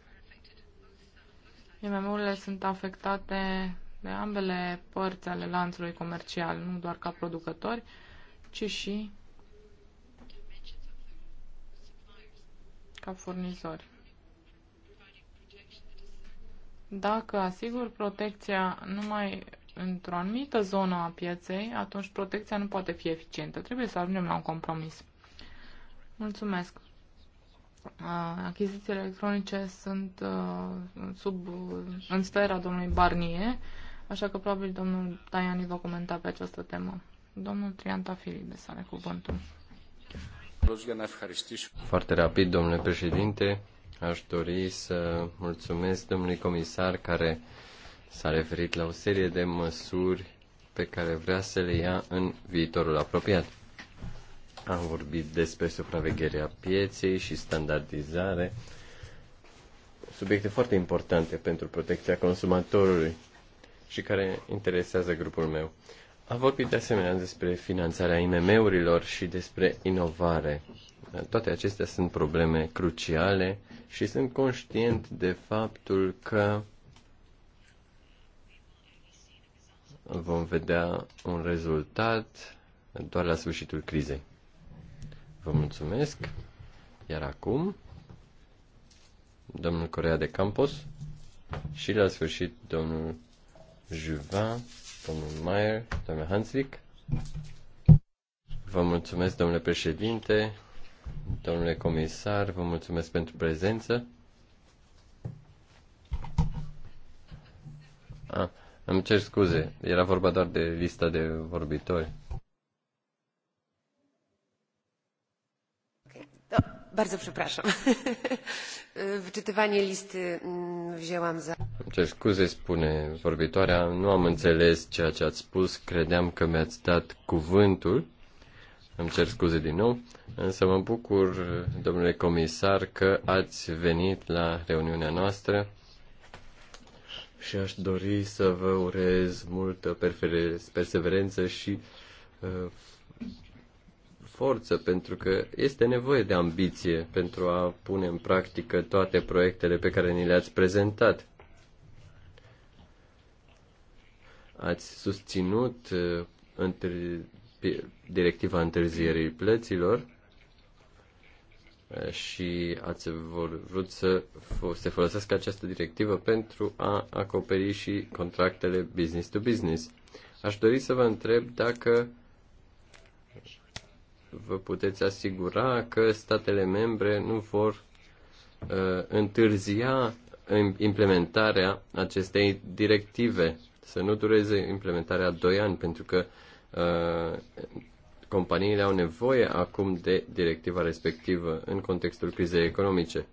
S1: IMM-urile sunt afectate de ambele părți ale lanțului comercial, nu doar ca producători, ci și ca furnizori. Dacă asigur protecția numai într-o anumită zonă a pieței, atunci protecția nu poate fi eficientă. Trebuie să ajungem la un compromis. Mulțumesc. Achizițiile electronice sunt sub, în sfera domnului Barnier, așa că probabil domnul Taiani va comenta pe această temă. Domnul Triantafilides are cuvântul.
S3: Foarte rapid, domnule președinte, aș dori să mulțumesc domnului comisar care S-a referit la o serie de măsuri pe care vrea să le ia în viitorul apropiat. Am vorbit despre supravegherea pieței și standardizare, subiecte foarte importante pentru protecția consumatorului și care interesează grupul meu. Am vorbit de asemenea despre finanțarea IMM-urilor și despre inovare. Toate acestea sunt probleme cruciale și sunt conștient de faptul că vom vedea un rezultat doar la sfârșitul crizei. Vă mulțumesc. Iar acum, domnul Corea de Campos și la sfârșit domnul Juvin, domnul Mayer, domnul Hanslick. Vă mulțumesc, domnule președinte, domnule comisar, vă mulțumesc pentru prezență. Ah. Îmi cer scuze, era vorba doar de lista de vorbitori.
S4: Da, bardzo przepraszam. Wyczytywanie listy mm, wzięłam za...
S3: Cześć, cer scuze, spune vorbitoarea, nu am înțeles ceea ce ați spus, credeam că mi-ați dat cuvântul. Îmi cer scuze din nou, însă mă bucur, domnule comisar, că ați venit la reuniunea noastră și aș dori să vă urez multă perseverență și uh, forță, pentru că este nevoie de ambiție pentru a pune în practică toate proiectele pe care ni le-ați prezentat. Ați susținut uh, între, directiva întârzierii plăților și ați vrut să se folosească această directivă pentru a acoperi și contractele business to business. Aș dori să vă întreb dacă vă puteți asigura că statele membre nu vor uh, întârzia implementarea acestei directive, să nu dureze implementarea 2 ani, pentru că uh, companiile au nevoie acum de directiva respectivă în contextul crizei economice.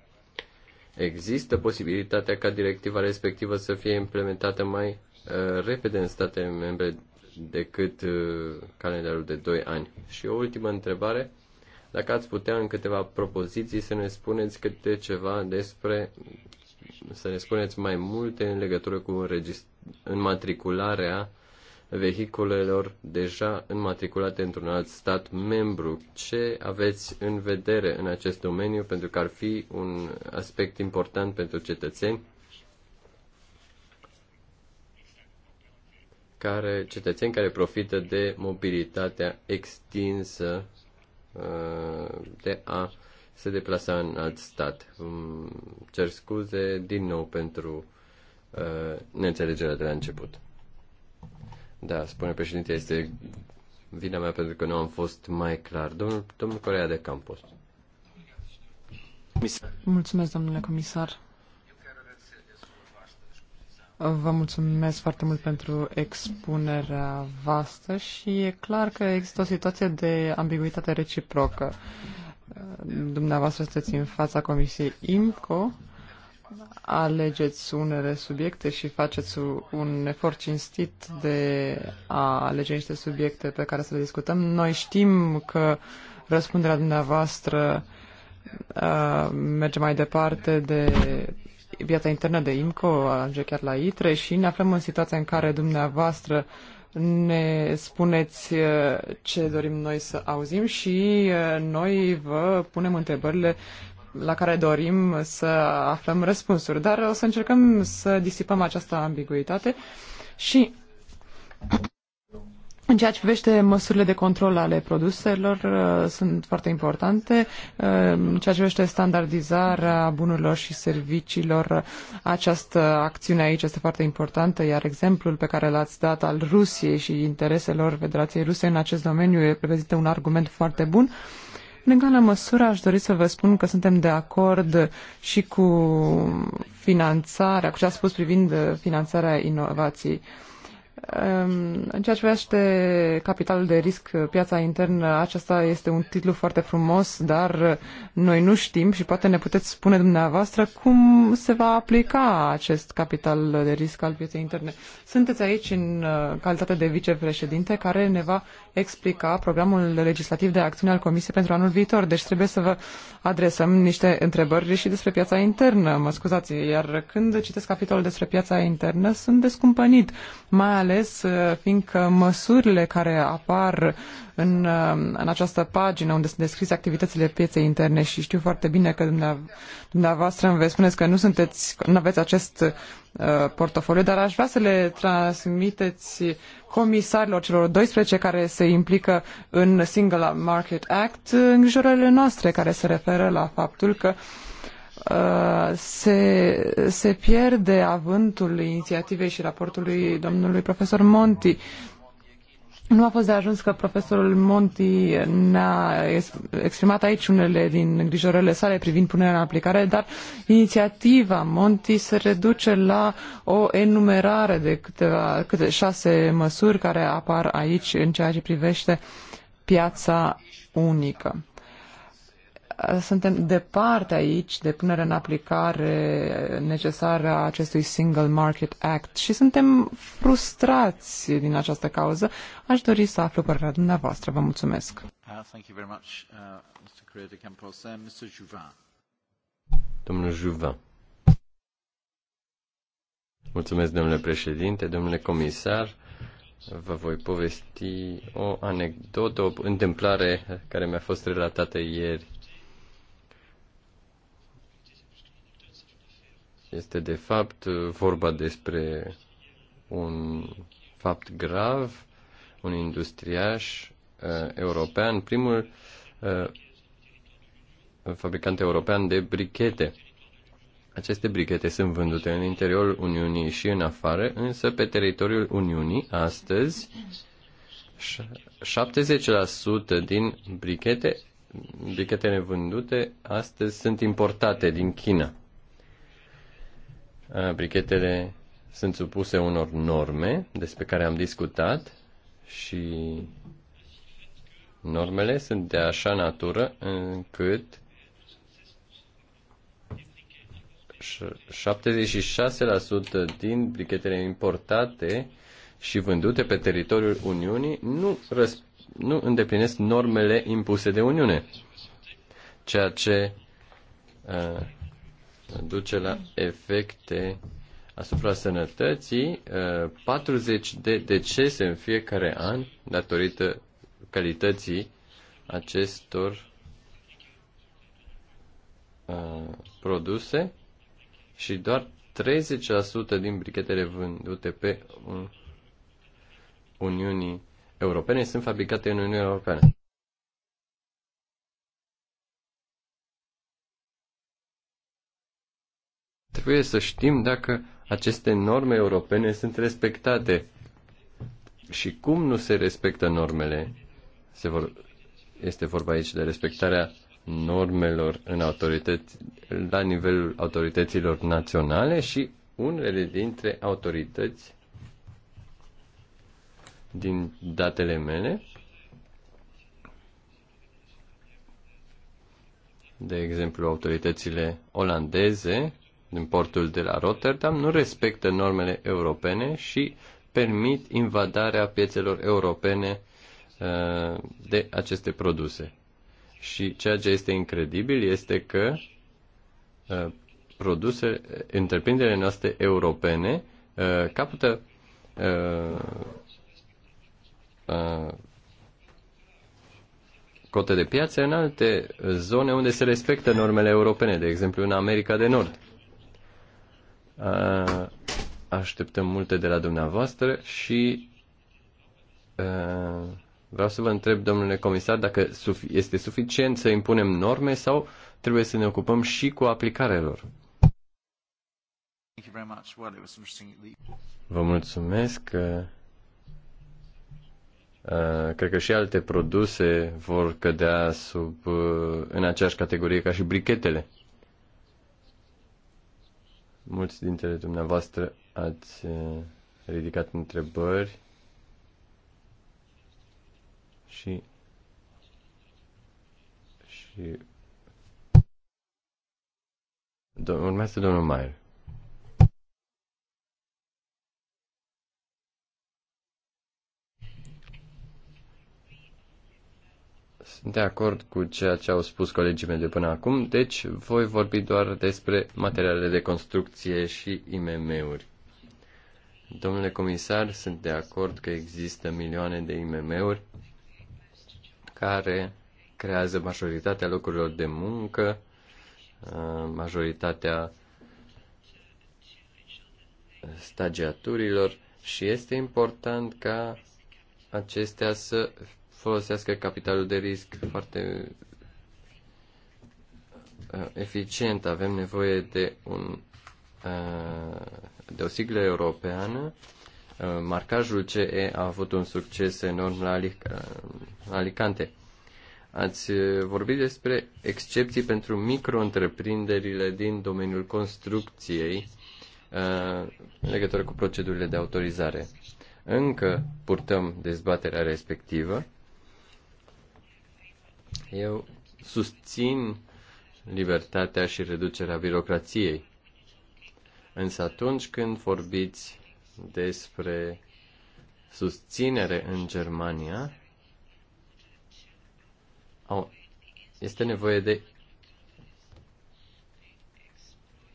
S3: Există posibilitatea ca directiva respectivă să fie implementată mai uh, repede în statele membre decât uh, calendarul de 2 ani. Și o ultimă întrebare, dacă ați putea în câteva propoziții să ne spuneți câte ceva despre, să ne spuneți mai multe în legătură cu înmatricularea vehiculelor deja înmatriculate într-un alt stat membru. Ce aveți în vedere în acest domeniu pentru că ar fi un aspect important pentru cetățeni? care, cetățeni care profită de mobilitatea extinsă uh, de a se deplasa în alt stat. cer scuze din nou pentru uh, neînțelegerea de la început. Da, spune președinte, este vina mea pentru că nu am fost mai clar. Domnul, domnul Corea de Campos.
S4: Mulțumesc, domnule comisar. Vă mulțumesc foarte mult pentru expunerea vastă și e clar că există o situație de ambiguitate reciprocă. Dumneavoastră sunteți în fața Comisiei IMCO alegeți unele subiecte și faceți un efort cinstit de a alege niște subiecte pe care să le discutăm. Noi știm că răspunderea dumneavoastră uh, merge mai departe de viața internă de IMCO, ajunge chiar la ITRE și ne aflăm în situația în care dumneavoastră ne spuneți uh, ce dorim noi să auzim și uh, noi vă punem întrebările la care dorim să aflăm răspunsuri, dar o să încercăm să disipăm această ambiguitate și în ceea ce privește măsurile de control ale produselor, uh, sunt foarte importante. Uh, în ceea ce privește standardizarea bunurilor și serviciilor, această acțiune aici este foarte importantă, iar exemplul pe care l-ați dat al Rusiei și intereselor Federației Ruse în acest domeniu reprezintă un argument foarte bun. În egală măsură aș dori să vă spun că suntem de acord și cu finanțarea, cu ce a spus privind finanțarea inovației. Uh, Ehm, în ceea ce privește capitalul de risc, piața internă, acesta este un titlu foarte frumos, dar noi nu știm și poate ne puteți spune dumneavoastră cum se va aplica acest capital de risc al pieței interne. Sunteți aici în uh, calitate de vicepreședinte care ne va explica programul legislativ de acțiune al Comisiei pentru anul viitor, deci trebuie să vă adresăm niște întrebări și despre piața internă, mă scuzați, iar când citesc capitolul despre piața internă sunt descumpănit, mai ales ales uh, fiindcă măsurile care apar în, uh, în această pagină unde sunt descrise activitățile pieței interne și știu foarte bine că dumneavoastră îmi veți spuneți că nu sunteți, nu aveți acest uh, portofoliu, dar aș vrea să le transmiteți comisarilor celor 12 care se implică în Single Market Act îngrijorările noastre care se referă la faptul că uh, Uh, se, se pierde avântul inițiativei și raportului domnului profesor Monti. Nu a fost de ajuns că profesorul Monti ne-a exprimat aici unele din îngrijorările sale privind punerea în aplicare, dar inițiativa Monti se reduce la o enumerare de câteva, câte șase măsuri care apar aici în ceea ce privește piața unică suntem departe aici de punerea în aplicare necesară a acestui Single Market Act și suntem frustrați din această cauză. Aș dori să aflu părerea dumneavoastră. Vă mulțumesc.
S2: Uh, uh, uh,
S3: Domnul Juva. Mulțumesc, domnule președinte, domnule comisar. Vă voi povesti o anecdotă, o întâmplare care mi-a fost relatată ieri Este de fapt vorba despre un fapt grav, un industriaș uh, european, primul uh, fabricant european de brichete. Aceste brichete sunt vândute în interiorul Uniunii și în afară, însă pe teritoriul Uniunii, astăzi, 70% din brichete, brichetele vândute astăzi sunt importate din China brichetele sunt supuse unor norme despre care am discutat și normele sunt de așa natură încât 76% din brichetele importate și vândute pe teritoriul Uniunii nu, nu îndeplinesc normele impuse de Uniune, ceea ce uh, duce la efecte asupra sănătății, 40 uh, de decese în fiecare an datorită calității acestor uh, produse și doar 30% din brichetele vândute pe Uniunii Europene sunt fabricate în Uniunea Europeană. Trebuie să știm dacă aceste norme europene sunt respectate și cum nu se respectă normele. Se vor, este vorba aici de respectarea normelor în autorități, la nivelul autorităților naționale și unele dintre autorități din datele mele. De exemplu, autoritățile olandeze din portul de la Rotterdam nu respectă normele europene și permit invadarea piețelor europene uh, de aceste produse. Și ceea ce este incredibil este că uh, produse, întreprinderile noastre europene uh, capătă cote de piață în alte zone unde se respectă normele europene, de exemplu în America de Nord. Așteptăm multe de la dumneavoastră și vreau să vă întreb, domnule comisar, dacă este suficient să impunem norme sau trebuie să ne ocupăm și cu aplicarea lor. Vă mulțumesc. Cred că și alte produse vor cădea sub, în aceeași categorie ca și brichetele. Mulți dintre dumneavoastră ați eh, ridicat întrebări și și urmează domnul Maier. Sunt de acord cu ceea ce au spus colegii mei de până acum, deci voi vorbi doar despre materialele de construcție și IMM-uri. Domnule comisar, sunt de acord că există milioane de IMM-uri care creează majoritatea locurilor de muncă, uh, majoritatea stagiaturilor și este important ca acestea să folosească capitalul de risc foarte uh, eficient. Avem nevoie de, un, uh, de o siglă europeană. Uh, marcajul CE a avut un succes enorm la Alicante. Ați vorbit despre excepții pentru micro-întreprinderile din domeniul construcției în legătură cu procedurile de autorizare. Încă purtăm dezbaterea respectivă eu susțin libertatea și reducerea birocrației. Însă atunci când vorbiți despre susținere în Germania, au, este nevoie de,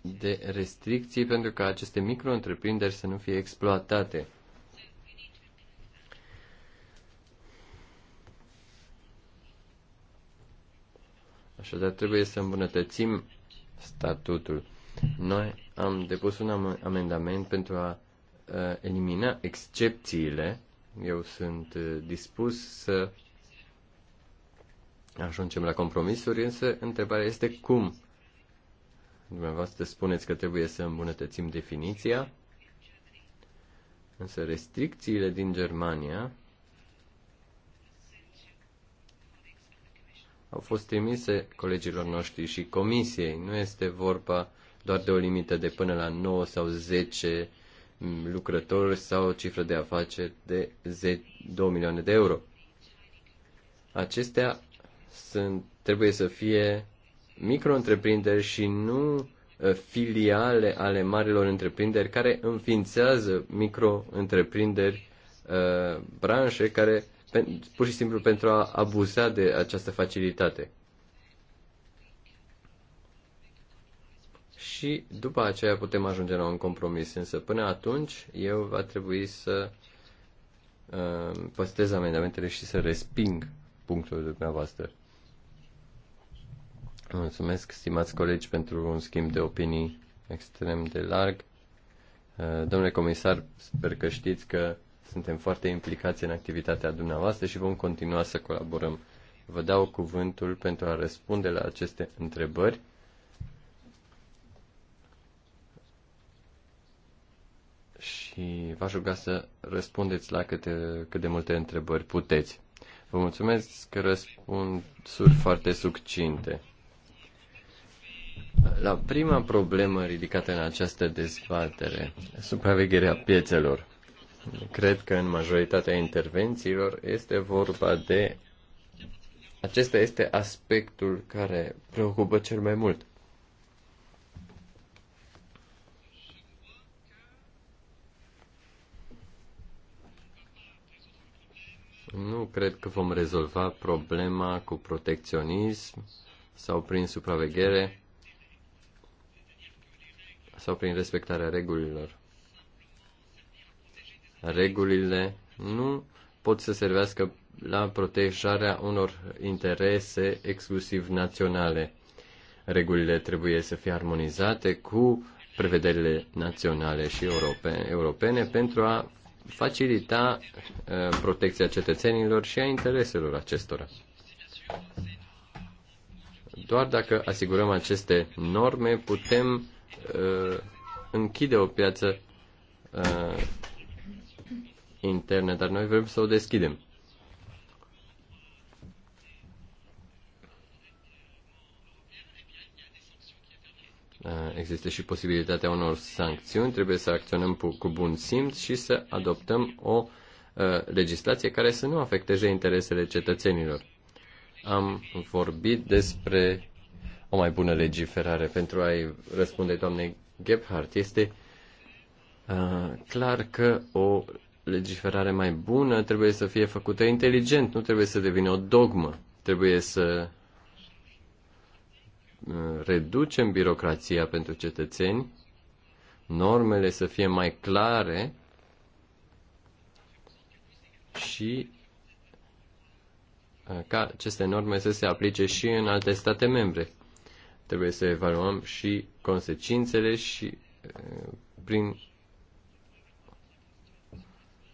S3: de restricții pentru ca aceste micro-întreprinderi să nu fie exploatate. Așadar, trebuie să îmbunătățim statutul. Noi am depus un amendament pentru a elimina excepțiile. Eu sunt uh, dispus să ajungem la compromisuri, însă întrebarea este cum. Dumneavoastră spuneți că trebuie să îmbunătățim definiția, însă restricțiile din Germania au fost trimise colegilor noștri și comisiei. Nu este vorba doar de o limită de până la 9 sau 10 lucrători sau o cifră de afaceri de 10, 2 milioane de euro. Acestea sunt, trebuie să fie micro-întreprinderi și nu uh, filiale ale marilor întreprinderi care înființează micro-întreprinderi, uh, branșe care pur și simplu pentru a abuza de această facilitate. Și după aceea putem ajunge la un compromis, însă până atunci eu va trebui să uh, păstrez amendamentele și să resping punctul dumneavoastră. Mulțumesc, stimați colegi, pentru un schimb de opinii extrem de larg. Uh, domnule comisar, sper că știți că suntem foarte implicați în activitatea dumneavoastră și vom continua să colaborăm. Vă dau cuvântul pentru a răspunde la aceste întrebări. și v-aș ruga să răspundeți la câte, cât de multe întrebări puteți. Vă mulțumesc că răspunsuri foarte succinte. La prima problemă ridicată în această dezbatere, supravegherea piețelor cred că în majoritatea intervențiilor este vorba de. Acesta este aspectul care preocupă cel mai mult. Nu cred că vom rezolva problema cu protecționism sau prin supraveghere sau prin respectarea regulilor regulile nu pot să servească la protejarea unor interese exclusiv naționale. Regulile trebuie să fie armonizate cu prevederile naționale și europene, pentru a facilita uh, protecția cetățenilor și a intereselor acestora. Doar dacă asigurăm aceste norme, putem uh, închide o piață uh, interne, dar noi vrem să o deschidem. Eh, există și posibilitatea unor sancțiuni, trebuie să acționăm cu bun simț și să adoptăm o eh, legislație care să nu afecteze interesele cetățenilor. Am vorbit despre o mai bună legiferare pentru a-i răspunde doamnei Gebhardt. Este uh, clar că o legiferare mai bună trebuie să fie făcută inteligent, nu trebuie să devină o dogmă. Trebuie să uh, reducem birocrația pentru cetățeni, normele să fie mai clare și uh, ca aceste norme să se aplice și în alte state membre. Trebuie să evaluăm și consecințele și uh, prin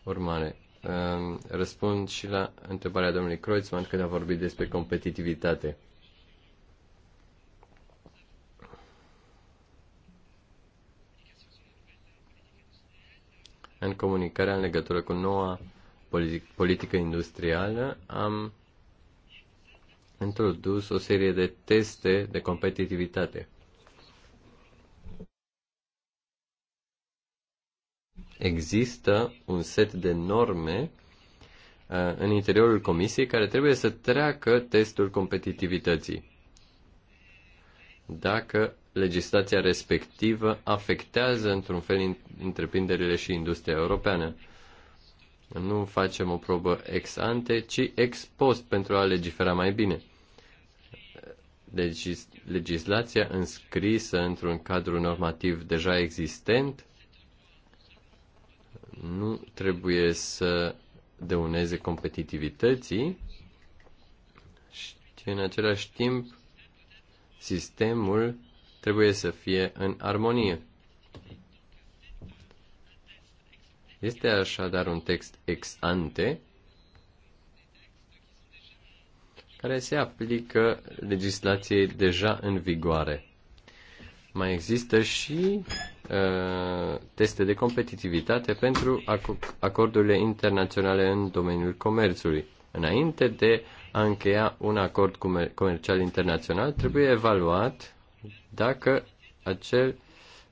S3: urmare, răspund și la întrebarea domnului Kreuzmann când a vorbit despre competitivitate. În comunicarea în legătură cu noua politică industrială am introdus o serie de teste de competitivitate. există un set de norme uh, în interiorul comisiei care trebuie să treacă testul competitivității. Dacă legislația respectivă afectează într-un fel întreprinderile și industria europeană. Nu facem o probă ex ante, ci ex post pentru a legifera mai bine. Legis- legislația înscrisă într-un cadru normativ deja existent nu trebuie să dăuneze competitivității și în același timp sistemul trebuie să fie în armonie. Este așadar un text ex ante care se aplică legislației deja în vigoare. Mai există și Uh, teste de competitivitate pentru acordurile internaționale în domeniul comerțului. Înainte de a încheia un acord comercial internațional, trebuie evaluat dacă acel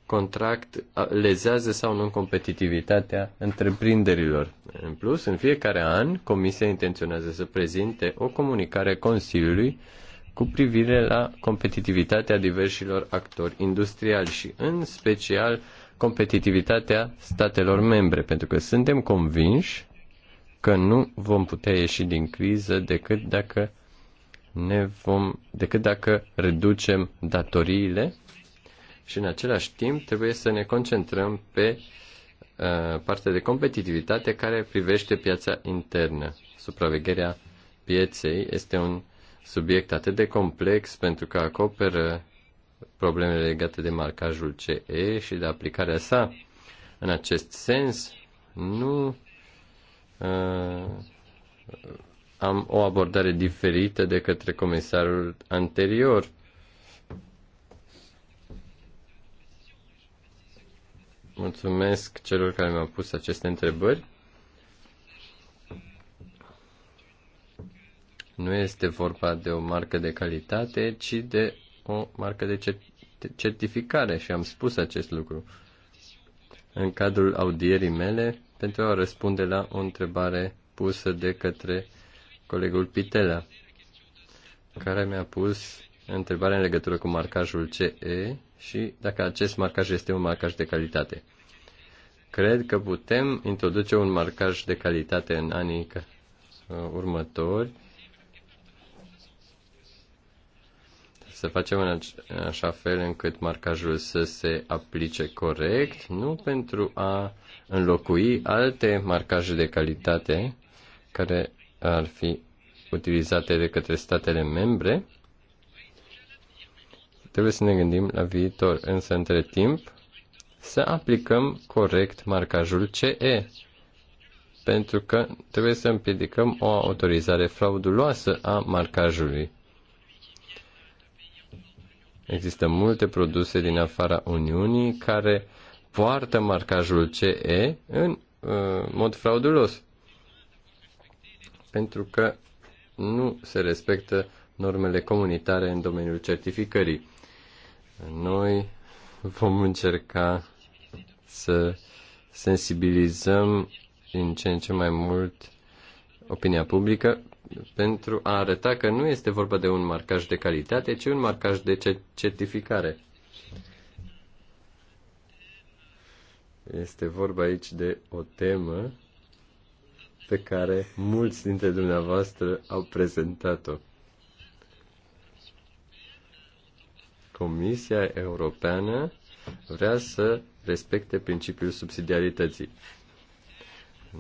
S3: contract lezează sau nu competitivitatea întreprinderilor. În plus, în fiecare an, Comisia intenționează să prezinte o comunicare Consiliului uh, cu privire la competitivitatea diversilor actori industriali și în special competitivitatea statelor membre, pentru că suntem convinși că nu vom putea ieși din criză decât dacă ne vom, decât dacă reducem datoriile și în același timp trebuie să ne concentrăm pe uh, partea de competitivitate care privește piața internă. Supravegherea pieței este un subiect atât de complex pentru că acoperă problemele legate de marcajul CE și de aplicarea sa. În acest sens, nu uh, am o abordare diferită de către comisarul anterior. Mulțumesc celor care mi-au pus aceste întrebări. Nu este vorba de o marcă de calitate, ci de o marcă de certificare și am spus acest lucru în cadrul audierii mele pentru a răspunde la o întrebare pusă de către colegul Pitela, care mi-a pus întrebarea în legătură cu marcajul CE și dacă acest marcaj este un marcaj de calitate. Cred că putem introduce un marcaj de calitate în anii următori să facem în așa fel încât marcajul să se aplice corect, nu pentru a înlocui alte marcaje de calitate care ar fi utilizate de către statele membre. Trebuie să ne gândim la viitor, însă între timp să aplicăm corect marcajul CE, pentru că trebuie să împiedicăm o autorizare frauduloasă a marcajului Există multe produse din afara Uniunii care poartă marcajul CE în uh, mod fraudulos. Pentru că nu se respectă normele comunitare în domeniul certificării. Noi vom încerca să sensibilizăm din ce în ce mai mult opinia publică pentru a arăta că nu este vorba de un marcaj de calitate, ci un marcaj de certificare. Este vorba aici de o temă pe care mulți dintre dumneavoastră au prezentat-o. Comisia Europeană vrea să respecte principiul subsidiarității.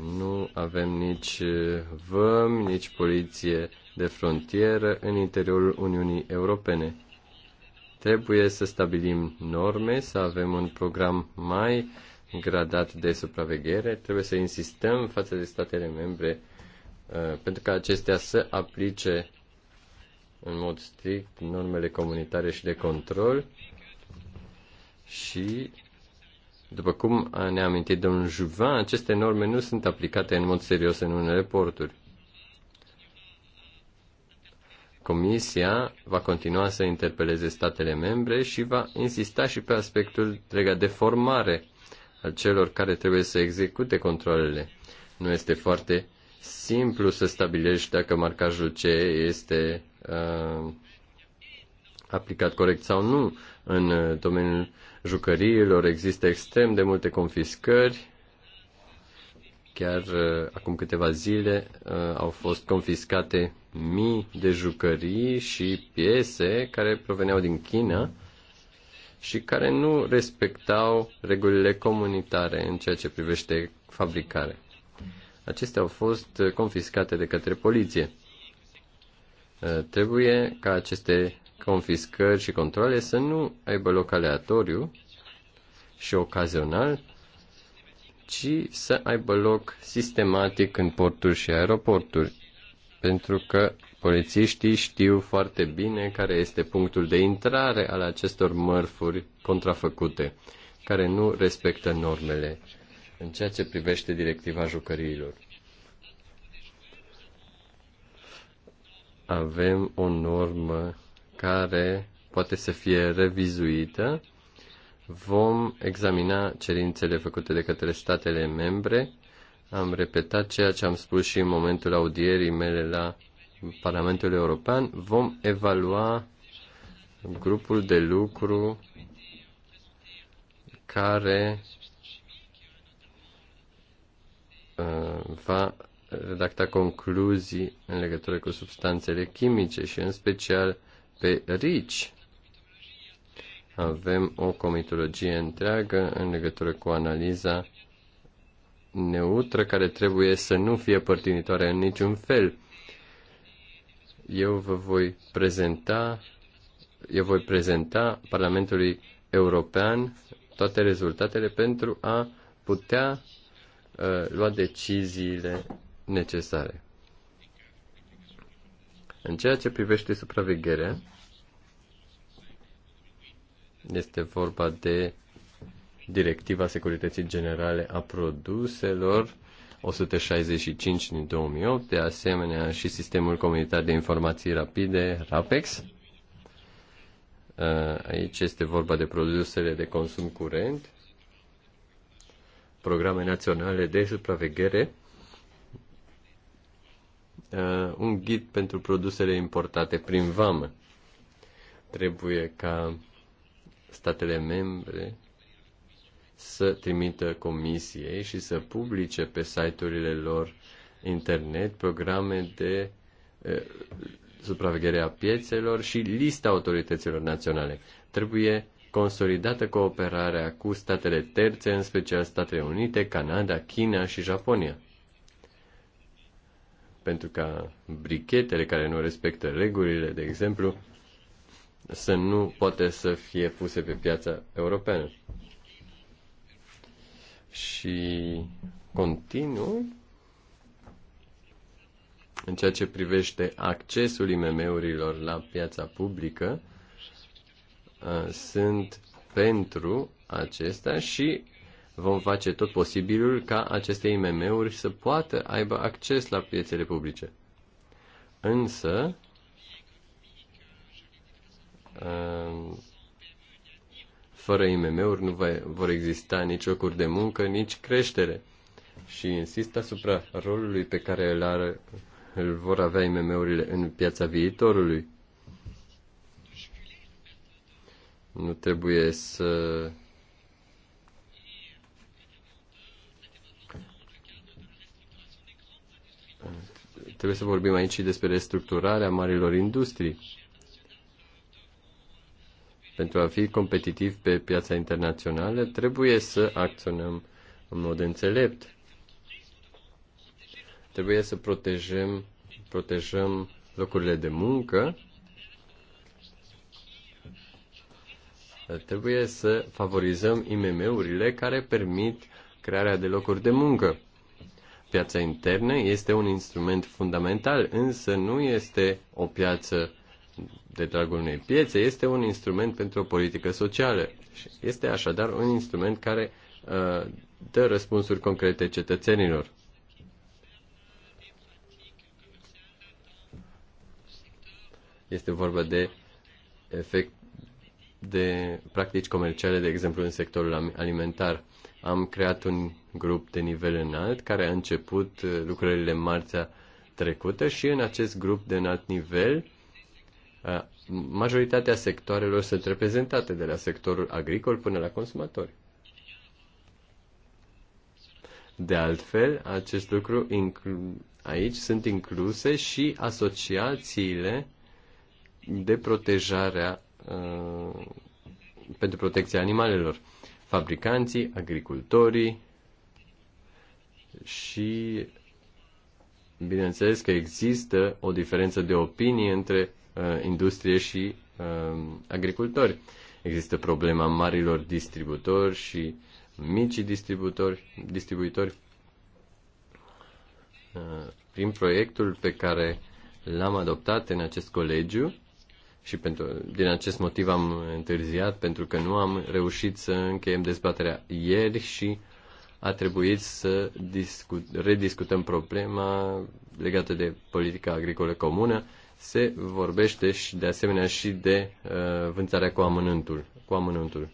S3: Nu avem nici eh, văm, nici poliție de frontieră în interiorul Uniunii Europene. Trebuie să stabilim norme, să avem un program mai gradat de supraveghere, trebuie să insistăm față de statele membre eh, pentru ca acestea să aplice în mod strict normele comunitare și de control și după cum ne-a amintit domnul Juvin, aceste norme nu sunt aplicate în mod serios în unele porturi. Comisia va continua să interpeleze statele membre și va insista și pe aspectul legat de formare al celor care trebuie să execute controlele. Nu este foarte simplu să stabilești dacă marcajul C este uh, aplicat corect sau nu în uh, domeniul uh, jucăriilor, există extrem de multe confiscări. Chiar uh, acum câteva zile uh, au fost confiscate mii de jucării și piese care proveneau din China și care nu respectau regulile comunitare în ceea ce privește fabricare. Acestea au fost confiscate de către poliție. Uh, trebuie ca aceste confiscări și controle să nu aibă loc aleatoriu și ocazional, ci să aibă loc sistematic în porturi și aeroporturi, pentru că polițiștii știu foarte bine care este punctul de intrare al acestor mărfuri contrafăcute, care nu respectă normele în ceea ce privește directiva jucăriilor. Avem o normă care poate să fie revizuită. Vom examina cerințele făcute de către statele membre. Am repetat ceea ce am spus și în momentul audierii mele la Parlamentul European. Vom evalua grupul de lucru care uh, va redacta concluzii în legătură cu substanțele chimice și în special pe RICI. Avem o comitologie întreagă în legătură cu analiza neutră care trebuie să nu fie părtinitoare în niciun fel. Eu vă voi prezenta eu voi prezenta Parlamentului European toate rezultatele pentru a putea uh, lua deciziile necesare. În ceea ce privește supravegherea, este vorba de Directiva Securității Generale a Produselor 165 din 2008, de asemenea și Sistemul Comunitar de Informații Rapide, RAPEX. Uh, aici este vorba de produsele de consum curent, programe naționale de supraveghere uh, un ghid pentru produsele importate prin vamă. Trebuie ca statele membre să trimită comisiei și să publice pe site-urile lor internet programe de uh, supraveghere a piețelor și lista autorităților naționale. Trebuie consolidată cooperarea cu statele terțe, în special Statele Unite, Canada, China și Japonia pentru ca brichetele care nu respectă regulile, de exemplu, să nu poate să fie puse pe piața europeană. Și continuu în ceea ce privește accesul IMM-urilor la piața publică, ă, sunt pentru acesta și vom face tot posibilul ca aceste IMM-uri să poată aibă acces la piețele publice. Însă, uh, fără IMM-uri nu vor exista nici locuri de muncă, nici creștere. Și insist asupra rolului pe care îl, are, îl vor avea IMM-urile în piața viitorului. Nu trebuie să Trebuie să vorbim aici și despre restructurarea marilor industrii pentru a fi competitiv pe piața internațională, trebuie să acționăm în mod înțelept. Trebuie să protejăm, protejăm locurile de muncă. Trebuie să favorizăm IMM-urile care permit crearea de locuri de muncă piața internă este un instrument fundamental, însă nu este o piață de dragul unei piețe, este un instrument pentru o politică socială. Este așadar un instrument care uh, dă răspunsuri concrete cetățenilor. Este vorba de efect de practici comerciale, de exemplu, în sectorul alimentar am creat un grup de nivel înalt care a început uh, lucrările marțea trecută și în acest grup de înalt nivel uh, majoritatea sectoarelor sunt reprezentate de la sectorul agricol până la consumatori. De altfel, acest lucru aici sunt incluse și asociațiile de protejarea uh, pentru protecția animalelor fabricanții, agricultorii și bineînțeles că există o diferență de opinie între uh, industrie și uh, agricultori. Există problema marilor distributori și micii distributori, distribuitori. Uh, prin proiectul pe care l-am adoptat în acest colegiu, și pentru, din acest motiv am întârziat, pentru că nu am reușit să încheiem dezbaterea ieri și a trebuit să discut, rediscutăm problema legată de politica agricolă comună. Se vorbește și de asemenea și de uh, vânzarea cu amănântul. Cu amânântul.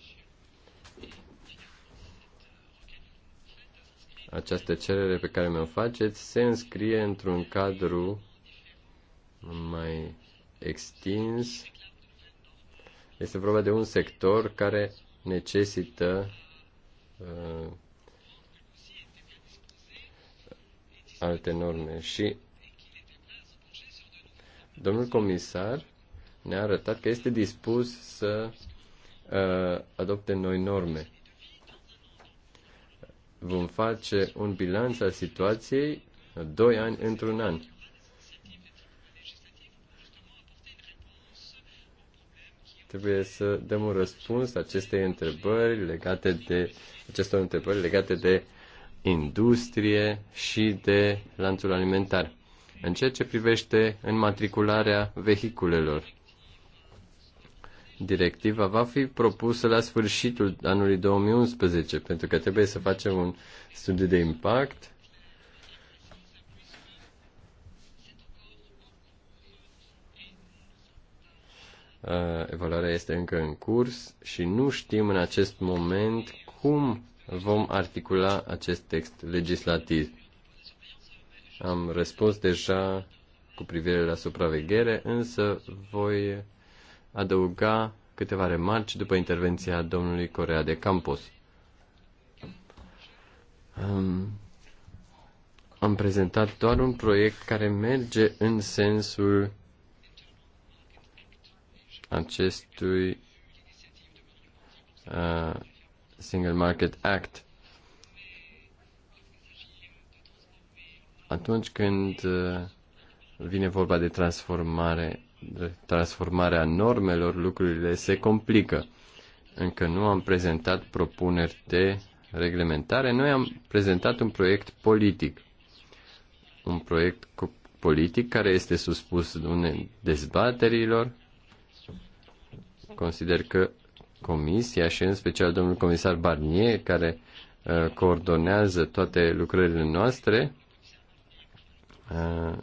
S3: Această cerere pe care mi-o faceți se înscrie într-un cadru mai extins. Este vorba de un sector care necesită uh, alte norme. Și domnul comisar ne-a arătat că este dispus să uh, adopte noi norme. Vom face un bilanț al situației doi ani într-un an. Trebuie să dăm un răspuns acestei întrebări legate de acestor întrebări legate de industrie și de lanțul alimentar. În ceea ce privește înmatricularea vehiculelor, directiva va fi propusă la sfârșitul anului 2011, pentru că trebuie să facem un studiu de impact Uh, evaluarea este încă în curs și nu știm în acest moment cum vom articula acest text legislativ. Am răspuns deja cu privire la supraveghere, însă voi adăuga câteva remarci după intervenția domnului Corea de Campos.
S2: Um, am
S3: prezentat doar un proiect care merge în sensul acestui uh, Single Market Act. Atunci când uh, vine vorba de transformare, de transformarea normelor, lucrurile se complică. Încă nu am prezentat propuneri de reglementare, noi am prezentat un proiect politic. Un proiect politic care este suspus dezbaterilor, Consider că Comisia și în special domnul comisar Barnier, care uh, coordonează toate lucrările noastre, uh,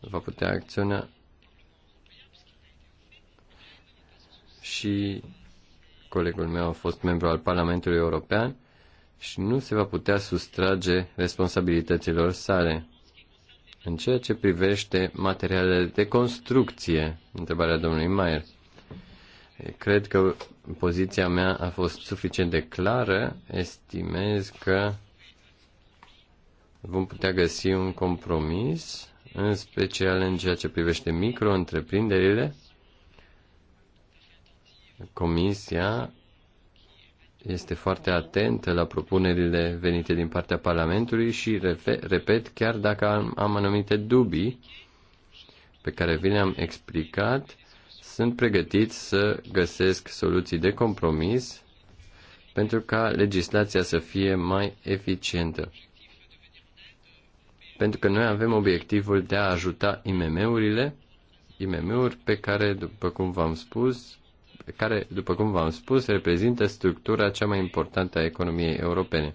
S3: va putea acționa și colegul meu a fost membru al Parlamentului European și nu se va putea sustrage responsabilităților sale. În ceea ce privește materialele de construcție, întrebarea domnului Maier, cred că poziția mea a fost suficient de clară. Estimez că vom putea găsi un compromis, în special în ceea ce privește micro-întreprinderile. Comisia este foarte atentă la propunerile venite din partea Parlamentului și, repet, chiar dacă am, am anumite dubii pe care vi le-am explicat, sunt pregătit să găsesc soluții de compromis pentru ca legislația să fie mai eficientă. Pentru că noi avem obiectivul de a ajuta IMM-urile, IMM-uri pe care, după cum v-am spus, care, după cum v-am spus, reprezintă structura cea mai importantă a economiei europene.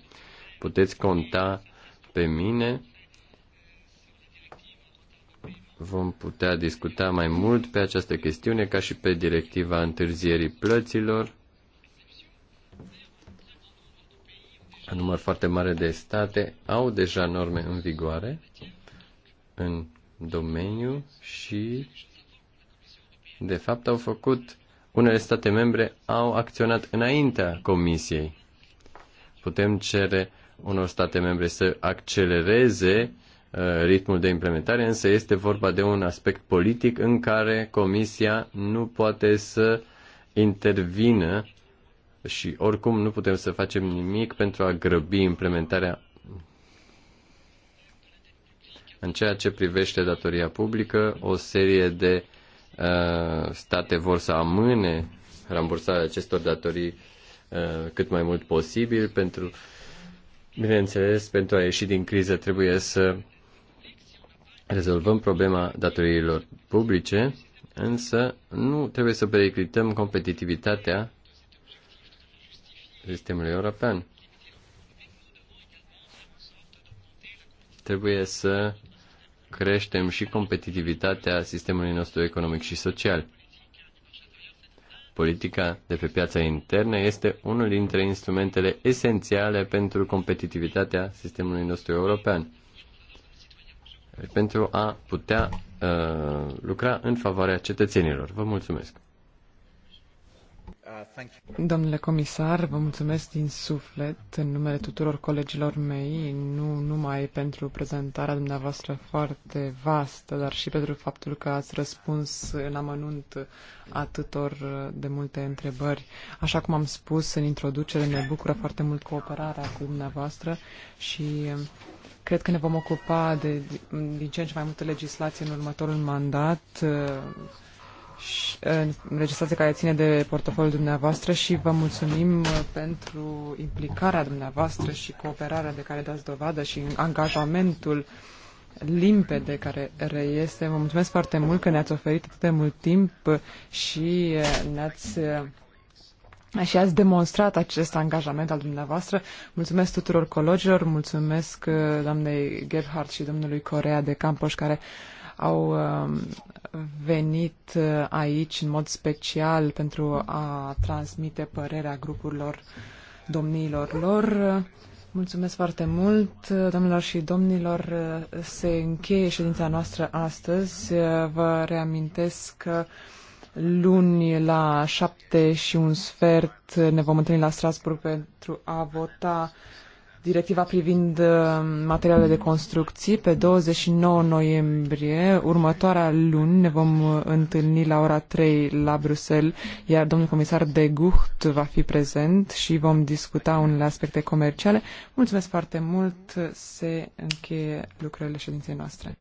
S3: Puteți conta pe mine. Vom putea discuta mai mult pe această chestiune, ca și pe directiva întârzierii plăților. Un număr foarte mare de state au deja norme în vigoare în domeniu și, de fapt, au făcut unele state membre au acționat înaintea Comisiei. Putem cere unor state membre să accelereze uh, ritmul de implementare, însă este vorba de un aspect politic în care Comisia nu poate să intervină și oricum nu putem să facem nimic pentru a grăbi implementarea în ceea ce privește datoria publică, o serie de Uh, state vor să amâne rambursarea acestor datorii uh, cât mai mult posibil pentru bineînțeles pentru a ieși din criză trebuie să rezolvăm problema datoriilor publice, însă nu trebuie să periclităm competitivitatea sistemului european. Trebuie să creștem și competitivitatea sistemului nostru economic și social. Politica de pe piața internă este unul dintre instrumentele esențiale pentru competitivitatea sistemului nostru european, pentru a putea uh, lucra în favoarea cetățenilor. Vă mulțumesc!
S4: Domnule comisar, vă mulțumesc din suflet în numele tuturor colegilor mei, nu numai pentru prezentarea dumneavoastră foarte vastă, dar și pentru faptul că ați răspuns în amănunt atâtor de multe întrebări. Așa cum am spus în introducere, ne bucură foarte mult cooperarea cu dumneavoastră și um, cred că ne vom ocupa de din ce în ce mai multă legislație în următorul mandat uh, înregistrație care ține de portofoliul dumneavoastră și vă mulțumim uh, pentru implicarea dumneavoastră și cooperarea de care dați dovadă și angajamentul limpede care reiese. Vă mulțumesc foarte mult că ne-ați oferit atât de mult timp și uh, ne-ați uh, și ați demonstrat acest angajament al dumneavoastră. Mulțumesc tuturor colegilor, mulțumesc doamnei Gerhardt și domnului Corea de Campos care uh, au um, venit uh, aici în mod special pentru a transmite părerea grupurilor domniilor lor. Mulțumesc foarte mult, domnilor și domnilor. Se încheie ședința noastră astăzi. Vă reamintesc că luni la șapte și un sfert ne vom întâlni la Strasburg pentru a vota directiva privind uh, materialele de construcții. Pe 29 noiembrie, următoarea luni, ne vom uh, întâlni la ora 3 la Bruxelles, iar domnul comisar de Gucht va fi prezent și vom discuta unele aspecte comerciale. Mulțumesc foarte mult, se încheie lucrările ședinței noastre.